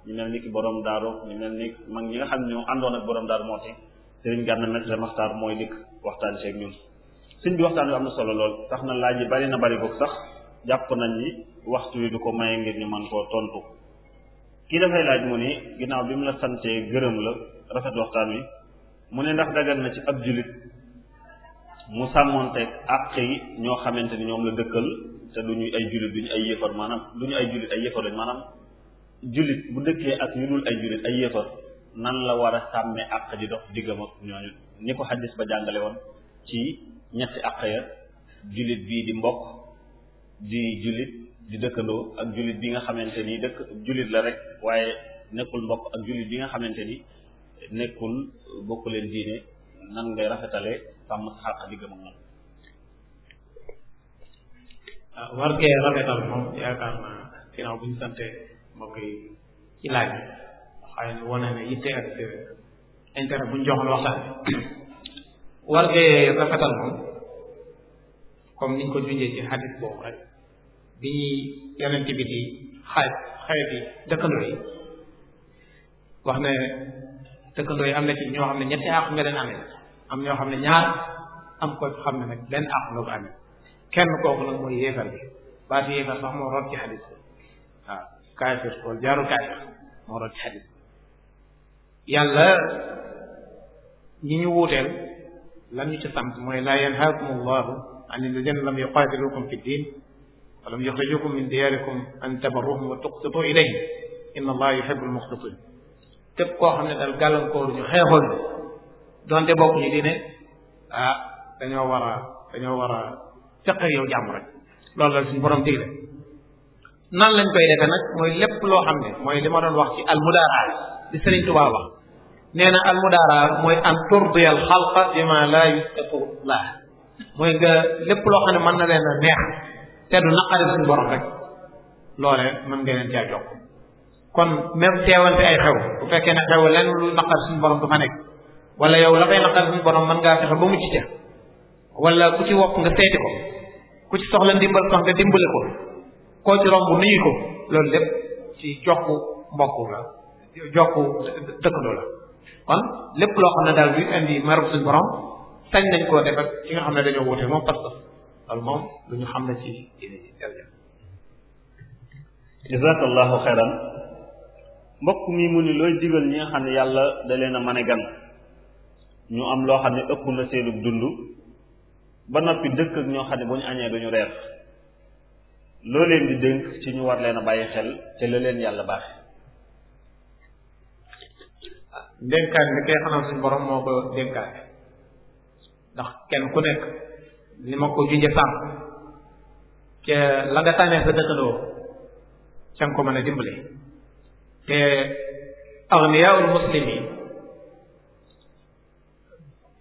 ñu mel ni ki borom daaru ñu mel ni mag ñi nga xam ne àndoon ak borom daaru moo seen Serigne Gana Messere Maxtaar mooy dikk waxtaan ci ak ñun bi waxtaan bi am solo lool tax na laaj yi bari na bari ko sax jàpp nañ ni waxtu wi du ko maye ngir ñu mën koo tontu kii dafay laaj mu ni ginnaaw bi mu la santee gërëm la rafet waxtaan wi mu ne ndax dagal na ci ak jullit mu sàmmoonteeg àq yi ñoo xamante ni ñoom la dëkkal te duñu ay jullit duñu ay yéefar maanaam duñu ay jullit ay yéefar maanaam jullit bu dëkkee ak ñu ay jullit ay yéefar nan la war a sàmme àq di dox diggam ak ñooñu ni ko xadis ba jàngale woon ci ñetti àq ya jullit bii di mbokk di jullit di dëkkandoo ak julit bi nga xamante ni dëkk jullit la rek waaye nekkul mbokk ak julit bi nga xamante ni nekkul bokk leen diine nan ngay rafetale sàmm sa àq diggam ak moom war gee rafetal moom yaakaar naa ginnaaw bu ñu sante mbokk yi ci laaj xëy na wane ne yitte ak intérêt bu ñu joxoon waxtaan war rafetal moom comme niñ ko junjee ci xadis boobu rek bi yonent bi di xaaj xarit yi dëkkandoo yi wax ne dëkkandoo yi am na ci ñoo xam ne ñetti àq nga leen amee am ñoo xam ne ñaar am ko xam ne nag benn àq nga amee kenn kooku nag mooy yéefar bi baati yéefar sax moo rot ci xadis waaw kaafir wala jaaru kaafir moo rot ci xadis yàlla ñi ñu wuuteel lan ñu ci sant mooy laa yanhaakum allahu an alladina lam yuqaatilukum fi ddin wa lam yuxrijukum min diyaarikum an tabarruhum wa tuqsitu ilayhim inna allaha yuhibbul muqsitin képp koo xam ne daal gàllankoor ñu xeexoon donte bokk ñu di ne ah dañoo war a dañoo war a feq ak yow jàmm rek loolu la borom digle nan lañ koy defe nag mooy lépp loo xam ne mooy li ma doon wax ci almudaara di Sëriñ Tuubaa wax nee na almudaara mooy an turdiya al xalqa bima la yustaqu laa mooy lépp loo xam ne mën na leen a neex te du naqari suñu borom rek loole mën nga leen caa jokk kon même teewante ay xew bu fekkee ne xew leen lu naqari suñu borom du fa nekk wala yow la fay naqari suñu borom mën ngaa fexe ba mu ci ca wala ku ci wopp nga seeti ko ku ci soxla ndimbal sax nga ko koo ci romb nuyu ko loolu lépp ci jokku mbokku la jokku dëkkandoo la kon lépp loo xam ne daal luy indi marum borom sañ nañ koo def ak ci nga xam ne dañoo wute moom parce que loolu moom lu ñu xam ne ci diine ji jërëjëf jazakallahu mbokk mi mu ni looy digal ñi nga xam ne yàlla da leen a mën a gan ñu am loo xam ne ëpp na seenub dund ba noppi dëkk ak ñoo xam ne bu ñu añee duñu reer loo leen di dénk ci ñu war leen a bàyyi xel te la leen yàlla baaxe dénkaat bi kay xanaa suñ borom moo ko dénkaat ndax kenn ku nekk li ma ko junje sàmm ke la sa dëkkandoo ca nga ko man a dimbale te agniyaul muslimin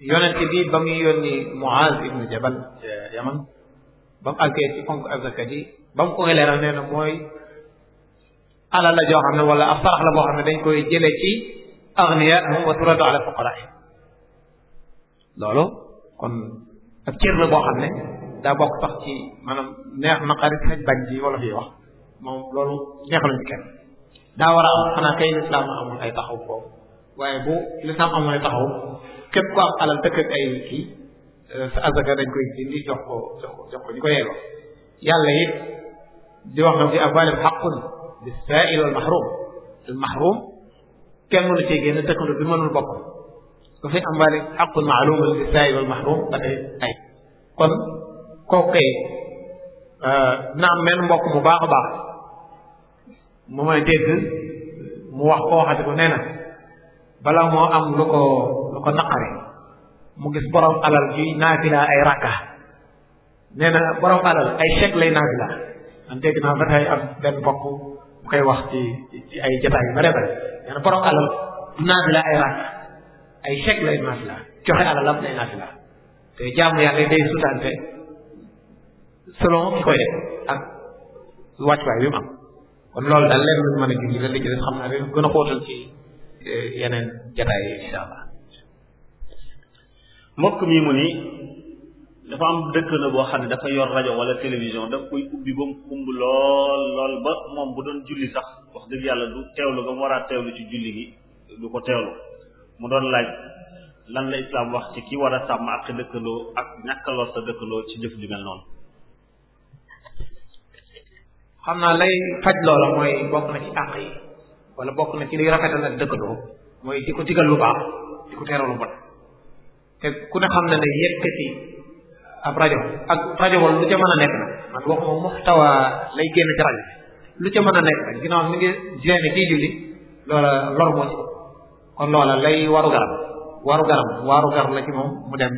yonente bi ba muy yónni Muaz ibnu Jabal Yaman ba mu àggee ci fonk azaka ji ba mu ko leeral nee na mooy alal la joo ne wala ab sarax la boo xam ne dañ koy jële ci agniyaahum wa turaddu ala fuqaraahum loolu kon ab cër la boo xam ne bok bokk sax ci maanaam neex naqari xaj bañ ji wala fi wax moom loolu neexaluñ ci kenn daa war a am xanaa kay lislaam amul ay taxaw foofu waaye bu lislaam amul ay taxaw képp ku am alal dëkk euh, sa azaka koy dindi jox ko jox ko jox di wax na fi amwaalihim haqqun lis-saa'il wal mahrum al mahrum kenn mënu cee génn dëkkandoo bi mënul boppam ba fi amwaalihim haqqun ma'luumun lis mahrum ba tey ay kon kooku kay euh, na am men mbokk mu baax a baax mu may dégg mu wax koo waxati ko nee bala moo am lu ko naqari mu gis borom alal ji naafila ay rakka nee na borom alal ay chèque lay naafila man dégg naa ba tey am benn mbokk bu koy wax ci ci ay jotaay yu bare bare nee borom alal du naafila ay rakka ay chèque lay naafila joxe alalam lay naafila te jaamu yàlla day sutante selon ki koy ak wàccuwaay bi mu am kon loolu daal leen lañu a junj la li ci des xam naa dañu gën a xóotal ci eh, yeneen jataay yi allah mbokk mi mu ni dafa am dëkk boo xam ne dafa yor rajo wala télévision daf koy ubbi ba mu xumb lool lool ba moom bu doon julli sax wax dëgg yàlla du teewlu ba mu war a teewlu ci julli gi du ko teewlu mu doon laaj lan la wax ci ki war a sàmm ak ak ñàkkaloo sa ci jëf ju mel noonu xam naa lay faj loola mooy bokk na ci àq yi wala bokk na ci liy rafetal ak dëkkandoo mooy di ko digal lu baax di ko teral lu bon te ku ne xam ne ne yëkkati ab rajo ak rajo wala lu ca mën a nekk nag man waxuma muxtawa lay génn ci ca mën a nekk nag ginnaaw mi ngi génne la ci moom mu dem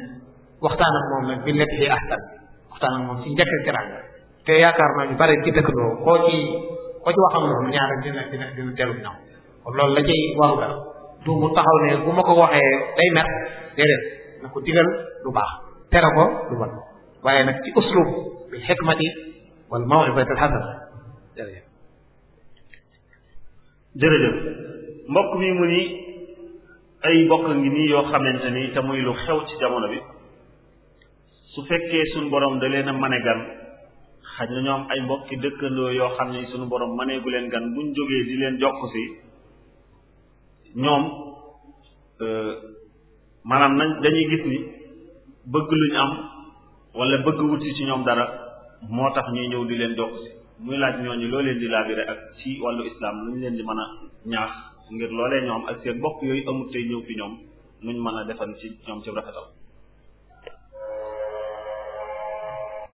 waxtaan ak moom nag bi yaakaar naa ñu bari ci dëkkandoo koo ci koo loolu la mu taxaw ne bu ma ko waxee day mer déedéet na ko digal lu baax tere ko lu bon waaye nag ci uslub bil xikmati wal maw'izati al hasana jërëjëf jërëjëf mbokk mi mu ni ay bokk ngi nii yoo xamante ni te muy lu xew ci jamono bi su fekkee sunu borom da leen a mane gan xaj na ñoom ay mbokki dëkkandoo yoo xam ne suñu borom maneegu leen gan buñ jógee di leen jokk si ñoom euh, maanaam nañ dañuy gis ni bëgg luñ am wala bëgg wuti ci ñoom dara moo tax ñuy ñëw di leen jokk si muy laaj ñooñu loo leen di laabire ak ci wàllu islam luñ leen di mën a ñaax ngir loolee ñoom ak seen bokk yooyu amut tey ñëw fi ñoom nuñ mën a defan ci ñoom ci rafetal